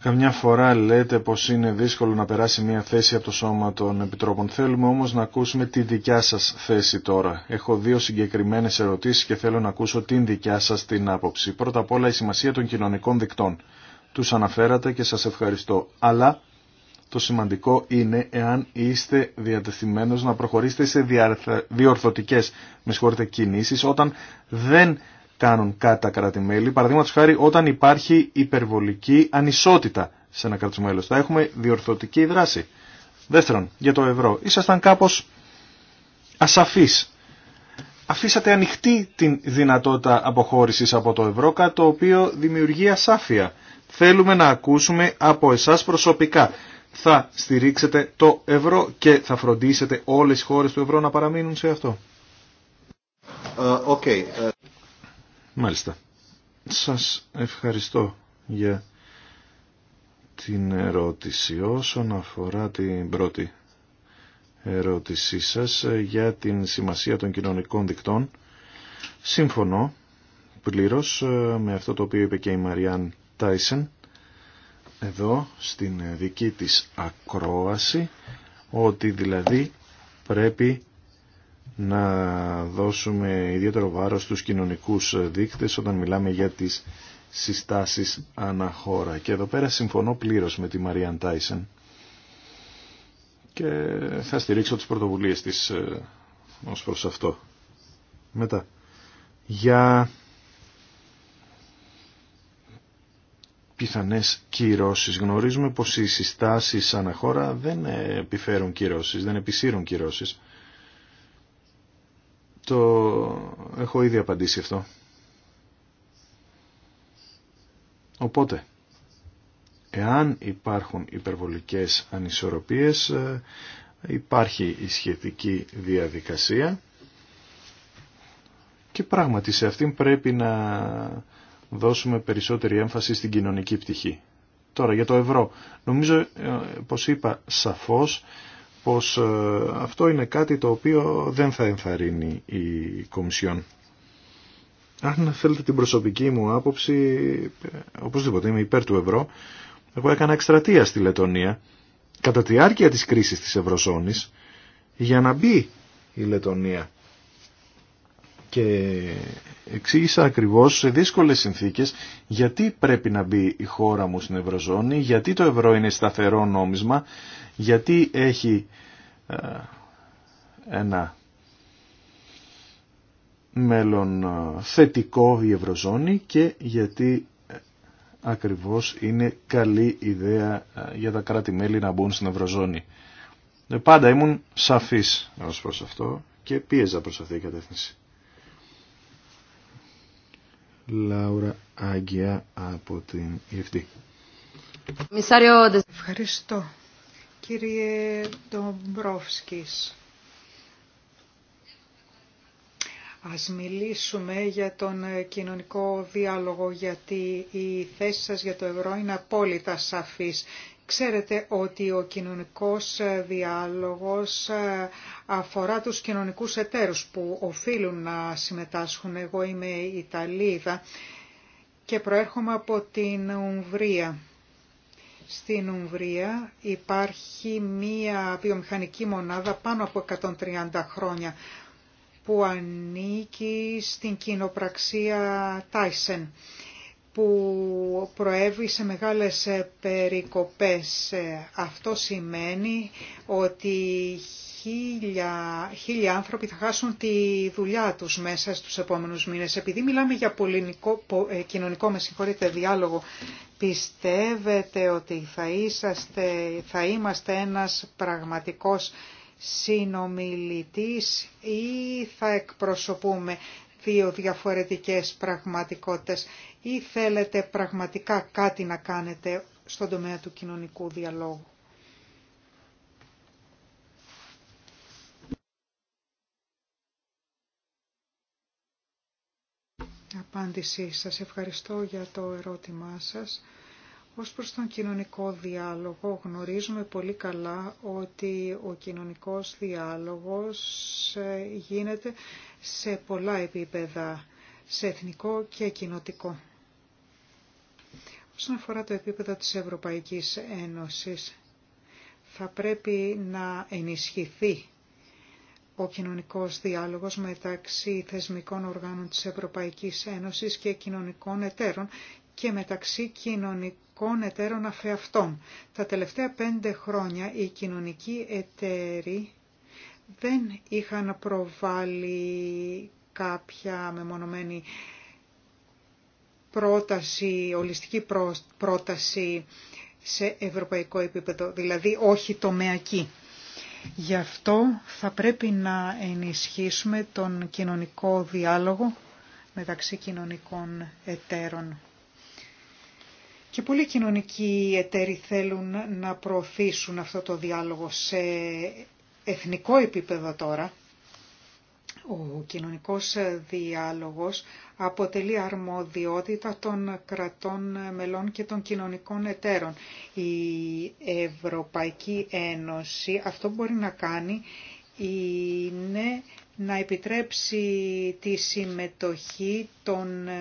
Καμιά φορά λέτε πως είναι δύσκολο να περάσει μια θέση από το σώμα των επιτρόπων. Θέλουμε όμως να ακούσουμε τη δικιά σας θέση τώρα. Έχω δύο συγκεκριμένες ερωτήσεις και θέλω να ακούσω την δικιά σας την άποψη. Πρώτα απ' όλα η σημασία των κοινωνικών δικτών. Τους αναφέρατε και σας ευχαριστώ. Αλλά το σημαντικό είναι εάν είστε διατεθειμένος να προχωρήσετε σε διορθωτικές με συγχωρείτε, κινήσεις όταν δεν κάνουν κάτι τα κράτη-μέλη. Παραδείγματος χάρη όταν υπάρχει υπερβολική ανισότητα σε ένα κράτος Θα έχουμε διορθωτική δράση. Δεύτερον, για το ευρώ. Ήσασταν κάπως ασαφείς. Αφήσατε ανοιχτή την δυνατότητα αποχώρησης από το ευρώ, κάτι το οποίο δημιουργεί ασάφεια. Θέλουμε να ακούσουμε από εσάς προσωπικά θα στηρίξετε το ευρώ και θα φροντίσετε όλες οι χώρες του ευρώ να παραμείνουν σε αυτό. Uh, Μάλιστα. Σας ευχαριστώ για την ερώτηση. Όσον αφορά την πρώτη ερώτησή σας ε, για την σημασία των κοινωνικών δικτών, συμφωνώ πλήρως με αυτό το οποίο είπε και η Μαριάν Τάισεν εδώ στην δική της ακρόαση ότι δηλαδή πρέπει να δώσουμε ιδιαίτερο βάρος στους κοινωνικούς δείκτες όταν μιλάμε για τις συστάσεις αναχώρα. Και εδώ πέρα συμφωνώ πλήρως με τη Μαρία Τάισεν και θα στηρίξω τις πρωτοβουλίες της ε, ως προς αυτό. Μετά, για πιθανές κυρώσεις. Γνωρίζουμε πως οι συστάσεις χώρα δεν επιφέρουν κυρώσεις, δεν επισύρουν κυρώσεις. Το έχω ήδη απαντήσει αυτό. Οπότε, εάν υπάρχουν υπερβολικές ανισορροπίες, ε, υπάρχει η σχετική διαδικασία και πράγματι σε αυτήν πρέπει να δώσουμε περισσότερη έμφαση στην κοινωνική πτυχή. Τώρα για το ευρώ. Νομίζω ε, πως είπα σαφώς πως ε, αυτό είναι κάτι το οποίο δεν θα ενθαρρύνει η Κομισιόν. Αν θέλετε την προσωπική μου άποψη, ε, οπωσδήποτε είμαι υπέρ του ευρώ, εγώ έκανα εκστρατεία στη Λετωνία κατά τη διάρκεια της κρίσης της Ευρωζώνης για να μπει η Λετωνία και εξήγησα ακριβώς σε δύσκολες συνθήκες γιατί πρέπει να μπει η χώρα μου στην Ευρωζώνη, γιατί το ευρώ είναι σταθερό νόμισμα, γιατί έχει ε, ένα μέλλον ε, θετικό η Ευρωζώνη και γιατί ε, ακριβώς είναι καλή ιδέα για τα κράτη-μέλη να μπουν στην Ευρωζώνη. Πάντα ήμουν σαφής ως προς αυτό και πίεζα προς αυτή κατεύθυνση. Λάουρα Άγκια από την e Ιευτή. Ευχαριστώ. Κύριε Ντομπρόφσκης, ας μιλήσουμε για τον κοινωνικό διάλογο, γιατί η θέση σας για το ευρώ είναι απόλυτα σαφής Ξέρετε ότι ο κοινωνικός ε, διάλογος ε, αφορά τους κοινωνικούς εταίρους που οφείλουν να συμμετάσχουν. Εγώ είμαι Ιταλίδα και προέρχομαι από την Ουμβρία. Στην Ουμβρία υπάρχει μία βιομηχανική μονάδα πάνω από 130 χρόνια που ανήκει στην κοινοπραξία Tyson που προέβη σε μεγάλες ε, περικοπές. Ε, αυτό σημαίνει ότι χίλια, χίλια άνθρωποι θα χάσουν τη δουλειά τους μέσα στους επόμενους μήνες. Επειδή μιλάμε για πολυνικό, ε, κοινωνικό, με διάλογο, πιστεύετε ότι θα, είσαστε, θα είμαστε ένας πραγματικός συνομιλητής ή θα εκπροσωπούμε δύο διαφορετικές πραγματικότητες ή θέλετε πραγματικά κάτι να κάνετε στον τομέα του κοινωνικού διαλόγου. Απάντηση. Σας ευχαριστώ για το ερώτημά σας. Ως προς τον κοινωνικό διάλογο γνωρίζουμε πολύ καλά ότι ο κοινωνικός διάλογος ε, γίνεται σε πολλά επίπεδα, σε εθνικό και κοινοτικό. Όσον αφορά το επίπεδο της Ευρωπαϊκής Ένωσης, θα πρέπει να ενισχυθεί ο κοινωνικός διάλογος μεταξύ θεσμικών οργάνων της Ευρωπαϊκής Ένωσης και κοινωνικών εταίρων και μεταξύ κοινωνικών εταίρων αφεαυτών. Τα τελευταία πέντε χρόνια οι κοινωνικοί εταίροι δεν είχαν προβάλει κάποια μεμονωμένη πρόταση, ολιστική πρόταση σε ευρωπαϊκό επίπεδο, δηλαδή όχι τομεακή. Γι' αυτό θα πρέπει να ενισχύσουμε τον κοινωνικό διάλογο μεταξύ κοινωνικών εταίρων. Και πολλοί κοινωνικοί εταίροι θέλουν να προωθήσουν αυτό το διάλογο σε εθνικό επίπεδο τώρα. Ο κοινωνικός διάλογος αποτελεί αρμοδιότητα των κρατών μελών και των κοινωνικών εταίρων. Η Ευρωπαϊκή Ένωση αυτό μπορεί να κάνει είναι να επιτρέψει τη συμμετοχή των ε,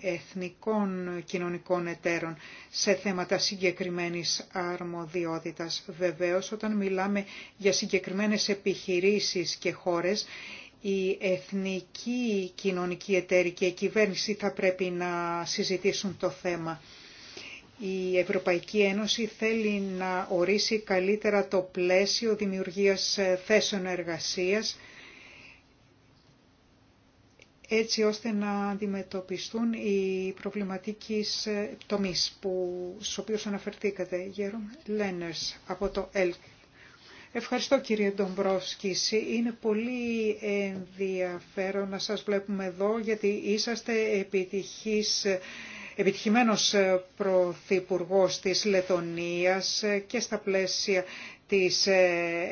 εθνικών κοινωνικών εταίρων σε θέματα συγκεκριμένης αρμοδιότητας. Βεβαίως, όταν μιλάμε για συγκεκριμένες επιχειρήσεις και χώρες, η εθνική κοινωνική εταίρη και η κυβέρνηση θα πρέπει να συζητήσουν το θέμα. Η Ευρωπαϊκή Ένωση θέλει να ορίσει καλύτερα το πλαίσιο δημιουργίας θέσεων εργασίας έτσι ώστε να αντιμετωπιστούν οι προβληματικοί τομείς που, στους οποίους αναφερθήκατε, Γέρομ Λένερς από το ΕΛΚ. Ευχαριστώ κύριε Ντομπρόσκηση, Είναι πολύ ενδιαφέρον να σας βλέπουμε εδώ γιατί είσαστε επιτυχής επιτυχημένος πρωθυπουργός της Λετωνίας και στα πλαίσια της ε,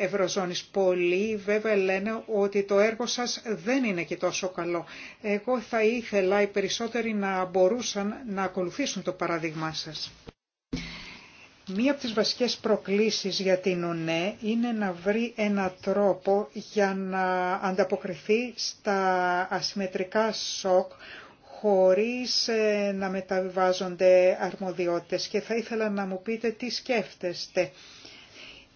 Ευρωζώνης. Πολλοί βέβαια λένε ότι το έργο σας δεν είναι και τόσο καλό. Εγώ θα ήθελα οι περισσότεροι να μπορούσαν να ακολουθήσουν το παράδειγμά σας. Μία από τις βασικές προκλήσεις για την ΟΝΕ είναι να βρει ένα τρόπο για να ανταποκριθεί στα ασυμμετρικά σοκ χωρίς ε, να μεταβιβάζονται αρμοδιότητες και θα ήθελα να μου πείτε τι σκέφτεστε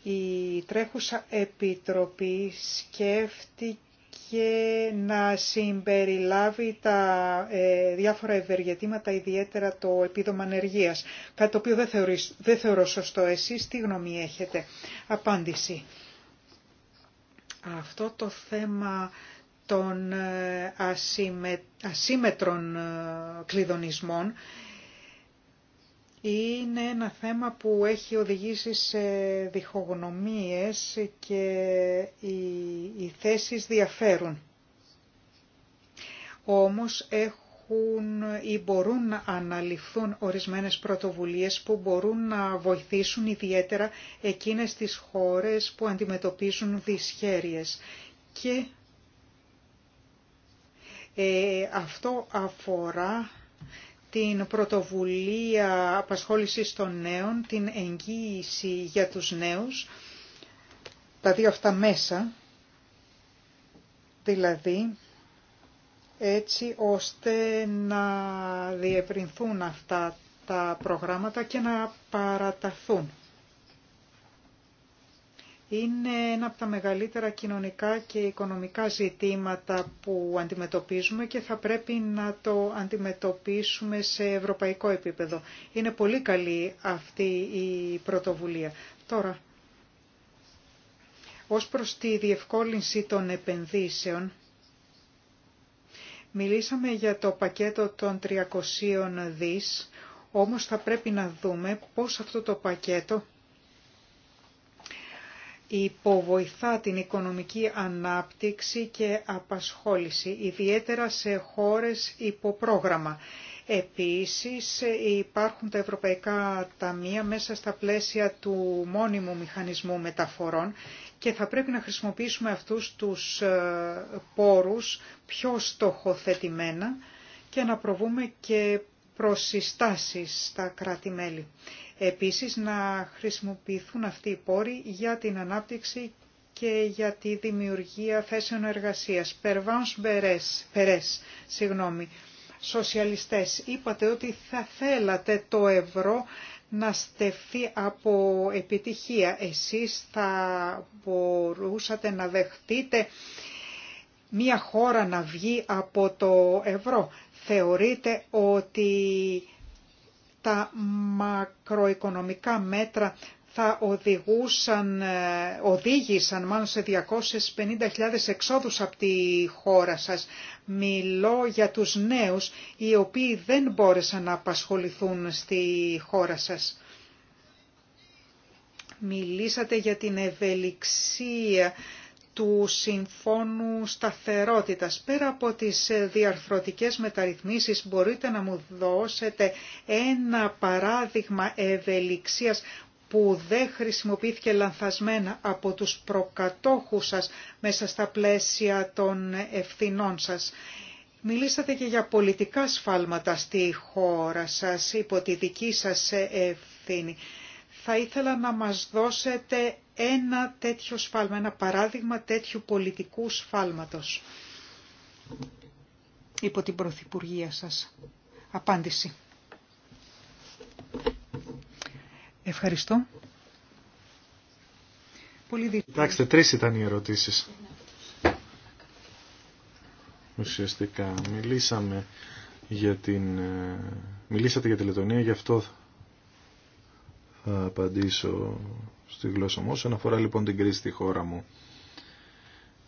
η τρέχουσα επιτροπή σκέφτηκε να συμπεριλάβει τα ε, διάφορα ευεργετήματα, ιδιαίτερα το επίδομα ανεργίας, κάτι το οποίο δεν, θεωρείς, θεωρώ σωστό. Εσείς τι γνώμη έχετε. Απάντηση. Αυτό το θέμα των ε, ασύμε, ασύμετρων ε, κλειδονισμών είναι ένα θέμα που έχει οδηγήσει σε διχογνωμίες και οι θέσεις διαφέρουν. Όμως έχουν ή μπορούν να αναλυφθούν ορισμένες πρωτοβουλίες που μπορούν να βοηθήσουν ιδιαίτερα εκείνες τις χώρες που αντιμετωπίζουν δυσχέρειες. Και ε, αυτό αφορά την πρωτοβουλία απασχόλησης των νέων, την εγγύηση για τους νέους, τα δύο αυτά μέσα, δηλαδή έτσι ώστε να διευρυνθούν αυτά τα προγράμματα και να παραταθούν είναι ένα από τα μεγαλύτερα κοινωνικά και οικονομικά ζητήματα που αντιμετωπίζουμε και θα πρέπει να το αντιμετωπίσουμε σε ευρωπαϊκό επίπεδο. Είναι πολύ καλή αυτή η πρωτοβουλία. Τώρα, ως προς τη διευκόλυνση των επενδύσεων, μιλήσαμε για το πακέτο των 300 δις, όμως θα πρέπει να δούμε πώς αυτό το πακέτο υποβοηθά την οικονομική ανάπτυξη και απασχόληση, ιδιαίτερα σε χώρες υποπρόγραμμα. Επίσης υπάρχουν τα ευρωπαϊκά ταμεία μέσα στα πλαίσια του μόνιμου μηχανισμού μεταφορών και θα πρέπει να χρησιμοποιήσουμε αυτούς τους ε, πόρους πιο στοχοθετημένα και να προβούμε και προσυστάσεις στα κράτη-μέλη. Επίσης να χρησιμοποιηθούν αυτοί οι πόροι για την ανάπτυξη και για τη δημιουργία θέσεων εργασίας. Περβάνς Περές, συγγνώμη, σοσιαλιστές, είπατε ότι θα θέλατε το ευρώ να στεφθεί από επιτυχία. Εσείς θα μπορούσατε να δεχτείτε μία χώρα να βγει από το ευρώ. Θεωρείτε ότι τα μακροοικονομικά μέτρα θα οδηγούσαν, ε, οδήγησαν μάλλον σε 250.000 εξόδους από τη χώρα σας. Μιλώ για τους νέους οι οποίοι δεν μπόρεσαν να απασχοληθούν στη χώρα σας. Μιλήσατε για την ευελιξία του Συμφώνου Σταθερότητας. Πέρα από τις διαρθρωτικές μεταρρυθμίσεις μπορείτε να μου δώσετε ένα παράδειγμα ευελιξίας που δεν χρησιμοποιήθηκε λανθασμένα από τους προκατόχους σας μέσα στα πλαίσια των ευθυνών σας. Μιλήσατε και για πολιτικά σφάλματα στη χώρα σας, υπό τη δική σας ευθύνη. Θα ήθελα να μας δώσετε ένα τέτοιο σφάλμα, ένα παράδειγμα τέτοιου πολιτικού σφάλματος υπό την Πρωθυπουργία σας. Απάντηση. Ευχαριστώ. Πολύ δύσκολο. Κοιτάξτε, τρεις ήταν οι ερωτήσεις. Ουσιαστικά μιλήσαμε για την... Ε, μιλήσατε για τη Λετωνία, γι' αυτό θα απαντήσω στη γλώσσα μου. Όσον αφορά λοιπόν την κρίση στη χώρα μου,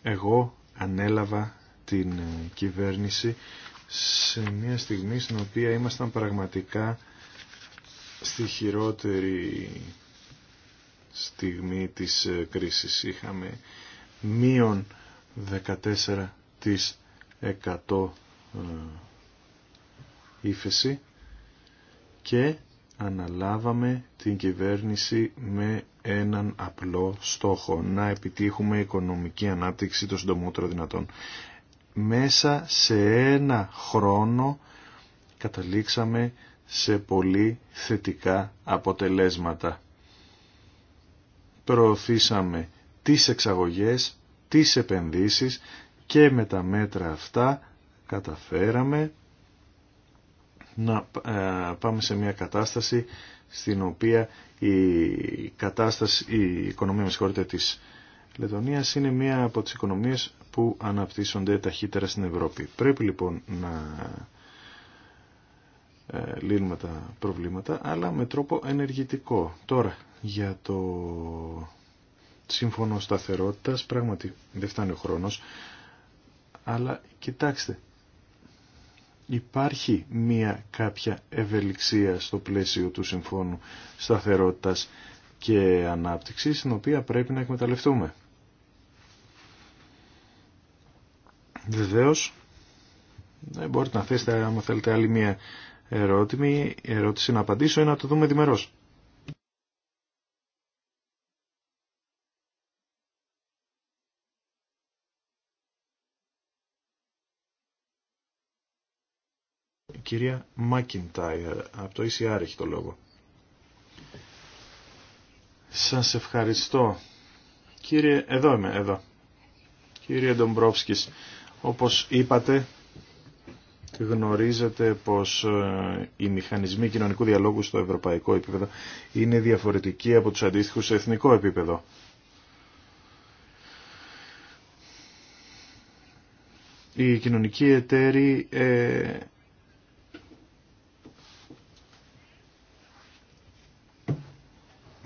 εγώ ανέλαβα την ε, κυβέρνηση σε μια στιγμή στην οποία ήμασταν πραγματικά στη χειρότερη στιγμή της ε, κρίσης. Είχαμε μείον 14% ε, ύφεση και αναλάβαμε την κυβέρνηση με έναν απλό στόχο, να επιτύχουμε οικονομική ανάπτυξη το συντομότερο δυνατόν. Μέσα σε ένα χρόνο καταλήξαμε σε πολύ θετικά αποτελέσματα. Προωθήσαμε τις εξαγωγές, τις επενδύσεις και με τα μέτρα αυτά καταφέραμε να ε, πάμε σε μια κατάσταση στην οποία η κατάσταση, η οικονομία με της Λετωνίας είναι μια από τις οικονομίες που αναπτύσσονται ταχύτερα στην Ευρώπη. Πρέπει λοιπόν να ε, λύνουμε τα προβλήματα, αλλά με τρόπο ενεργητικό. Τώρα, για το σύμφωνο σταθερότητας, πράγματι δεν φτάνει ο χρόνος, αλλά κοιτάξτε, υπάρχει μία κάποια ευελιξία στο πλαίσιο του Συμφώνου Σταθερότητας και Ανάπτυξης, την οποία πρέπει να εκμεταλλευτούμε. Βεβαίως, ε, μπορείτε να θέσετε, άμα θέλετε, άλλη μία ερώτηση, ερώτηση να απαντήσω ή να το δούμε διμερώς. κυρία Μάκιντάιρ από το ECR έχει το λόγο. Σας ευχαριστώ. Κύριε, εδώ είμαι, εδώ. Κύριε Ντομπρόφσκης, όπως είπατε, γνωρίζετε πως ε, οι μηχανισμοί κοινωνικού διαλόγου στο ευρωπαϊκό επίπεδο είναι διαφορετικοί από τους αντίστοιχους σε εθνικό επίπεδο. Οι κοινωνικοί εταίροι ε,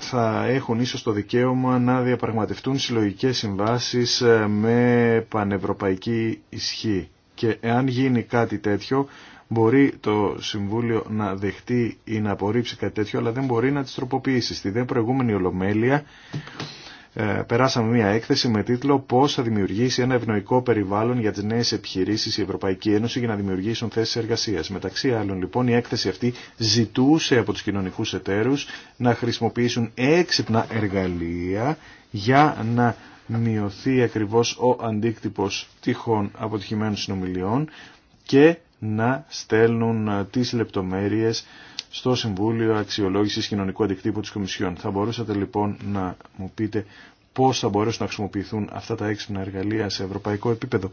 θα έχουν ίσως το δικαίωμα να διαπραγματευτούν συλλογικές συμβάσεις ε, με πανευρωπαϊκή ισχύ. Και εάν γίνει κάτι τέτοιο, μπορεί το Συμβούλιο να δεχτεί ή να απορρίψει κάτι τέτοιο, αλλά δεν μπορεί να τις τροποποιήσει. Στη δε προηγούμενη ολομέλεια ε, περάσαμε μια έκθεση με τίτλο «Πώς θα δημιουργήσει ένα ευνοϊκό περιβάλλον για τις νέες επιχειρήσεις η Ευρωπαϊκή Ένωση για να δημιουργήσουν θέσεις εργασίας». Μεταξύ άλλων λοιπόν η έκθεση αυτή ζητούσε από τους κοινωνικούς εταίρους να χρησιμοποιήσουν έξυπνα εργαλεία για να μειωθεί ακριβώς ο αντίκτυπος τυχών αποτυχημένων συνομιλιών και να στέλνουν ε, τις λεπτομέρειες στο Συμβούλιο αξιολόγηση Κοινωνικού Αντικτύπου της Κομισιόν. Θα μπορούσατε λοιπόν να μου πείτε πώς θα μπορέσουν να χρησιμοποιηθούν αυτά τα έξυπνα εργαλεία σε ευρωπαϊκό επίπεδο.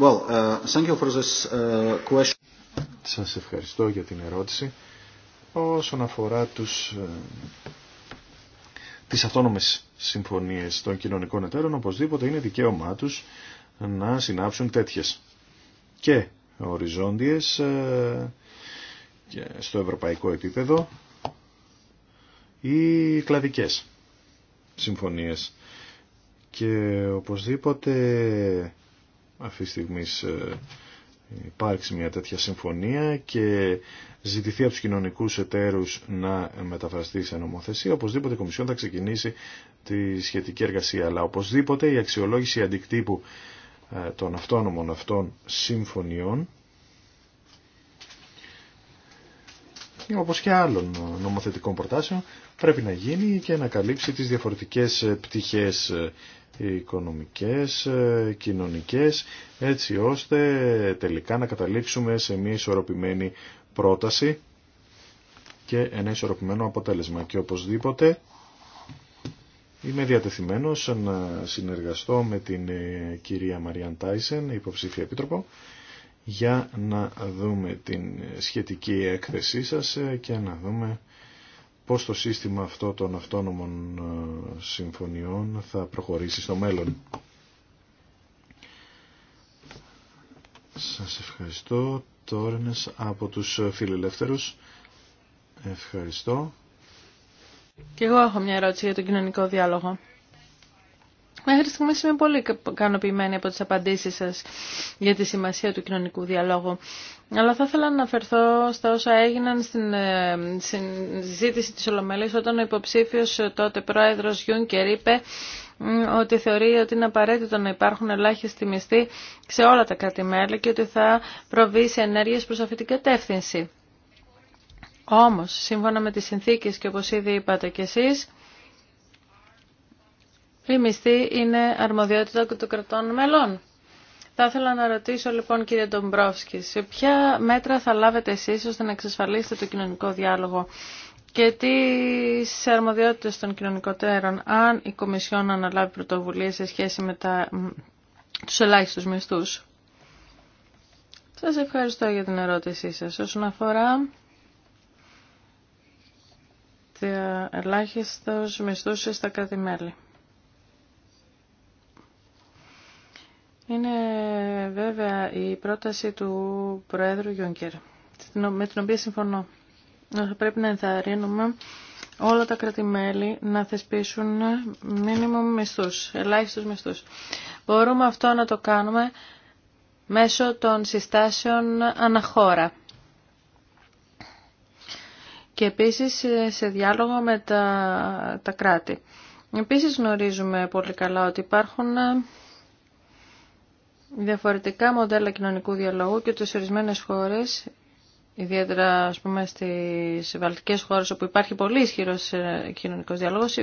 Well, uh, thank you for this, uh, question. Σας ευχαριστώ για την ερώτηση. Όσον αφορά τους, uh, τις αυτόνομες συμφωνίες των κοινωνικών εταίρων, οπωσδήποτε είναι δικαίωμά τους να συνάψουν τέτοιες. Και οριζόντιες ε, και στο ευρωπαϊκό επίπεδο ή κλαδικές συμφωνίες. Και οπωσδήποτε αυτή τη στιγμή ε, υπάρξει μια τέτοια συμφωνία και ζητηθεί από τους κοινωνικούς εταίρους να μεταφραστεί σε νομοθεσία, οπωσδήποτε η Κομισιόν θα ξεκινήσει τη σχετική εργασία. Αλλά οπωσδήποτε η αξιολόγηση αντικτύπου ε, των αυτόνομων αυτών συμφωνιών όπως και άλλων νομοθετικών προτάσεων πρέπει να γίνει και να καλύψει τις διαφορετικές ε, πτυχές ε, οικονομικές, κοινωνικές έτσι ώστε τελικά να καταλήξουμε σε μια ισορροπημένη πρόταση και ένα ισορροπημένο αποτέλεσμα και οπωσδήποτε Είμαι διατεθειμένος να συνεργαστώ με την ε, κυρία Μαριάν Τάισεν, υποψήφια επίτροπο, για να δούμε την σχετική έκθεσή σας ε, και να δούμε πώς το σύστημα αυτό των αυτόνομων ε, συμφωνιών θα προχωρήσει στο μέλλον. Σας ευχαριστώ. τώρα από τους φιλελεύθερους. Ευχαριστώ. Και εγώ έχω μια ερώτηση για τον κοινωνικό διάλογο. Μέχρι στιγμή είμαι πολύ ικανοποιημένη από τις απαντήσεις σας για τη σημασία του κοινωνικού διαλόγου. Αλλά θα ήθελα να αναφερθώ στα όσα έγιναν στην ε, συζήτηση της Ολομέλης όταν ο υποψήφιος ε, τότε πρόεδρος Γιούνκερ είπε ότι θεωρεί ότι είναι απαραίτητο να υπάρχουν ελάχιστοι μισθοί σε όλα τα κράτη-μέλη και ότι θα προβεί σε ενέργειες προς αυτή την κατεύθυνση. Όμως, σύμφωνα με τις συνθήκες και όπως ήδη είπατε κι εσείς, η μισθή είναι αρμοδιότητα των κρατών μελών. Θα ήθελα να ρωτήσω λοιπόν κύριε Ντομπρόφσκη, σε ποια μέτρα θα λάβετε εσείς ώστε να εξασφαλίσετε το κοινωνικό διάλογο και τι αρμοδιότητες των κοινωνικότερων αν η Κομισιόν αναλάβει πρωτοβουλίες σε σχέση με τα, τους ελάχιστους μισθούς. Σας ευχαριστώ για την ερώτησή σας. Όσον αφορά ελάχιστος μισθούς στα κράτη-μέλη. Είναι βέβαια η πρόταση του Προέδρου Γιούγκερ, με την οποία συμφωνώ. Θα πρέπει να ενθαρρύνουμε όλα τα κρατημέλη να θεσπίσουν μήνυμο μισθούς, ελάχιστος μισθούς. Μπορούμε αυτό να το κάνουμε μέσω των συστάσεων αναχώρα και επίσης ε, σε διάλογο με τα, κράτη. Επίσης γνωρίζουμε πολύ καλά ότι υπάρχουν ε, διαφορετικά μοντέλα κοινωνικού διαλόγου και ότι σε ορισμένε χώρες, ιδιαίτερα ας πούμε στις βαλτικές χώρες όπου υπάρχει πολύ ισχυρός ε, κοινωνικός διαλόγος,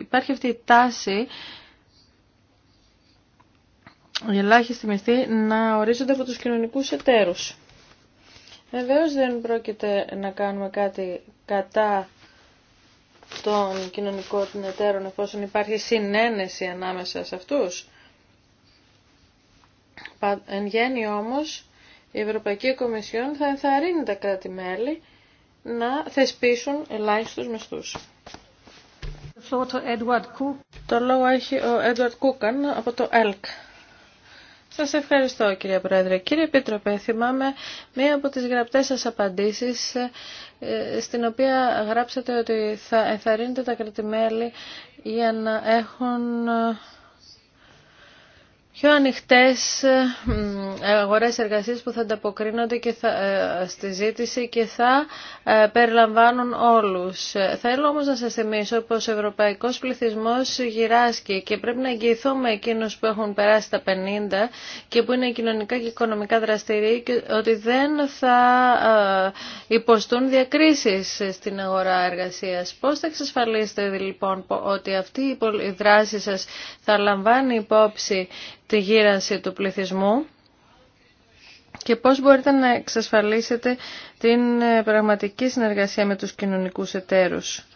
υπάρχει αυτή η τάση οι ελάχιστη μισθοί να ορίζονται από τους κοινωνικούς εταίρους. Βεβαίω δεν πρόκειται να κάνουμε κάτι κατά των κοινωνικών εταίρων εφόσον υπάρχει συνένεση ανάμεσα σε αυτούς. Εν γέννη όμως η Ευρωπαϊκή Κομισιόν θα ενθαρρύνει τα κράτη-μέλη να θεσπίσουν ελάχιστους μισθούς. Το λόγο έχει ο Έντουαρτ Κούκαν από το ΕΛΚ. Σας ευχαριστώ κύριε Πρόεδρε. Κύριε Επίτροπε, θυμάμαι μία από τις γραπτές σας απαντήσεις ε, στην οποία γράψατε ότι θα εθαρρύνετε τα κρατημέλη για να έχουν ε, πιο ανοιχτέ ε, αγορές εργασία που θα ανταποκρίνονται και θα, ε, στη ζήτηση και θα ε, περιλαμβάνουν όλους. Θέλω όμως να σα θυμίσω πως ο ευρωπαϊκός Πληθυσμό γυράσκει και πρέπει να εγγυηθούμε εκείνου που έχουν περάσει τα 50 και που είναι κοινωνικά και οικονομικά δραστηριοί ότι δεν θα υποστούν διακρίσεις στην αγορά εργασία. Πώ θα εξασφαλίσετε λοιπόν ότι αυτή η δράση σα θα λαμβάνει υπόψη τη γύρανση του πληθυσμού και πώς μπορείτε να εξασφαλίσετε την ε, πραγματική συνεργασία με τους κοινωνικούς εταίρους.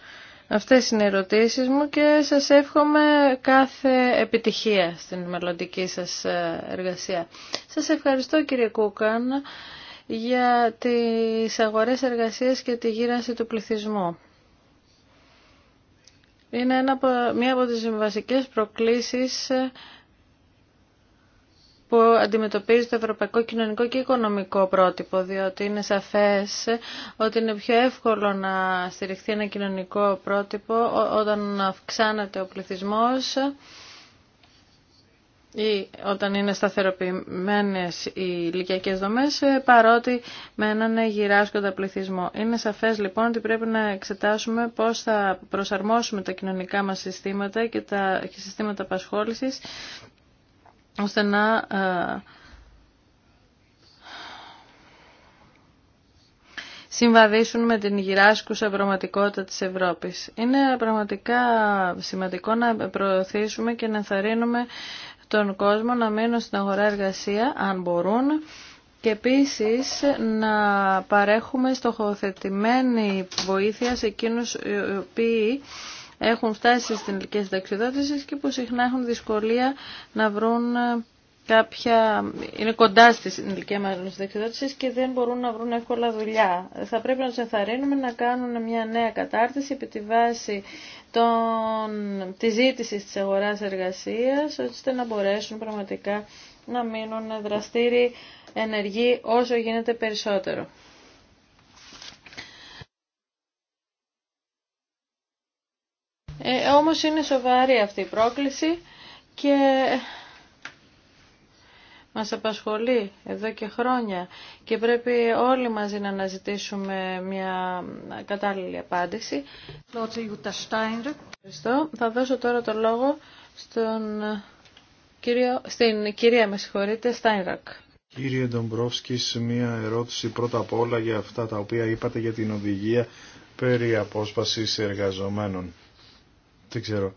Αυτές είναι οι ερωτήσεις μου και σας εύχομαι κάθε επιτυχία στην μελλοντική σας ε, εργασία. Σας ευχαριστώ κύριε Κούκαν για τις αγορές εργασίας και τη γύραση του πληθυσμού. Είναι ένα, μία από τις βασικές προκλήσεις ε, που αντιμετωπίζει το ευρωπαϊκό κοινωνικό και οικονομικό πρότυπο, διότι είναι σαφές ότι είναι πιο εύκολο να στηριχθεί ένα κοινωνικό πρότυπο όταν αυξάνεται ο πληθυσμός ή όταν είναι σταθεροποιημένες οι ηλικιακέ δομές, παρότι με έναν γυράσκοντα πληθυσμό. Είναι σαφές λοιπόν ότι πρέπει να εξετάσουμε πώς θα προσαρμόσουμε τα κοινωνικά μας συστήματα και τα συστήματα απασχόλησης ώστε να ε, συμβαδίσουν με την γυράσκουσα πραγματικότητα της Ευρώπης. Είναι πραγματικά σημαντικό να προωθήσουμε και να ενθαρρύνουμε τον κόσμο να μείνουν στην αγορά εργασία, αν μπορούν, και επίσης να παρέχουμε στοχοθετημένη βοήθεια σε εκείνους οι οποίοι έχουν φτάσει στην ηλικία ταξιδότησης και που συχνά έχουν δυσκολία να βρουν ε, κάποια... είναι κοντά στις ηλικία μάλλον και δεν μπορούν να βρουν εύκολα δουλειά. Θα πρέπει να τους ενθαρρύνουμε να κάνουν μια νέα κατάρτιση επί τη βάση των... της ζήτησης της αγοράς εργασίας ώστε να μπορέσουν πραγματικά να μείνουν δραστήριοι ενεργοί όσο γίνεται περισσότερο. Ε, όμως είναι σοβαρή αυτή η πρόκληση και μας απασχολεί εδώ και χρόνια και πρέπει όλοι μαζί να αναζητήσουμε μια κατάλληλη απάντηση. Ευχαριστώ. Θα δώσω τώρα το λόγο στον κύριο, στην κυρία, με συγχωρείτε, Στάινρακ. Κύριε Ντομπρόφσκης, μία ερώτηση πρώτα απ' όλα για αυτά τα οποία είπατε για την οδηγία περί απόσπασης εργαζομένων. Δεν ξέρω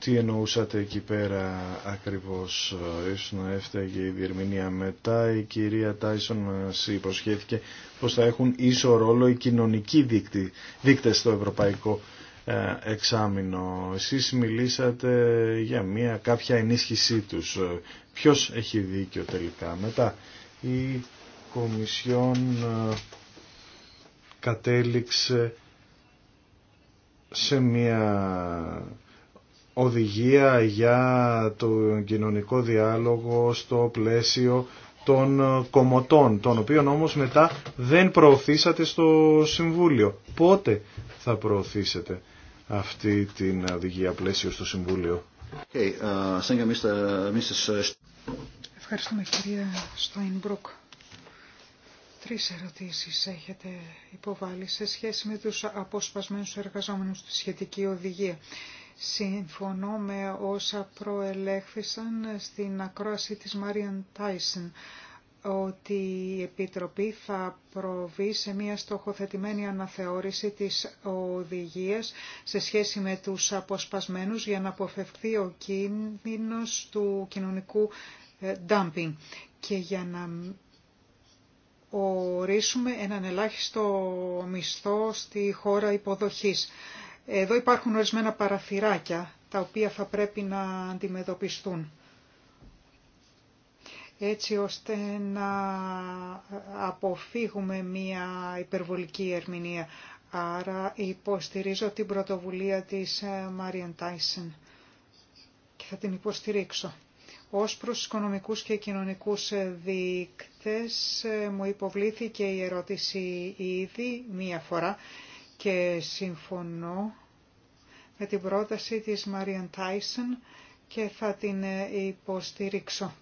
τι εννοούσατε εκεί πέρα ακριβώς ε, ίσως να έφταγε η διερμηνία μετά η κυρία Τάισον μας υποσχέθηκε πως θα έχουν ίσο ρόλο οι κοινωνικοί δείκτη, δείκτες στο ευρωπαϊκό ε, εξάμεινο εσείς μιλήσατε για μια κάποια ενίσχυσή τους ε, ποιος έχει δίκιο τελικά μετά η Κομισιόν κατέληξε σε μια οδηγία για τον κοινωνικό διάλογο στο πλαίσιο των κομωτών, των οποίων όμως μετά δεν προωθήσατε στο Συμβούλιο. Πότε θα προωθήσετε αυτή την οδηγία πλαίσιο στο Συμβούλιο. Okay, uh, Ευχαριστούμε κυρία Στάινμπρουκ. Τρεις ερωτήσεις έχετε υποβάλει σε σχέση με τους αποσπασμένους εργαζόμενους στη σχετική οδηγία. Συμφωνώ με όσα προελέχθησαν στην ακρόαση της Μάριαν Τάισεν ότι η Επιτροπή θα προβεί σε μια στοχοθετημένη αναθεώρηση της οδηγίας σε σχέση με τους αποσπασμένους για να αποφευθεί ο κίνδυνος του κοινωνικού ε, dumping και για να ορίσουμε έναν ελάχιστο μισθό στη χώρα υποδοχής. Εδώ υπάρχουν ορισμένα παραθυράκια τα οποία θα πρέπει να αντιμετωπιστούν έτσι ώστε να αποφύγουμε μία υπερβολική ερμηνεία. Άρα υποστηρίζω την πρωτοβουλία της ε, Μάριαν Τάισεν και θα την υποστηρίξω. Ως προς οικονομικούς και κοινωνικούς δείκτες ε, μου υποβλήθηκε η ερώτηση ήδη μία φορά και συμφωνώ με την πρόταση της Μαριαν Τάισεν και θα την ε, υποστηρίξω.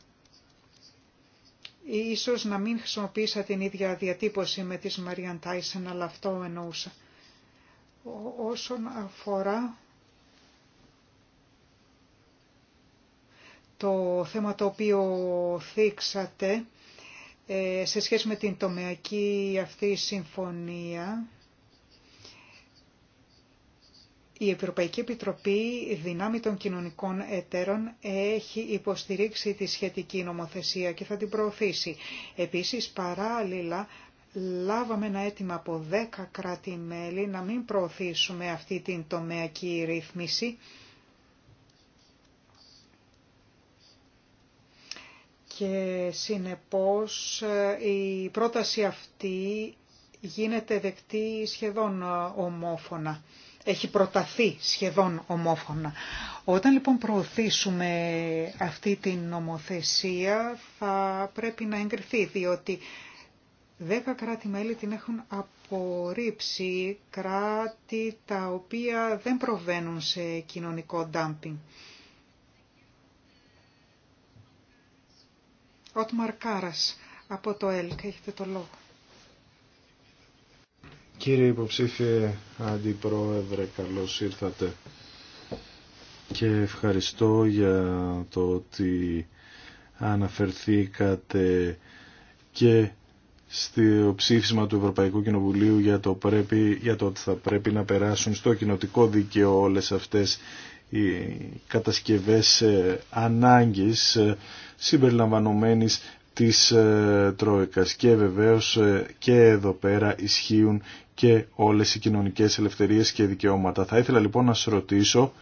Ε, ίσως να μην χρησιμοποίησα την ίδια διατύπωση με της Μαριαν Τάισεν, αλλά αυτό εννοούσα. Όσον αφορά το θέμα το οποίο θίξατε ε, σε σχέση με την τομεακή αυτή συμφωνία. Η Ευρωπαϊκή Επιτροπή Δυνάμει των Κοινωνικών Εταίρων έχει υποστηρίξει τη σχετική νομοθεσία και θα την προωθήσει. Επίσης, παράλληλα, λάβαμε ένα αίτημα από 10 κράτη-μέλη να μην προωθήσουμε αυτή την τομεακή ρύθμιση Και συνεπώς ε, η πρόταση αυτή γίνεται δεκτή σχεδόν ε, ομόφωνα. Έχει προταθεί σχεδόν ομόφωνα. Όταν λοιπόν προωθήσουμε αυτή την νομοθεσία θα πρέπει να εγκριθεί, 10 δέκα κράτη-μέλη την έχουν απορρίψει, κράτη τα οποία δεν προβαίνουν σε κοινωνικό ντάμπινγκ. Ότμαρ Κάρας από το ΕΛΚ. Έχετε το λόγο. Κύριε υποψήφιε Αντιπρόεδρε, καλώς ήρθατε και ευχαριστώ για το ότι αναφερθήκατε και στο ψήφισμα του Ευρωπαϊκού Κοινοβουλίου για το, πρέπει, για το ότι θα πρέπει να περάσουν στο κοινοτικό δίκαιο όλες αυτές οι κατασκευές ε, ανάγκης ε, συμπεριλαμβανομένης της ε, Τρόικας. Και βεβαίως ε, και εδώ πέρα ισχύουν και όλες οι κοινωνικές ελευθερίες και δικαιώματα. Θα ήθελα λοιπόν να σας ρωτήσω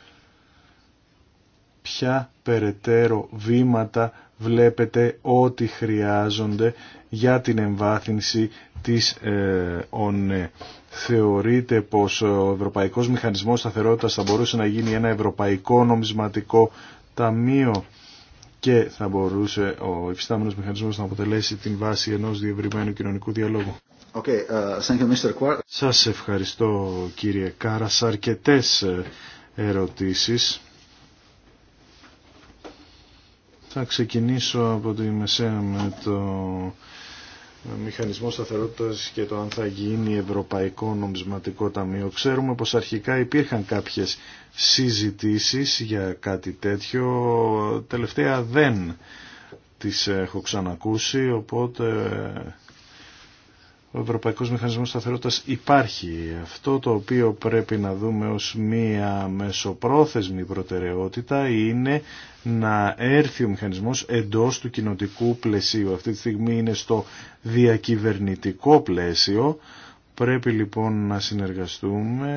ποια περαιτέρω βήματα βλέπετε ότι χρειάζονται για την εμβάθυνση της ε, Θεωρείτε πως ο Ευρωπαϊκός Μηχανισμός Σταθερότητας θα μπορούσε να γίνει ένα Ευρωπαϊκό Νομισματικό Ταμείο και θα μπορούσε ο υφιστάμενος μηχανισμός να αποτελέσει την βάση ενός διευρυμένου κοινωνικού διαλόγου. Okay, uh, thank you, Mr. Σας ευχαριστώ κύριε Κάρας. Αρκετές ε, ερωτήσεις. Θα ξεκινήσω από τη μεσαία με το ε, μηχανισμό σταθερότητας και το αν θα γίνει Ευρωπαϊκό Νομισματικό Ταμείο. Ξέρουμε πως αρχικά υπήρχαν κάποιες συζητήσεις για κάτι τέτοιο, τελευταία δεν τις έχω ξανακούσει, οπότε ο Ευρωπαϊκός Μηχανισμός σταθερότητα υπάρχει. Αυτό το οποίο πρέπει να δούμε ως μία μεσοπρόθεσμη προτεραιότητα είναι να έρθει ο μηχανισμός εντός του κοινοτικού πλαισίου. Αυτή τη στιγμή είναι στο διακυβερνητικό πλαίσιο. Πρέπει λοιπόν να συνεργαστούμε,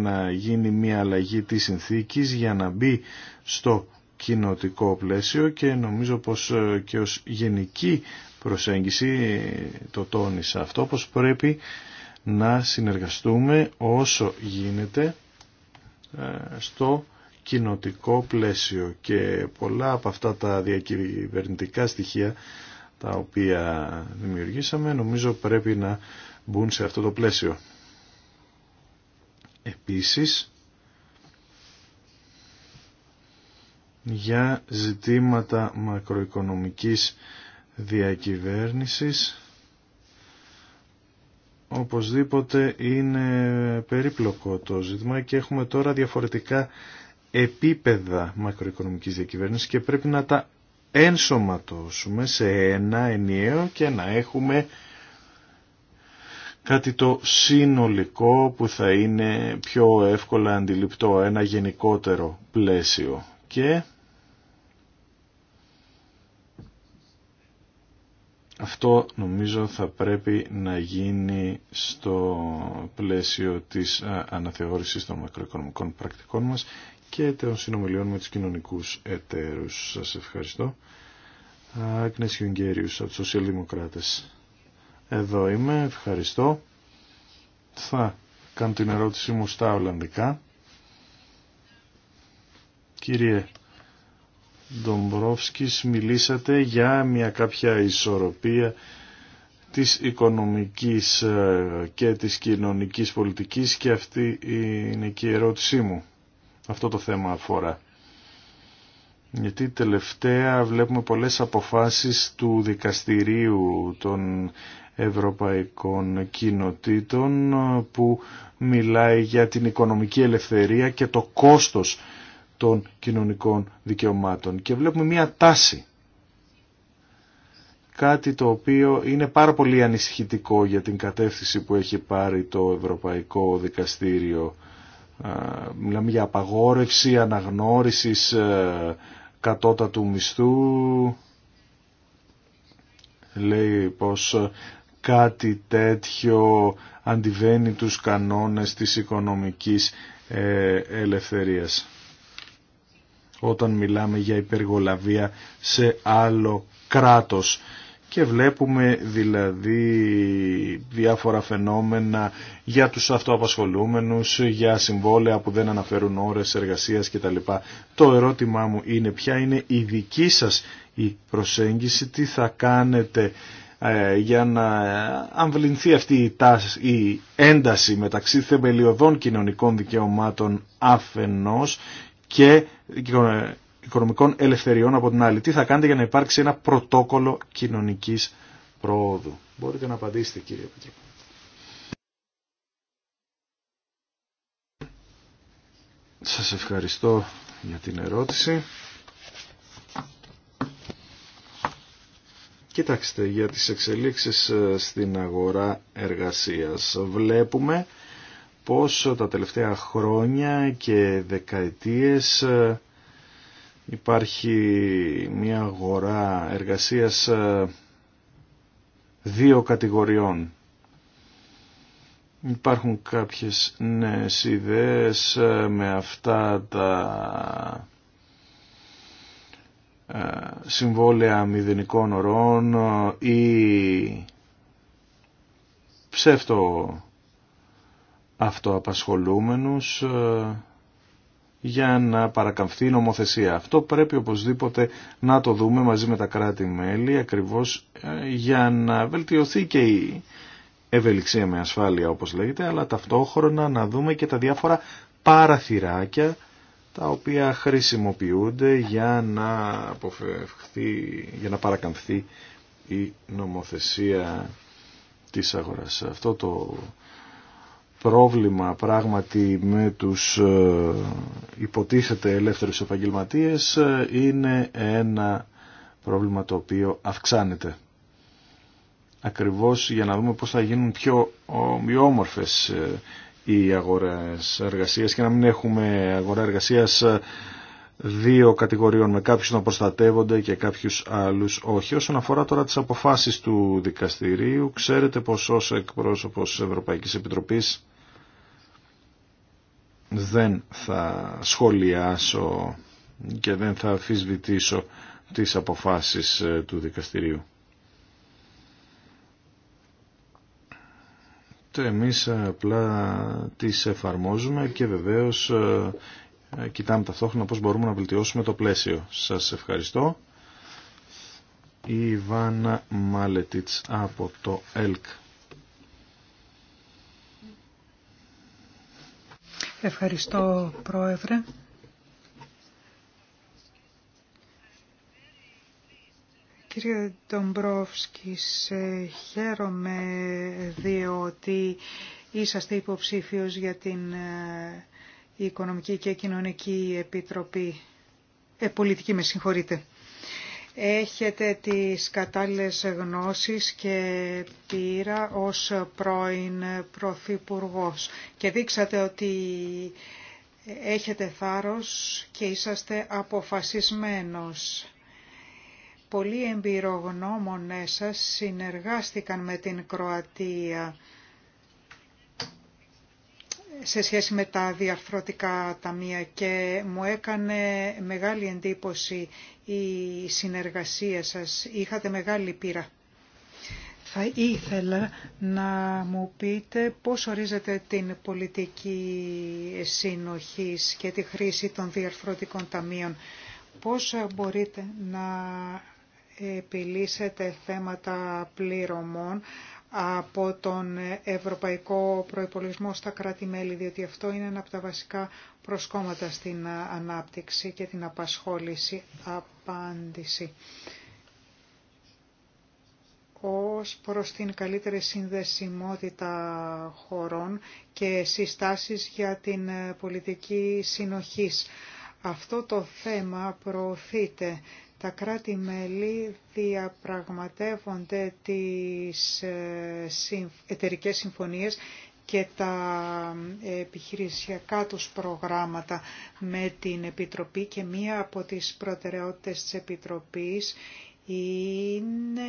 να γίνει μία αλλαγή της συνθήκης για να μπει στο κοινοτικό πλαίσιο και νομίζω πως ε, και ως γενική προσέγγιση ε, το τόνισα αυτό πως πρέπει να συνεργαστούμε όσο γίνεται ε, στο κοινοτικό πλαίσιο και πολλά από αυτά τα διακυβερνητικά στοιχεία τα οποία δημιουργήσαμε νομίζω πρέπει να μπουν σε αυτό το πλαίσιο. Επίσης για ζητήματα μακροοικονομικής διακυβέρνησης οπωσδήποτε είναι περίπλοκο το ζήτημα και έχουμε τώρα διαφορετικά επίπεδα μακροοικονομικής διακυβέρνησης και πρέπει να τα ενσωματώσουμε σε ένα ενιαίο και να έχουμε κάτι το συνολικό που θα είναι πιο εύκολα αντιληπτό, ένα γενικότερο πλαίσιο. Και Αυτό νομίζω θα πρέπει να γίνει στο πλαίσιο της ε, αναθεώρησης των μακροοικονομικών πρακτικών μας και των συνομιλιών με τους κοινωνικούς εταίρους. Σας ευχαριστώ. Άκνες Χιουγγέριους από τους Σοσιαλδημοκράτες. Εδώ είμαι, ευχαριστώ. Θα κάνω την ερώτησή μου στα Ολλανδικά. Κύριε Ντομπρόφσκης μιλήσατε για μια κάποια ισορροπία της οικονομικής ε, και της κοινωνικής πολιτικής και αυτή είναι και η ερώτησή μου. Αυτό το θέμα αφορά. Γιατί τελευταία βλέπουμε πολλές αποφάσεις του δικαστηρίου των ευρωπαϊκών κοινοτήτων ε, που μιλάει για την οικονομική ελευθερία και το κόστος των κοινωνικών δικαιωμάτων. Και βλέπουμε μια τάση. Κάτι το οποίο είναι πάρα πολύ ανησυχητικό για την κατεύθυνση που έχει πάρει το Ευρωπαϊκό Δικαστήριο. Μιλάμε για απαγόρευση αναγνώρισης ε, κατώτατου μισθού. Λέει πως κάτι τέτοιο αντιβαίνει τους κανόνες της οικονομικής ε, ελευθερίας όταν μιλάμε για υπεργολαβία σε άλλο κράτος. Και βλέπουμε δηλαδή διάφορα φαινόμενα για τους αυτοαπασχολούμενους, για συμβόλαια που δεν αναφέρουν ώρες εργασίας κτλ. Το ερώτημά μου είναι ποια είναι η δική σας η προσέγγιση, τι θα κάνετε ε, για να αμβληνθεί αυτή η ένταση μεταξύ θεμελιωδών κοινωνικών δικαιωμάτων αφενός και οικονομικών ελευθεριών από την άλλη. Τι θα κάνετε για να υπάρξει ένα πρωτόκολλο κοινωνικής προόδου. Μπορείτε να απαντήσετε κύριε Πέτροπο. Σας ευχαριστώ για την ερώτηση. Κοιτάξτε, για τις εξελίξεις ε, στην αγορά εργασίας βλέπουμε πόσο τα τελευταία χρόνια και δεκαετίες ε, υπάρχει μια αγορά εργασίας ε, δύο κατηγοριών. Υπάρχουν κάποιες νέες ιδέες ε, με αυτά τα συμβόλαια μηδενικών ορών ή ψεύτο αυτοαπασχολούμενους ε, για να παρακαμφθεί η νομοθεσία. Αυτό πρέπει οπωσδήποτε να το δούμε μαζί με τα κράτη-μέλη ακριβώς ε, για να βελτιωθεί και η ευελιξία με ασφάλεια όπως λέγεται αλλά ταυτόχρονα να δούμε και τα διάφορα παραθυράκια τα οποία χρησιμοποιούνται για να, αποφευχθεί, για να παρακαμφθεί η νομοθεσία της αγοράς. Αυτό το πρόβλημα πράγματι με τους ε, υποτίθεται ελεύθερους επαγγελματίες ε, είναι ένα πρόβλημα το οποίο αυξάνεται. Ακριβώς για να δούμε πώς θα γίνουν πιο ομοιόμορφες ε, οι αγορές εργασίας και να μην έχουμε αγορά εργασίας δύο κατηγοριών με κάποιους να προστατεύονται και κάποιους άλλους όχι. Όσον αφορά τώρα τις αποφάσεις του δικαστηρίου, ξέρετε πως ως εκπρόσωπος της Ευρωπαϊκής Επιτροπής δεν θα σχολιάσω και δεν θα αφισβητήσω τις αποφάσεις ε, του δικαστηρίου. Το εμείς απλά τις εφαρμόζουμε και βεβαίως ε, ε, κοιτάμε ταυτόχρονα πώς μπορούμε να βελτιώσουμε το πλαίσιο. Σας ευχαριστώ. Η Ιβάνα Μάλετιτς από το ΕΛΚ. Ευχαριστώ, Πρόεδρε. Κύριε Ντομπρόφσκη, σε χαίρομαι διότι είσαστε υποψήφιος για την ε, Οικονομική και Κοινωνική Επιτροπή, ε, πολιτική με συγχωρείτε έχετε τις κατάλληλες γνώσεις και πείρα ως πρώην Πρωθυπουργός και δείξατε ότι έχετε θάρρος και είσαστε αποφασισμένος. Πολλοί εμπειρογνώμονές σας συνεργάστηκαν με την Κροατία σε σχέση με τα διαρθρωτικά ταμεία και μου έκανε μεγάλη εντύπωση η συνεργασία σας. Είχατε μεγάλη πείρα. Θα ήθελα να μου πείτε πώς ορίζετε την πολιτική συνοχής και τη χρήση των διαρθρωτικών ταμείων. Πώς μπορείτε να επιλύσετε θέματα πληρωμών από τον Ευρωπαϊκό Προϋπολογισμό στα κράτη-μέλη, διότι αυτό είναι ένα από τα βασικά προσκόμματα στην ανάπτυξη και την απασχόληση απάντηση. Ως προς την καλύτερη συνδεσιμότητα χωρών και συστάσεις για την πολιτική συνοχής. Αυτό το θέμα προωθείται τα κράτη-μέλη διαπραγματεύονται τις ε, εταιρικές συμφωνίες και τα ε, επιχειρησιακά τους προγράμματα με την Επιτροπή και μία από τις προτεραιότητες της Επιτροπής είναι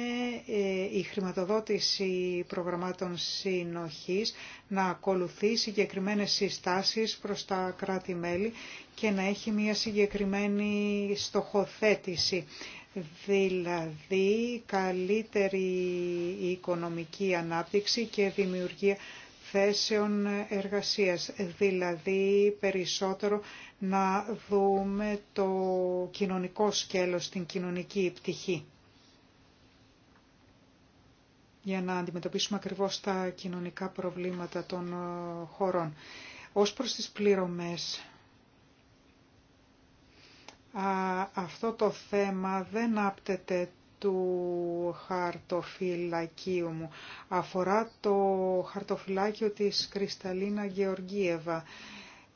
ε, η χρηματοδότηση προγραμμάτων συνοχής να ακολουθεί συγκεκριμένες συστάσεις προς τα κράτη-μέλη και να έχει μια συγκεκριμένη στοχοθέτηση. Δηλαδή καλύτερη οικονομική ανάπτυξη και δημιουργία θέσεων εργασίας, δηλαδή περισσότερο να δούμε το κοινωνικό σκέλος, την κοινωνική πτυχή. Για να αντιμετωπίσουμε ακριβώς τα κοινωνικά προβλήματα των ε, χωρών. Ως προς τις πληρωμές, αυτό το θέμα δεν άπτεται του χαρτοφυλακίου μου. Αφορά το χαρτοφυλάκιο της Κρυσταλίνα Γεωργίεβα.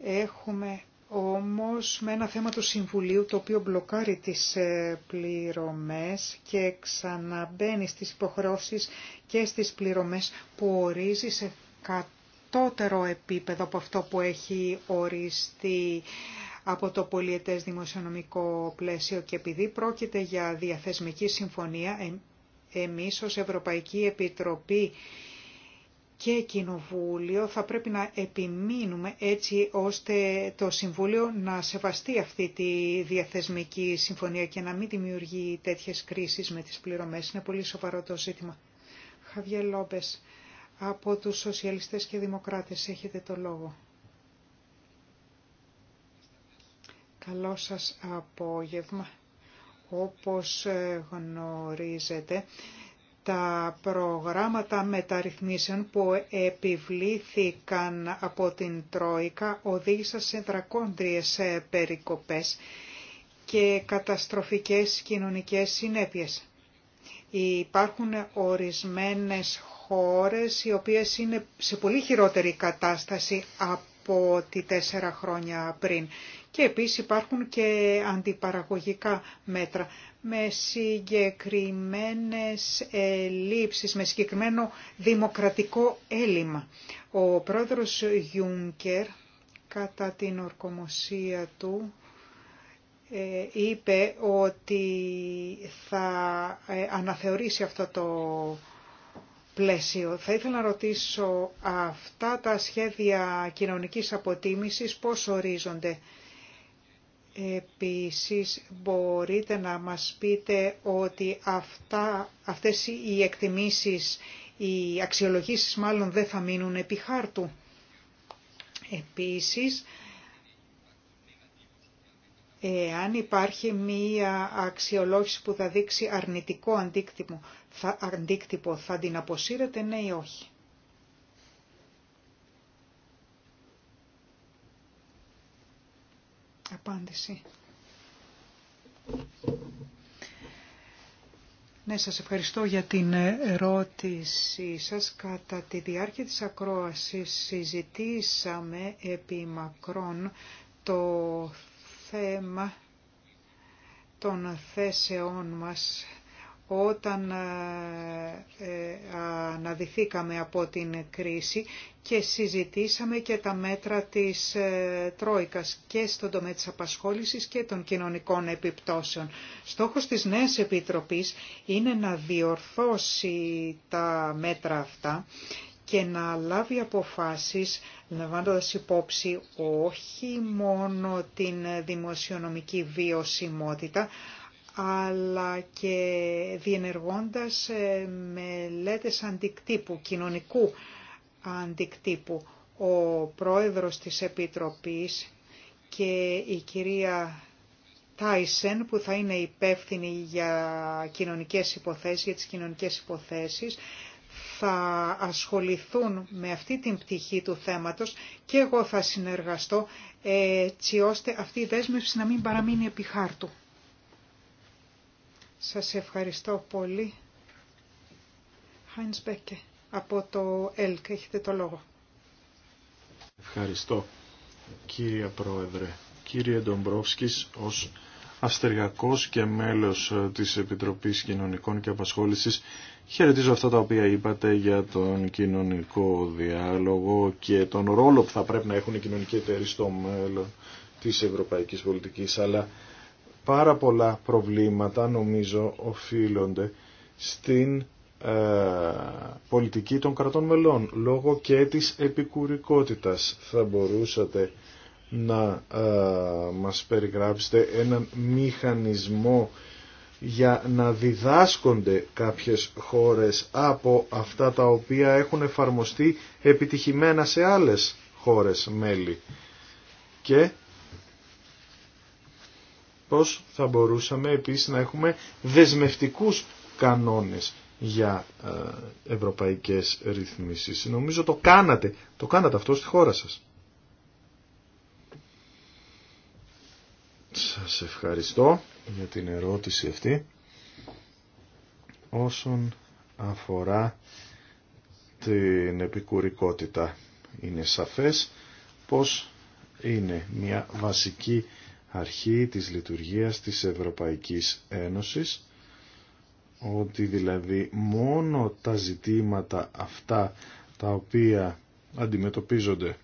Έχουμε όμως με ένα θέμα του Συμβουλίου το οποίο μπλοκάρει τις ε, πληρωμές και ξαναμπαίνει στις υποχρεώσεις και στις πληρωμές που ορίζει σε κατώτερο επίπεδο από αυτό που έχει οριστεί από το πολιετές δημοσιονομικό πλαίσιο και επειδή πρόκειται για διαθεσμική συμφωνία, εμείς ως Ευρωπαϊκή Επιτροπή και Κοινοβούλιο θα πρέπει να επιμείνουμε έτσι ώστε το Συμβούλιο να σεβαστεί αυτή τη διαθεσμική συμφωνία και να μην δημιουργεί τέτοιες κρίσεις με τις πληρωμές. Είναι πολύ σοβαρό το ζήτημα. Χαβιέ από τους Σοσιαλιστές και Δημοκράτες έχετε το λόγο. Καλό σας απόγευμα. Όπως ε, γνωρίζετε, τα προγράμματα μεταρρυθμίσεων που επιβλήθηκαν από την Τρόικα οδήγησαν σε δρακόντριες ε, περικοπές και καταστροφικές κοινωνικές συνέπειες. Υπάρχουν ορισμένες χώρες οι οποίες είναι σε πολύ χειρότερη κατάσταση από τη τέσσερα χρόνια πριν και επίσης υπάρχουν και αντιπαραγωγικά μέτρα με συγκεκριμένες ελλείψεις, με συγκεκριμένο δημοκρατικό έλλειμμα. Ο πρόεδρος Γιούνκερ κατά την ορκομοσία του ε, είπε ότι θα ε, αναθεωρήσει αυτό το πλαίσιο. Θα ήθελα να ρωτήσω αυτά τα σχέδια κοινωνικής αποτίμησης πώς ορίζονται Επίσης μπορείτε να μας πείτε ότι αυτά, αυτές οι εκτιμήσεις, οι αξιολογήσεις μάλλον δεν θα μείνουν επί χάρτου. Επίσης, εάν υπάρχει μία αξιολόγηση που θα δείξει αρνητικό αντίκτυπο, θα, αντίκτυπο, θα την αποσύρετε ναι ή όχι. απάντηση. Ναι, σας ευχαριστώ για την ερώτησή σας. Κατά τη διάρκεια της ακρόασης συζητήσαμε επί μακρόν το θέμα των θέσεών μας όταν ε, ε, αναδυθήκαμε από την κρίση και συζητήσαμε και τα μέτρα της ε, Τρόικας και στον τομέα της απασχόλησης και των κοινωνικών επιπτώσεων. Στόχος της νέας Επιτροπής είναι να διορθώσει τα μέτρα αυτά και να λάβει αποφάσεις λαμβάνοντα υπόψη όχι μόνο την δημοσιονομική βιωσιμότητα αλλά και διενεργώντας ε, μελέτες αντικτύπου, κοινωνικού αντικτύπου. Ο πρόεδρος της Επιτροπής και η κυρία Τάισεν που θα είναι υπεύθυνη για κοινωνικές υποθέσεις, για τις κοινωνικές υποθέσεις, θα ασχοληθούν με αυτή την πτυχή του θέματος και εγώ θα συνεργαστώ ε, έτσι ώστε αυτή η δέσμευση να μην παραμείνει επί χάρτου. Σας ευχαριστώ πολύ. Χάινς Μπέκε από το ΕΛΚ. Έχετε το λόγο. Ευχαριστώ κύριε Πρόεδρε. Κύριε Ντομπρόφσκης ως αστεργακός και μέλος ε, της Επιτροπής Κοινωνικών και Απασχόλησης χαιρετίζω αυτά τα οποία είπατε για τον κοινωνικό διάλογο και τον ρόλο που θα πρέπει να έχουν οι κοινωνικοί εταιροί στο μέλλον της ευρωπαϊκής πολιτικής αλλά πάρα πολλά προβλήματα νομίζω οφείλονται στην ε, πολιτική των κρατών μελών λόγω και της επικουρικότητας. Θα μπορούσατε να ε, μας περιγράψετε έναν μηχανισμό για να διδάσκονται κάποιες χώρες από αυτά τα οποία έχουν εφαρμοστεί επιτυχημένα σε άλλες χώρες μέλη. Και πώς θα μπορούσαμε επίσης να έχουμε δεσμευτικούς κανόνες για ε, ευρωπαϊκές ρυθμίσεις. Νομίζω το κάνατε, το κάνατε αυτό στη χώρα σας. Σας ευχαριστώ για την ερώτηση αυτή. Όσον αφορά την επικουρικότητα, είναι σαφές πως είναι μια βασική αρχή της λειτουργίας της Ευρωπαϊκής Ένωσης, ότι δηλαδή μόνο τα ζητήματα αυτά τα οποία αντιμετωπίζονται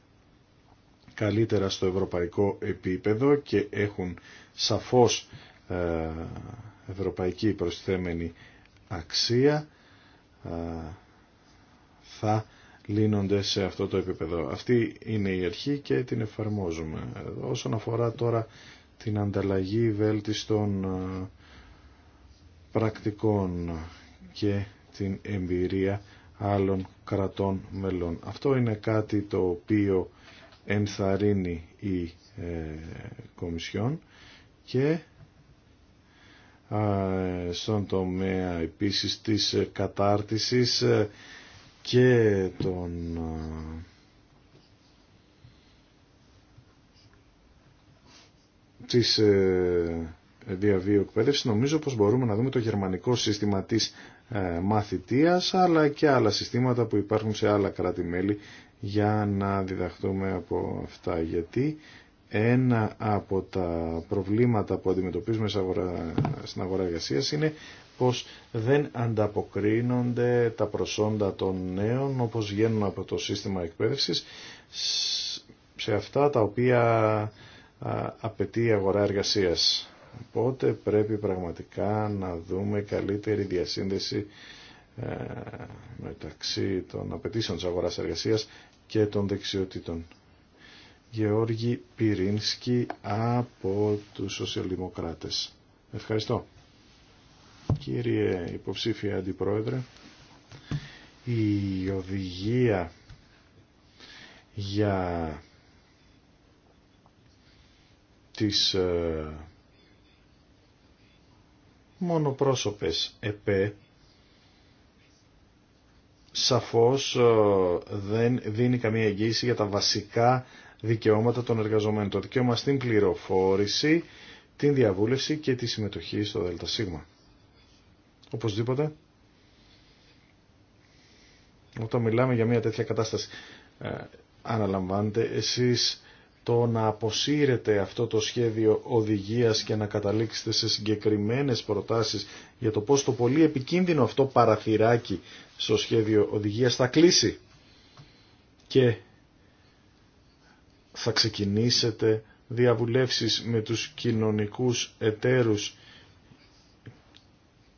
καλύτερα στο ευρωπαϊκό επίπεδο και έχουν σαφώς ε, ευρωπαϊκή προσθέμενη αξία ε, θα λύνονται σε αυτό το επίπεδο. Αυτή είναι η αρχή και την εφαρμόζουμε. Όσον αφορά τώρα την ανταλλαγή βέλτιστων ε, πρακτικών και την εμπειρία άλλων κρατών μελών. Αυτό είναι κάτι το οποίο ενθαρρύνει η ε, Κομισιόν και στον τομέα επίσης της ε, κατάρτισης και των της ε, διαβίου εκπαίδευση, νομίζω πως μπορούμε να δούμε το γερμανικό σύστημα της ε, μαθητείας, αλλά και άλλα συστήματα που υπάρχουν σε άλλα κράτη-μέλη για να διδαχτούμε από αυτά. Γιατί ένα από τα προβλήματα που αντιμετωπίζουμε στην αγορά εργασία είναι πως δεν ανταποκρίνονται τα προσόντα των νέων όπως βγαίνουν από το σύστημα εκπαίδευσης σε αυτά τα οποία απαιτεί η αγορά εργασίας. Οπότε πρέπει πραγματικά να δούμε καλύτερη διασύνδεση ε, μεταξύ των απαιτήσεων της αγοράς εργασίας και των δεξιοτήτων. Γεώργη Πυρίνσκι από τους Σοσιαλδημοκράτες. Ευχαριστώ. Κύριε υποψήφια αντιπρόεδρε, η οδηγία για τις ε, μονοπρόσωπες ΕΠΕ σαφώς ε, δεν δίνει καμία εγγύηση για τα βασικά δικαιώματα των εργαζομένων. Το δικαίωμα στην πληροφόρηση, την διαβούλευση και τη συμμετοχή στο ΔΣ. Οπωσδήποτε, όταν μιλάμε για μια τέτοια κατάσταση, ε, αναλαμβάνετε εσείς το να αποσύρετε αυτό το σχέδιο οδηγίας και να καταλήξετε σε συγκεκριμένες προτάσεις για το πώς το πολύ επικίνδυνο αυτό παραθυράκι στο σχέδιο οδηγίας θα κλείσει και θα ξεκινήσετε διαβουλεύσεις με τους κοινωνικούς εταίρους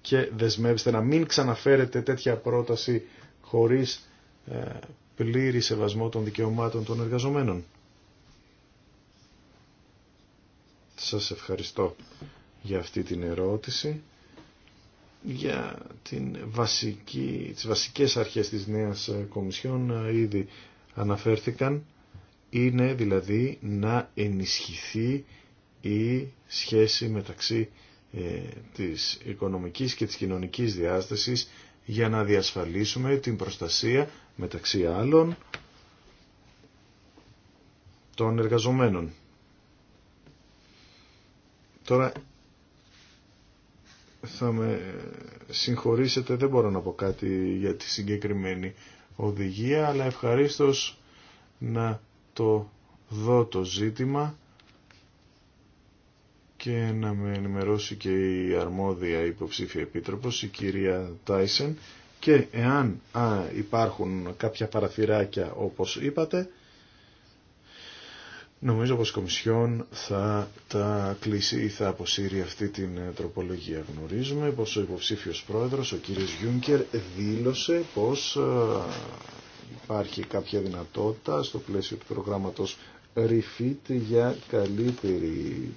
και δεσμεύστε να μην ξαναφέρετε τέτοια πρόταση χωρίς ε, πλήρη σεβασμό των δικαιωμάτων των εργαζομένων. Σας ευχαριστώ για αυτή την ερώτηση για την βασική, τις βασικές αρχές της νέας ε, Κομισιόν ε, ήδη αναφέρθηκαν είναι δηλαδή να ενισχυθεί η σχέση μεταξύ ε, της οικονομικής και της κοινωνικής διάστασης για να διασφαλίσουμε την προστασία μεταξύ άλλων των εργαζομένων. Τώρα θα με συγχωρήσετε, δεν μπορώ να πω κάτι για τη συγκεκριμένη οδηγία, αλλά ευχαρίστως να το δω το ζήτημα και να με ενημερώσει και η αρμόδια υποψήφια επίτροπος, η κυρία Τάισεν, και εάν α, υπάρχουν κάποια παραθυράκια όπως είπατε, Νομίζω πως η Κομισιόν θα τα κλείσει ή θα αποσύρει αυτή την ε, τροπολογία. Γνωρίζουμε πως ο υποψήφιος πρόεδρος, ο κύριος Γιούνκερ, δήλωσε πως ε, υπάρχει κάποια δυνατότητα στο πλαίσιο του προγράμματος Refit για καλύτερη,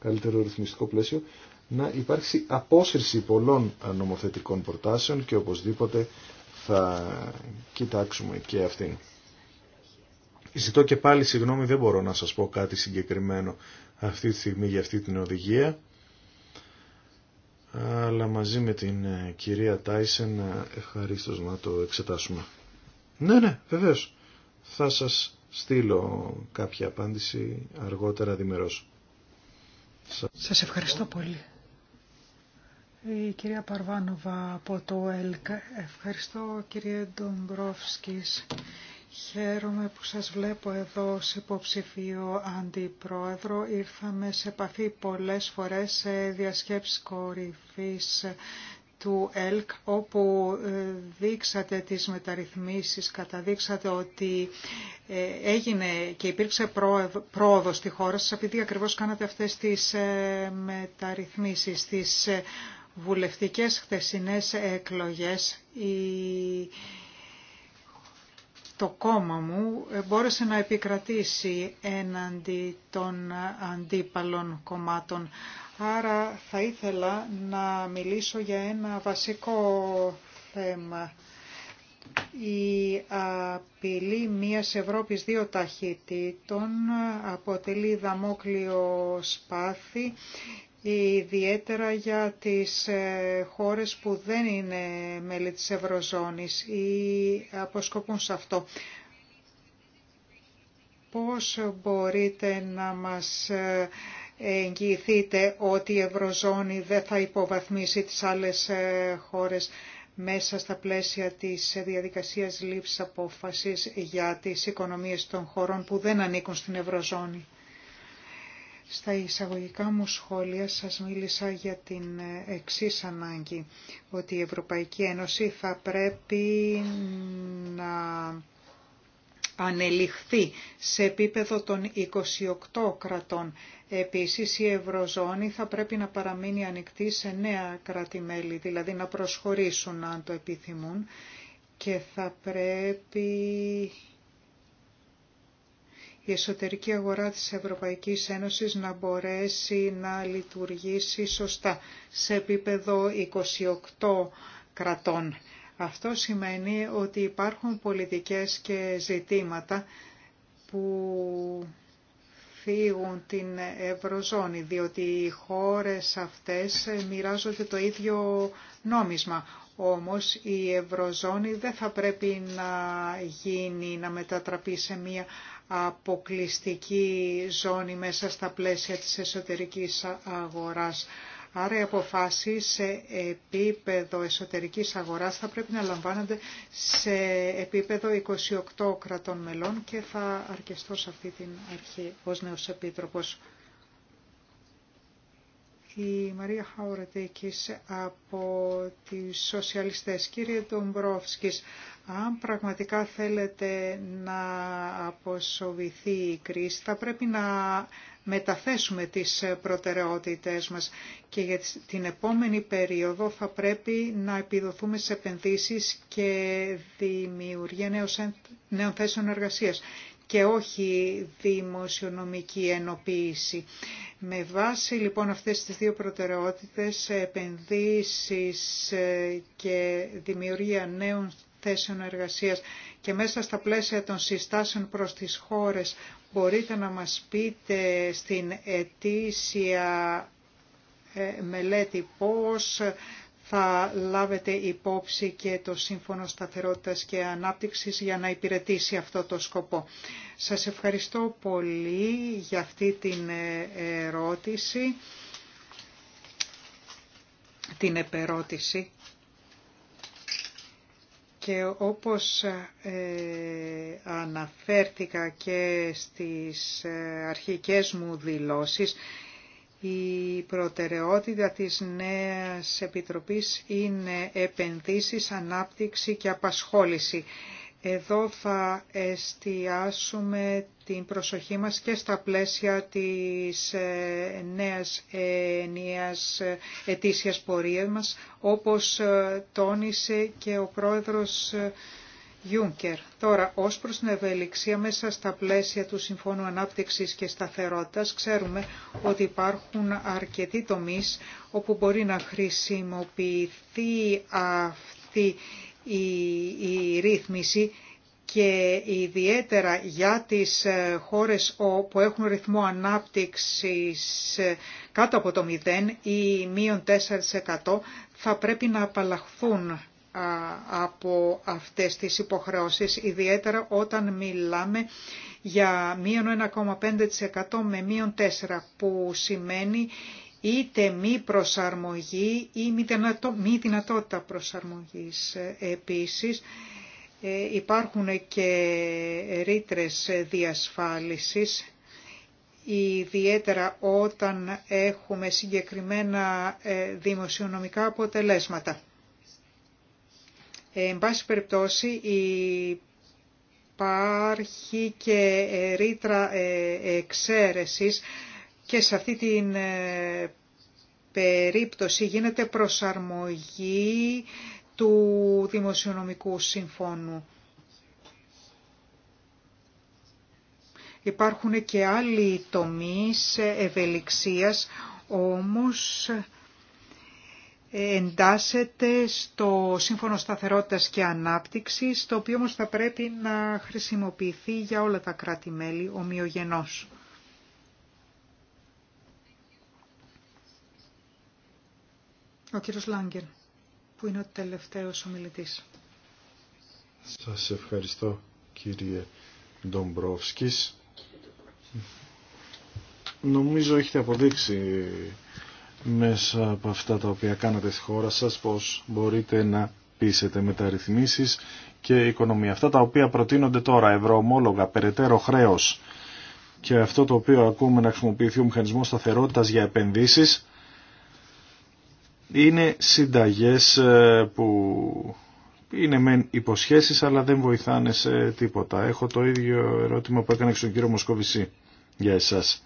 καλύτερο ρυθμιστικό πλαίσιο να υπάρξει απόσυρση πολλών ε, νομοθετικών προτάσεων και οπωσδήποτε θα κοιτάξουμε και αυτήν. Ζητώ και πάλι συγγνώμη, δεν μπορώ να σας πω κάτι συγκεκριμένο αυτή τη στιγμή για αυτή την οδηγία. Αλλά μαζί με την ε, κυρία Τάισεν ε, ευχαρίστως να το εξετάσουμε. Ναι, ναι, βεβαίως. Θα σας στείλω κάποια απάντηση αργότερα διμερώς. Σας ευχαριστώ πολύ. Η κυρία Παρβάνοβα από το ΕΛΚ. Ευχαριστώ κύριε Ντομπρόφσκης. Χαίρομαι που σας βλέπω εδώ σε υποψηφίο αντιπρόεδρο. Ήρθαμε σε επαφή πολλές φορές σε διασκέψεις κορυφής του ΕΛΚ, όπου ε, δείξατε τις μεταρρυθμίσεις, καταδείξατε ότι ε, έγινε και υπήρξε πρόοδος στη χώρα σας, επειδή ακριβώς κάνατε αυτές τις ε, μεταρρυθμίσεις, τις βουλευτικές χτεσινές εκλογές. Η το κόμμα μου ε, μπόρεσε να επικρατήσει έναντι των αντίπαλων κομμάτων. Άρα θα ήθελα να μιλήσω για ένα βασικό θέμα. Η απειλή μιας Ευρώπης δύο ταχύτητων αποτελεί δαμόκλειο σπάθη ιδιαίτερα για τις ε, χώρες που δεν είναι μέλη της Ευρωζώνης ή αποσκοπούν σε αυτό. Πώς μπορείτε να μας ε, εγγυηθείτε ότι η Ευρωζώνη δεν θα υποβαθμίσει τις άλλες ε, χώρες μέσα στα πλαίσια της διαδικασίας λήψης απόφασης για τις οικονομίες των χωρών που δεν ανήκουν στην Ευρωζώνη. Στα εισαγωγικά μου σχόλια σας μίλησα για την εξής ανάγκη, ότι η Ευρωπαϊκή Ένωση θα πρέπει να ανελιχθεί σε επίπεδο των 28 κρατών. Επίσης η Ευρωζώνη θα πρέπει να παραμείνει ανοιχτή σε νέα δηλαδή να προσχωρήσουν αν το επιθυμούν και θα πρέπει η εσωτερική αγορά της Ευρωπαϊκής Ένωσης να μπορέσει να λειτουργήσει σωστά σε επίπεδο 28 κρατών. Αυτό σημαίνει ότι υπάρχουν πολιτικές και ζητήματα που φύγουν την Ευρωζώνη, διότι οι χώρες αυτές μοιράζονται το ίδιο νόμισμα. Όμως η Ευρωζώνη δεν θα πρέπει να γίνει, να μετατραπεί σε μία αποκλειστική ζώνη μέσα στα πλαίσια της εσωτερικής αγοράς. Άρα οι αποφάσεις σε επίπεδο εσωτερικής αγοράς θα πρέπει να λαμβάνονται σε επίπεδο 28 κρατών μελών και θα αρκεστώ σε αυτή την αρχή ως νέος επίτροπος. Η Μαρία Χαουρετήκης από τις Σοσιαλιστές. Κύριε Ντομπρόφσκης, αν πραγματικά θέλετε να αποσοβηθεί η κρίση, θα πρέπει να μεταθέσουμε τις προτεραιότητές μας και για την επόμενη περίοδο θα πρέπει να επιδοθούμε σε επενδύσεις και δημιουργία νέων θέσεων εργασίας και όχι δημοσιονομική ενοποίηση. Με βάση λοιπόν αυτές τις δύο προτεραιότητες, επενδύσεις ε, και δημιουργία νέων θέσεων εργασίας και μέσα στα πλαίσια των συστάσεων προς τις χώρες μπορείτε να μας πείτε στην ετήσια ε, μελέτη πώς θα λάβετε υπόψη και το Σύμφωνο Σταθερότητας και Ανάπτυξης για να υπηρετήσει αυτό το σκοπό. Σας ευχαριστώ πολύ για αυτή την ε, ερώτηση, την επερώτηση. Και όπως ε, αναφέρθηκα και στις ε, αρχικές μου δηλώσεις, η προτεραιότητα της νέας Επιτροπής είναι επενδύσεις, ανάπτυξη και απασχόληση. Εδώ θα εστιάσουμε την προσοχή μας και στα πλαίσια της ε, νέας ενιαίας ετήσιας πορείας μας, όπως ε, τόνισε και ο πρόεδρος Juncker. Ε, Τώρα, ως προς την ευελιξία μέσα στα πλαίσια του Συμφώνου Ανάπτυξης και Σταθερότητας, ξέρουμε ότι υπάρχουν αρκετοί τομείς όπου μπορεί να χρησιμοποιηθεί αυτή η, ρύθμιση και ιδιαίτερα για τις ε, χώρες που έχουν ρυθμό ανάπτυξης ε, κάτω από το 0 ή μείον 4% θα πρέπει να απαλλαχθούν από αυτές τις υποχρεώσεις, ιδιαίτερα όταν μιλάμε για μείον 1,5% με μείον 4% που σημαίνει είτε μη προσαρμογή ή μη δυνατότητα προσαρμογής. Ε, επίσης ε, υπάρχουν και ρήτρες διασφάλισης ιδιαίτερα όταν έχουμε συγκεκριμένα ε, δημοσιονομικά αποτελέσματα. Εν πάση περιπτώσει υπάρχει και ρήτρα εξαίρεσης και σε αυτή την ε, περίπτωση γίνεται προσαρμογή του Δημοσιονομικού Συμφώνου. Υπάρχουν και άλλοι τομείς ευελιξίας, όμως ε, εντάσσεται στο Σύμφωνο Σταθερότητας και Ανάπτυξης, το οποίο όμως θα πρέπει να χρησιμοποιηθεί για όλα τα κράτη-μέλη ομοιογενώς. Ο κύριος Λάγκερ, που είναι ο τελευταίος ομιλητής. Σας ευχαριστώ κύριε Ντομπρόφσκης. Νομίζω έχετε αποδείξει μέσα από αυτά τα οποία κάνατε στη χώρα σας πως μπορείτε να πείσετε μεταρρυθμίσεις και οικονομία. Αυτά τα οποία προτείνονται τώρα, ευρωομόλογα, περαιτέρω χρέος και αυτό το οποίο ακούμε να χρησιμοποιηθεί ο μηχανισμός σταθερότητας για επενδύσεις είναι συνταγές ε, που είναι μεν υποσχέσεις αλλά δεν βοηθάνε σε τίποτα. Έχω το ίδιο ερώτημα που έκανε στον κύριο Μοσκοβησή για εσάς.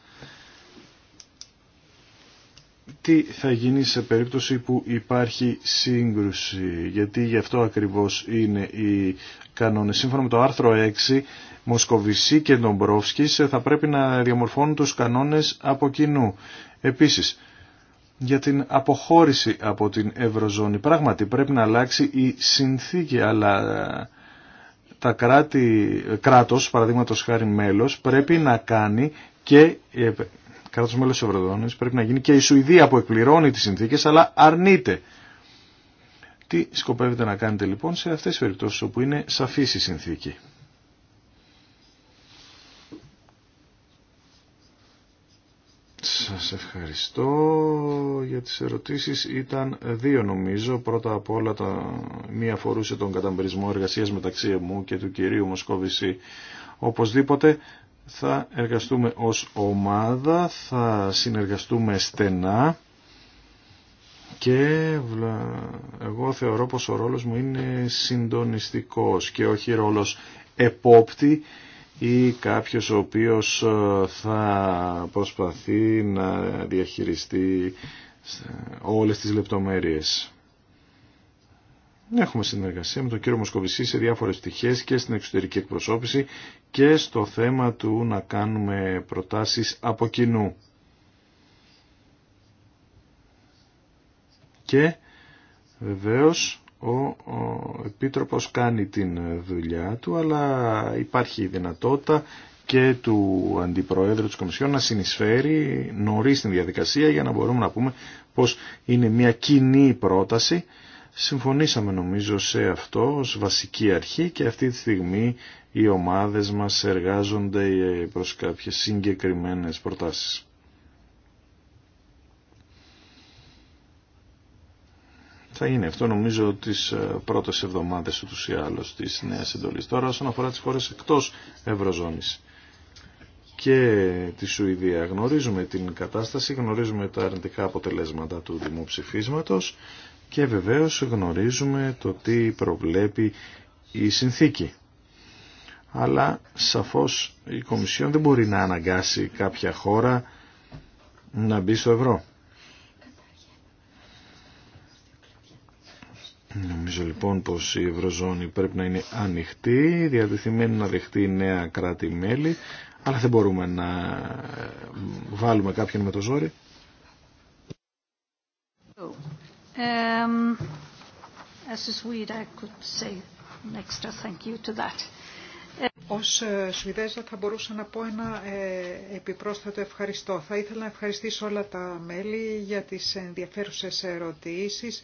Τι θα γίνει σε περίπτωση που υπάρχει σύγκρουση, γιατί γι' αυτό ακριβώς είναι οι κανόνες. Σύμφωνα με το άρθρο 6, Μοσκοβησή και Ντομπρόφσκης θα πρέπει να διαμορφώνουν τους κανόνες από κοινού. Επίσης, για την αποχώρηση από την Ευρωζώνη. Πράγματι πρέπει να αλλάξει η συνθήκη, αλλά ε, τα κράτη, ε, κράτος, παραδείγματος χάρη μέλος, πρέπει να κάνει και ε, κράτος μέλος Ευρωζώνης, πρέπει να γίνει και η Σουηδία που εκπληρώνει τις συνθήκες, αλλά αρνείται. Τι σκοπεύετε να κάνετε λοιπόν σε αυτές τις περιπτώσεις όπου είναι σαφή η συνθήκη. Σας ευχαριστώ για τις ερωτήσεις. Ήταν δύο νομίζω. Πρώτα απ' όλα τα... μία αφορούσε τον καταμπερισμό εργασίας μεταξύ μου και του κυρίου Μοσκόβηση. Οπωσδήποτε θα εργαστούμε ως ομάδα, θα συνεργαστούμε στενά και εγώ θεωρώ πως ο ρόλος μου είναι συντονιστικός και όχι ρόλος επόπτη ή κάποιος ο οποίος ε, θα προσπαθεί να διαχειριστεί ε, όλες τις λεπτομέρειες. Έχουμε συνεργασία με τον κύριο Μοσκοβησή σε διάφορες πτυχές και στην εξωτερική εκπροσώπηση και στο θέμα του να κάνουμε προτάσεις από κοινού. Και βεβαίως ο Επίτροπος κάνει την δουλειά του, αλλά υπάρχει η δυνατότητα και του Αντιπροέδρου της Κομισιόν να συνεισφέρει νωρίς την διαδικασία για να μπορούμε να πούμε πως είναι μια κοινή πρόταση. Συμφωνήσαμε νομίζω σε αυτό ως βασική αρχή και αυτή τη στιγμή οι ομάδες μας εργάζονται προς κάποιες συγκεκριμένες προτάσεις. θα είναι αυτό νομίζω τις ε, πρώτες εβδομάδες ούτως ή άλλως της νέας εντολής. Τώρα όσον αφορά τις χώρες εκτός Ευρωζώνης και τη Σουηδία γνωρίζουμε την κατάσταση, γνωρίζουμε τα αρνητικά αποτελέσματα του δημοψηφίσματος και βεβαίως γνωρίζουμε το τι προβλέπει η συνθήκη. Αλλά σαφώς η Κομισιόν δεν μπορεί να αναγκάσει κάποια χώρα να μπει στο ευρώ. Νομίζω λοιπόν πως η Ευρωζώνη πρέπει να είναι ανοιχτή, διαδεθειμένη να δεχτεί νέα κράτη-μέλη, αλλά δεν μπορούμε να ε, βάλουμε κάποιον με το ζόρι. Ως Σουηδέζα θα μπορούσα να πω ένα ε, επιπρόσθετο ευχαριστώ. Θα ήθελα να ευχαριστήσω όλα τα μέλη για τις ενδιαφέρουσες ερωτήσεις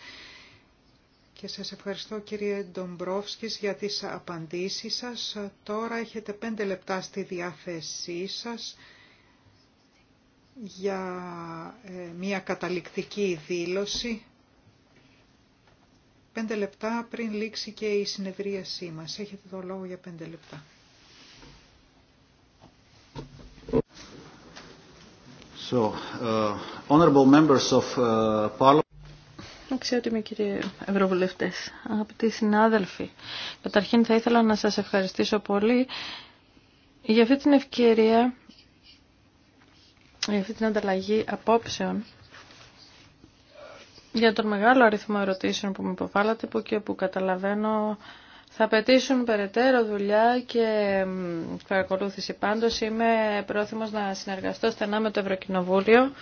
και σας ευχαριστώ κύριε Ντομπρόφσκης για τις απαντήσεις σας. Τώρα έχετε πέντε λεπτά στη διάθεσή σας για ε, μια καταληκτική δήλωση. Πέντε λεπτά πριν λήξει και η συνεδρίασή μας. Έχετε το λόγο για πέντε λεπτά. So, uh, uh, Αξιότιμοι κύριε Ευρωβουλευτέ, αγαπητοί συνάδελφοι, καταρχήν θα ήθελα να σας ευχαριστήσω πολύ για αυτή την ευκαιρία, για αυτή την ανταλλαγή απόψεων για τον μεγάλο αριθμό ερωτήσεων που με υποβάλλατε που και που καταλαβαίνω θα απαιτήσουν περαιτέρω δουλειά και παρακολούθηση. Πάντως είμαι πρόθυμος να συνεργαστώ στενά με το Ευρωκοινοβούλιο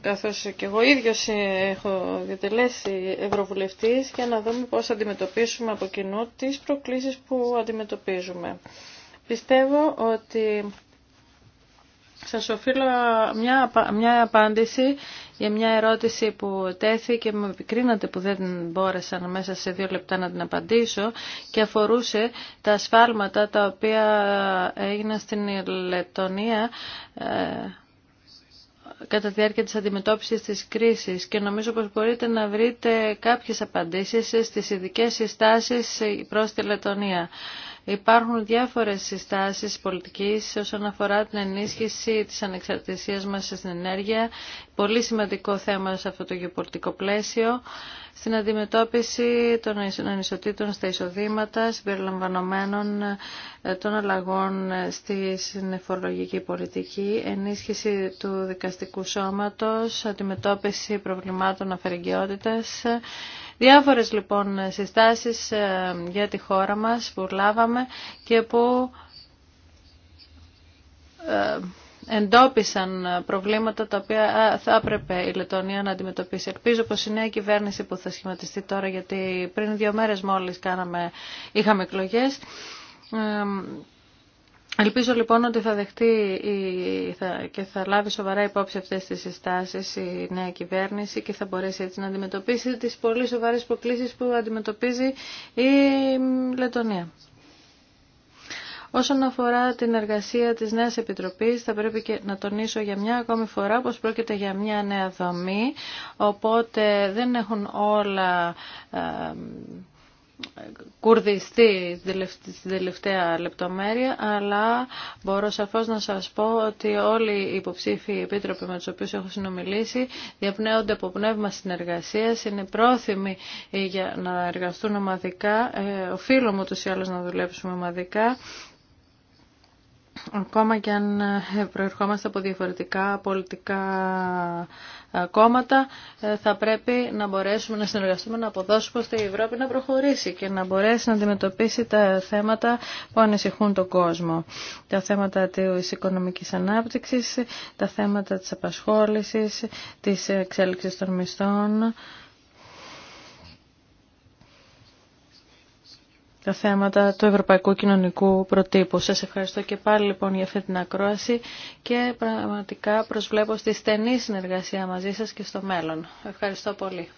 καθώς και εγώ ίδιος έχω διατελέσει ευρωβουλευτής για να δούμε πώς αντιμετωπίσουμε από κοινού τις προκλήσεις που αντιμετωπίζουμε. Πιστεύω ότι σας οφείλω μια, μια απάντηση για μια ερώτηση που τέθηκε και με επικρίνατε που δεν μπόρεσα μέσα σε δύο λεπτά να την απαντήσω και αφορούσε τα σφάλματα τα οποία έγιναν στην Λετωνία ε, κατά τη διάρκεια της αντιμετώπισης της κρίσης και νομίζω πως μπορείτε να βρείτε κάποιες απαντήσεις στις ειδικές συστάσεις προς τη Λετωνία. Υπάρχουν διάφορες συστάσεις πολιτικής όσον αφορά την ενίσχυση της ανεξαρτησίας μας στην ενέργεια. Πολύ σημαντικό θέμα σε αυτό το γεωπολιτικό πλαίσιο. Στην αντιμετώπιση των ανισοτήτων στα εισοδήματα συμπεριλαμβανομένων ε, των αλλαγών ε, στη συνεφορολογική πολιτική, ενίσχυση του δικαστικού σώματος, αντιμετώπιση προβλημάτων αφαιρεγγιότητας, Διάφορες λοιπόν συστάσεις ε, για τη χώρα μας που λάβαμε και που ε, εντόπισαν προβλήματα τα οποία θα έπρεπε η Λετωνία να αντιμετωπίσει. Ελπίζω πως η νέα κυβέρνηση που θα σχηματιστεί τώρα, γιατί πριν δύο μέρες μόλις κάναμε, είχαμε εκλογές, ε, Ελπίζω λοιπόν ότι θα δεχτεί και θα λάβει σοβαρά υπόψη αυτές τις συστάσεις η νέα κυβέρνηση και θα μπορέσει έτσι να αντιμετωπίσει τις πολύ σοβαρές προκλήσεις που αντιμετωπίζει η Λετωνία. Όσον αφορά την εργασία της Νέας Επιτροπής, θα πρέπει και να τονίσω για μια ακόμη φορά πως πρόκειται για μια νέα δομή, οπότε δεν έχουν όλα ε, κουρδιστεί στην τελευταία λεπτομέρεια, αλλά μπορώ σαφώς να σας πω ότι όλοι οι υποψήφοι επίτροποι με τους οποίους έχω συνομιλήσει διαπνέονται από πνεύμα συνεργασίας, είναι πρόθυμοι για να εργαστούν ομαδικά, ε, οφείλω μου τους ή άλλως να δουλέψουμε ομαδικά ακόμα και αν ε, προερχόμαστε από διαφορετικά πολιτικά ε, κόμματα, ε, θα πρέπει να μπορέσουμε να συνεργαστούμε, να αποδώσουμε ώστε η Ευρώπη να προχωρήσει και να μπορέσει να αντιμετωπίσει τα θέματα που ανησυχούν τον κόσμο. Τα θέματα της οικονομικής ανάπτυξης, τα θέματα της απασχόλησης, της εξέλιξης των μισθών, τα θέματα του Ευρωπαϊκού Κοινωνικού Προτύπου. Σας ευχαριστώ και πάλι λοιπόν για αυτή την ακρόαση και πραγματικά προσβλέπω στη στενή συνεργασία μαζί σας και στο μέλλον. Ευχαριστώ πολύ.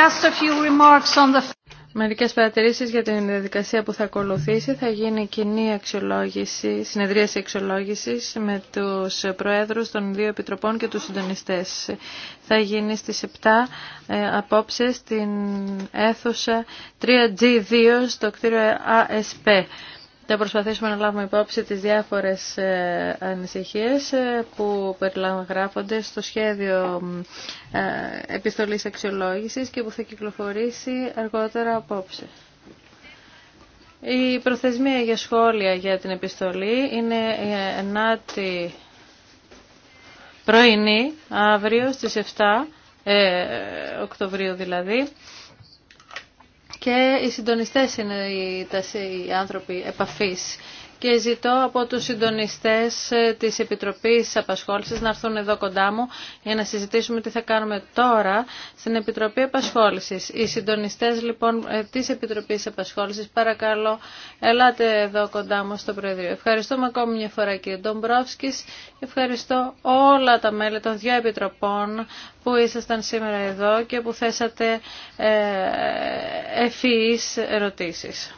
Just a few remarks on the... Μερικές παρατηρήσει για την διαδικασία που θα ακολουθήσει. Θα γίνει κοινή αξιολόγηση, συνεδρίαση αξιολόγηση με τους Προέδρους των δύο Επιτροπών και τους συντονιστέ. Θα γίνει στις 7 ε, απόψε στην αίθουσα 3G2 στο κτίριο ASP θα προσπαθήσουμε να λάβουμε υπόψη τις διάφορες ε, ανησυχίες ε, που περιλαμβάνονται στο σχέδιο ε, επιστολής αξιολόγησης και που θα κυκλοφορήσει αργότερα απόψε. Η προθεσμία για σχόλια για την επιστολή είναι πρωινή, αύριο στις 7 Οκτωβρίου δηλαδή και οι συντονιστές είναι οι, άνθρωποι επαφής και ζητώ από τους συντονιστές ε, της Επιτροπής Απασχόλησης να έρθουν εδώ κοντά μου για να συζητήσουμε τι θα κάνουμε τώρα στην Επιτροπή Απασχόλησης. Οι συντονιστές λοιπόν ε, της Επιτροπής Απασχόλησης παρακαλώ ελάτε εδώ κοντά μου στο Προεδρείο. Ευχαριστούμε ακόμη μια φορά κύριε Ντομπρόφσκης ευχαριστώ όλα τα μέλη των δύο Επιτροπών που ήσασταν σήμερα εδώ και που θέσατε ε, ευφυείς ερωτήσεις.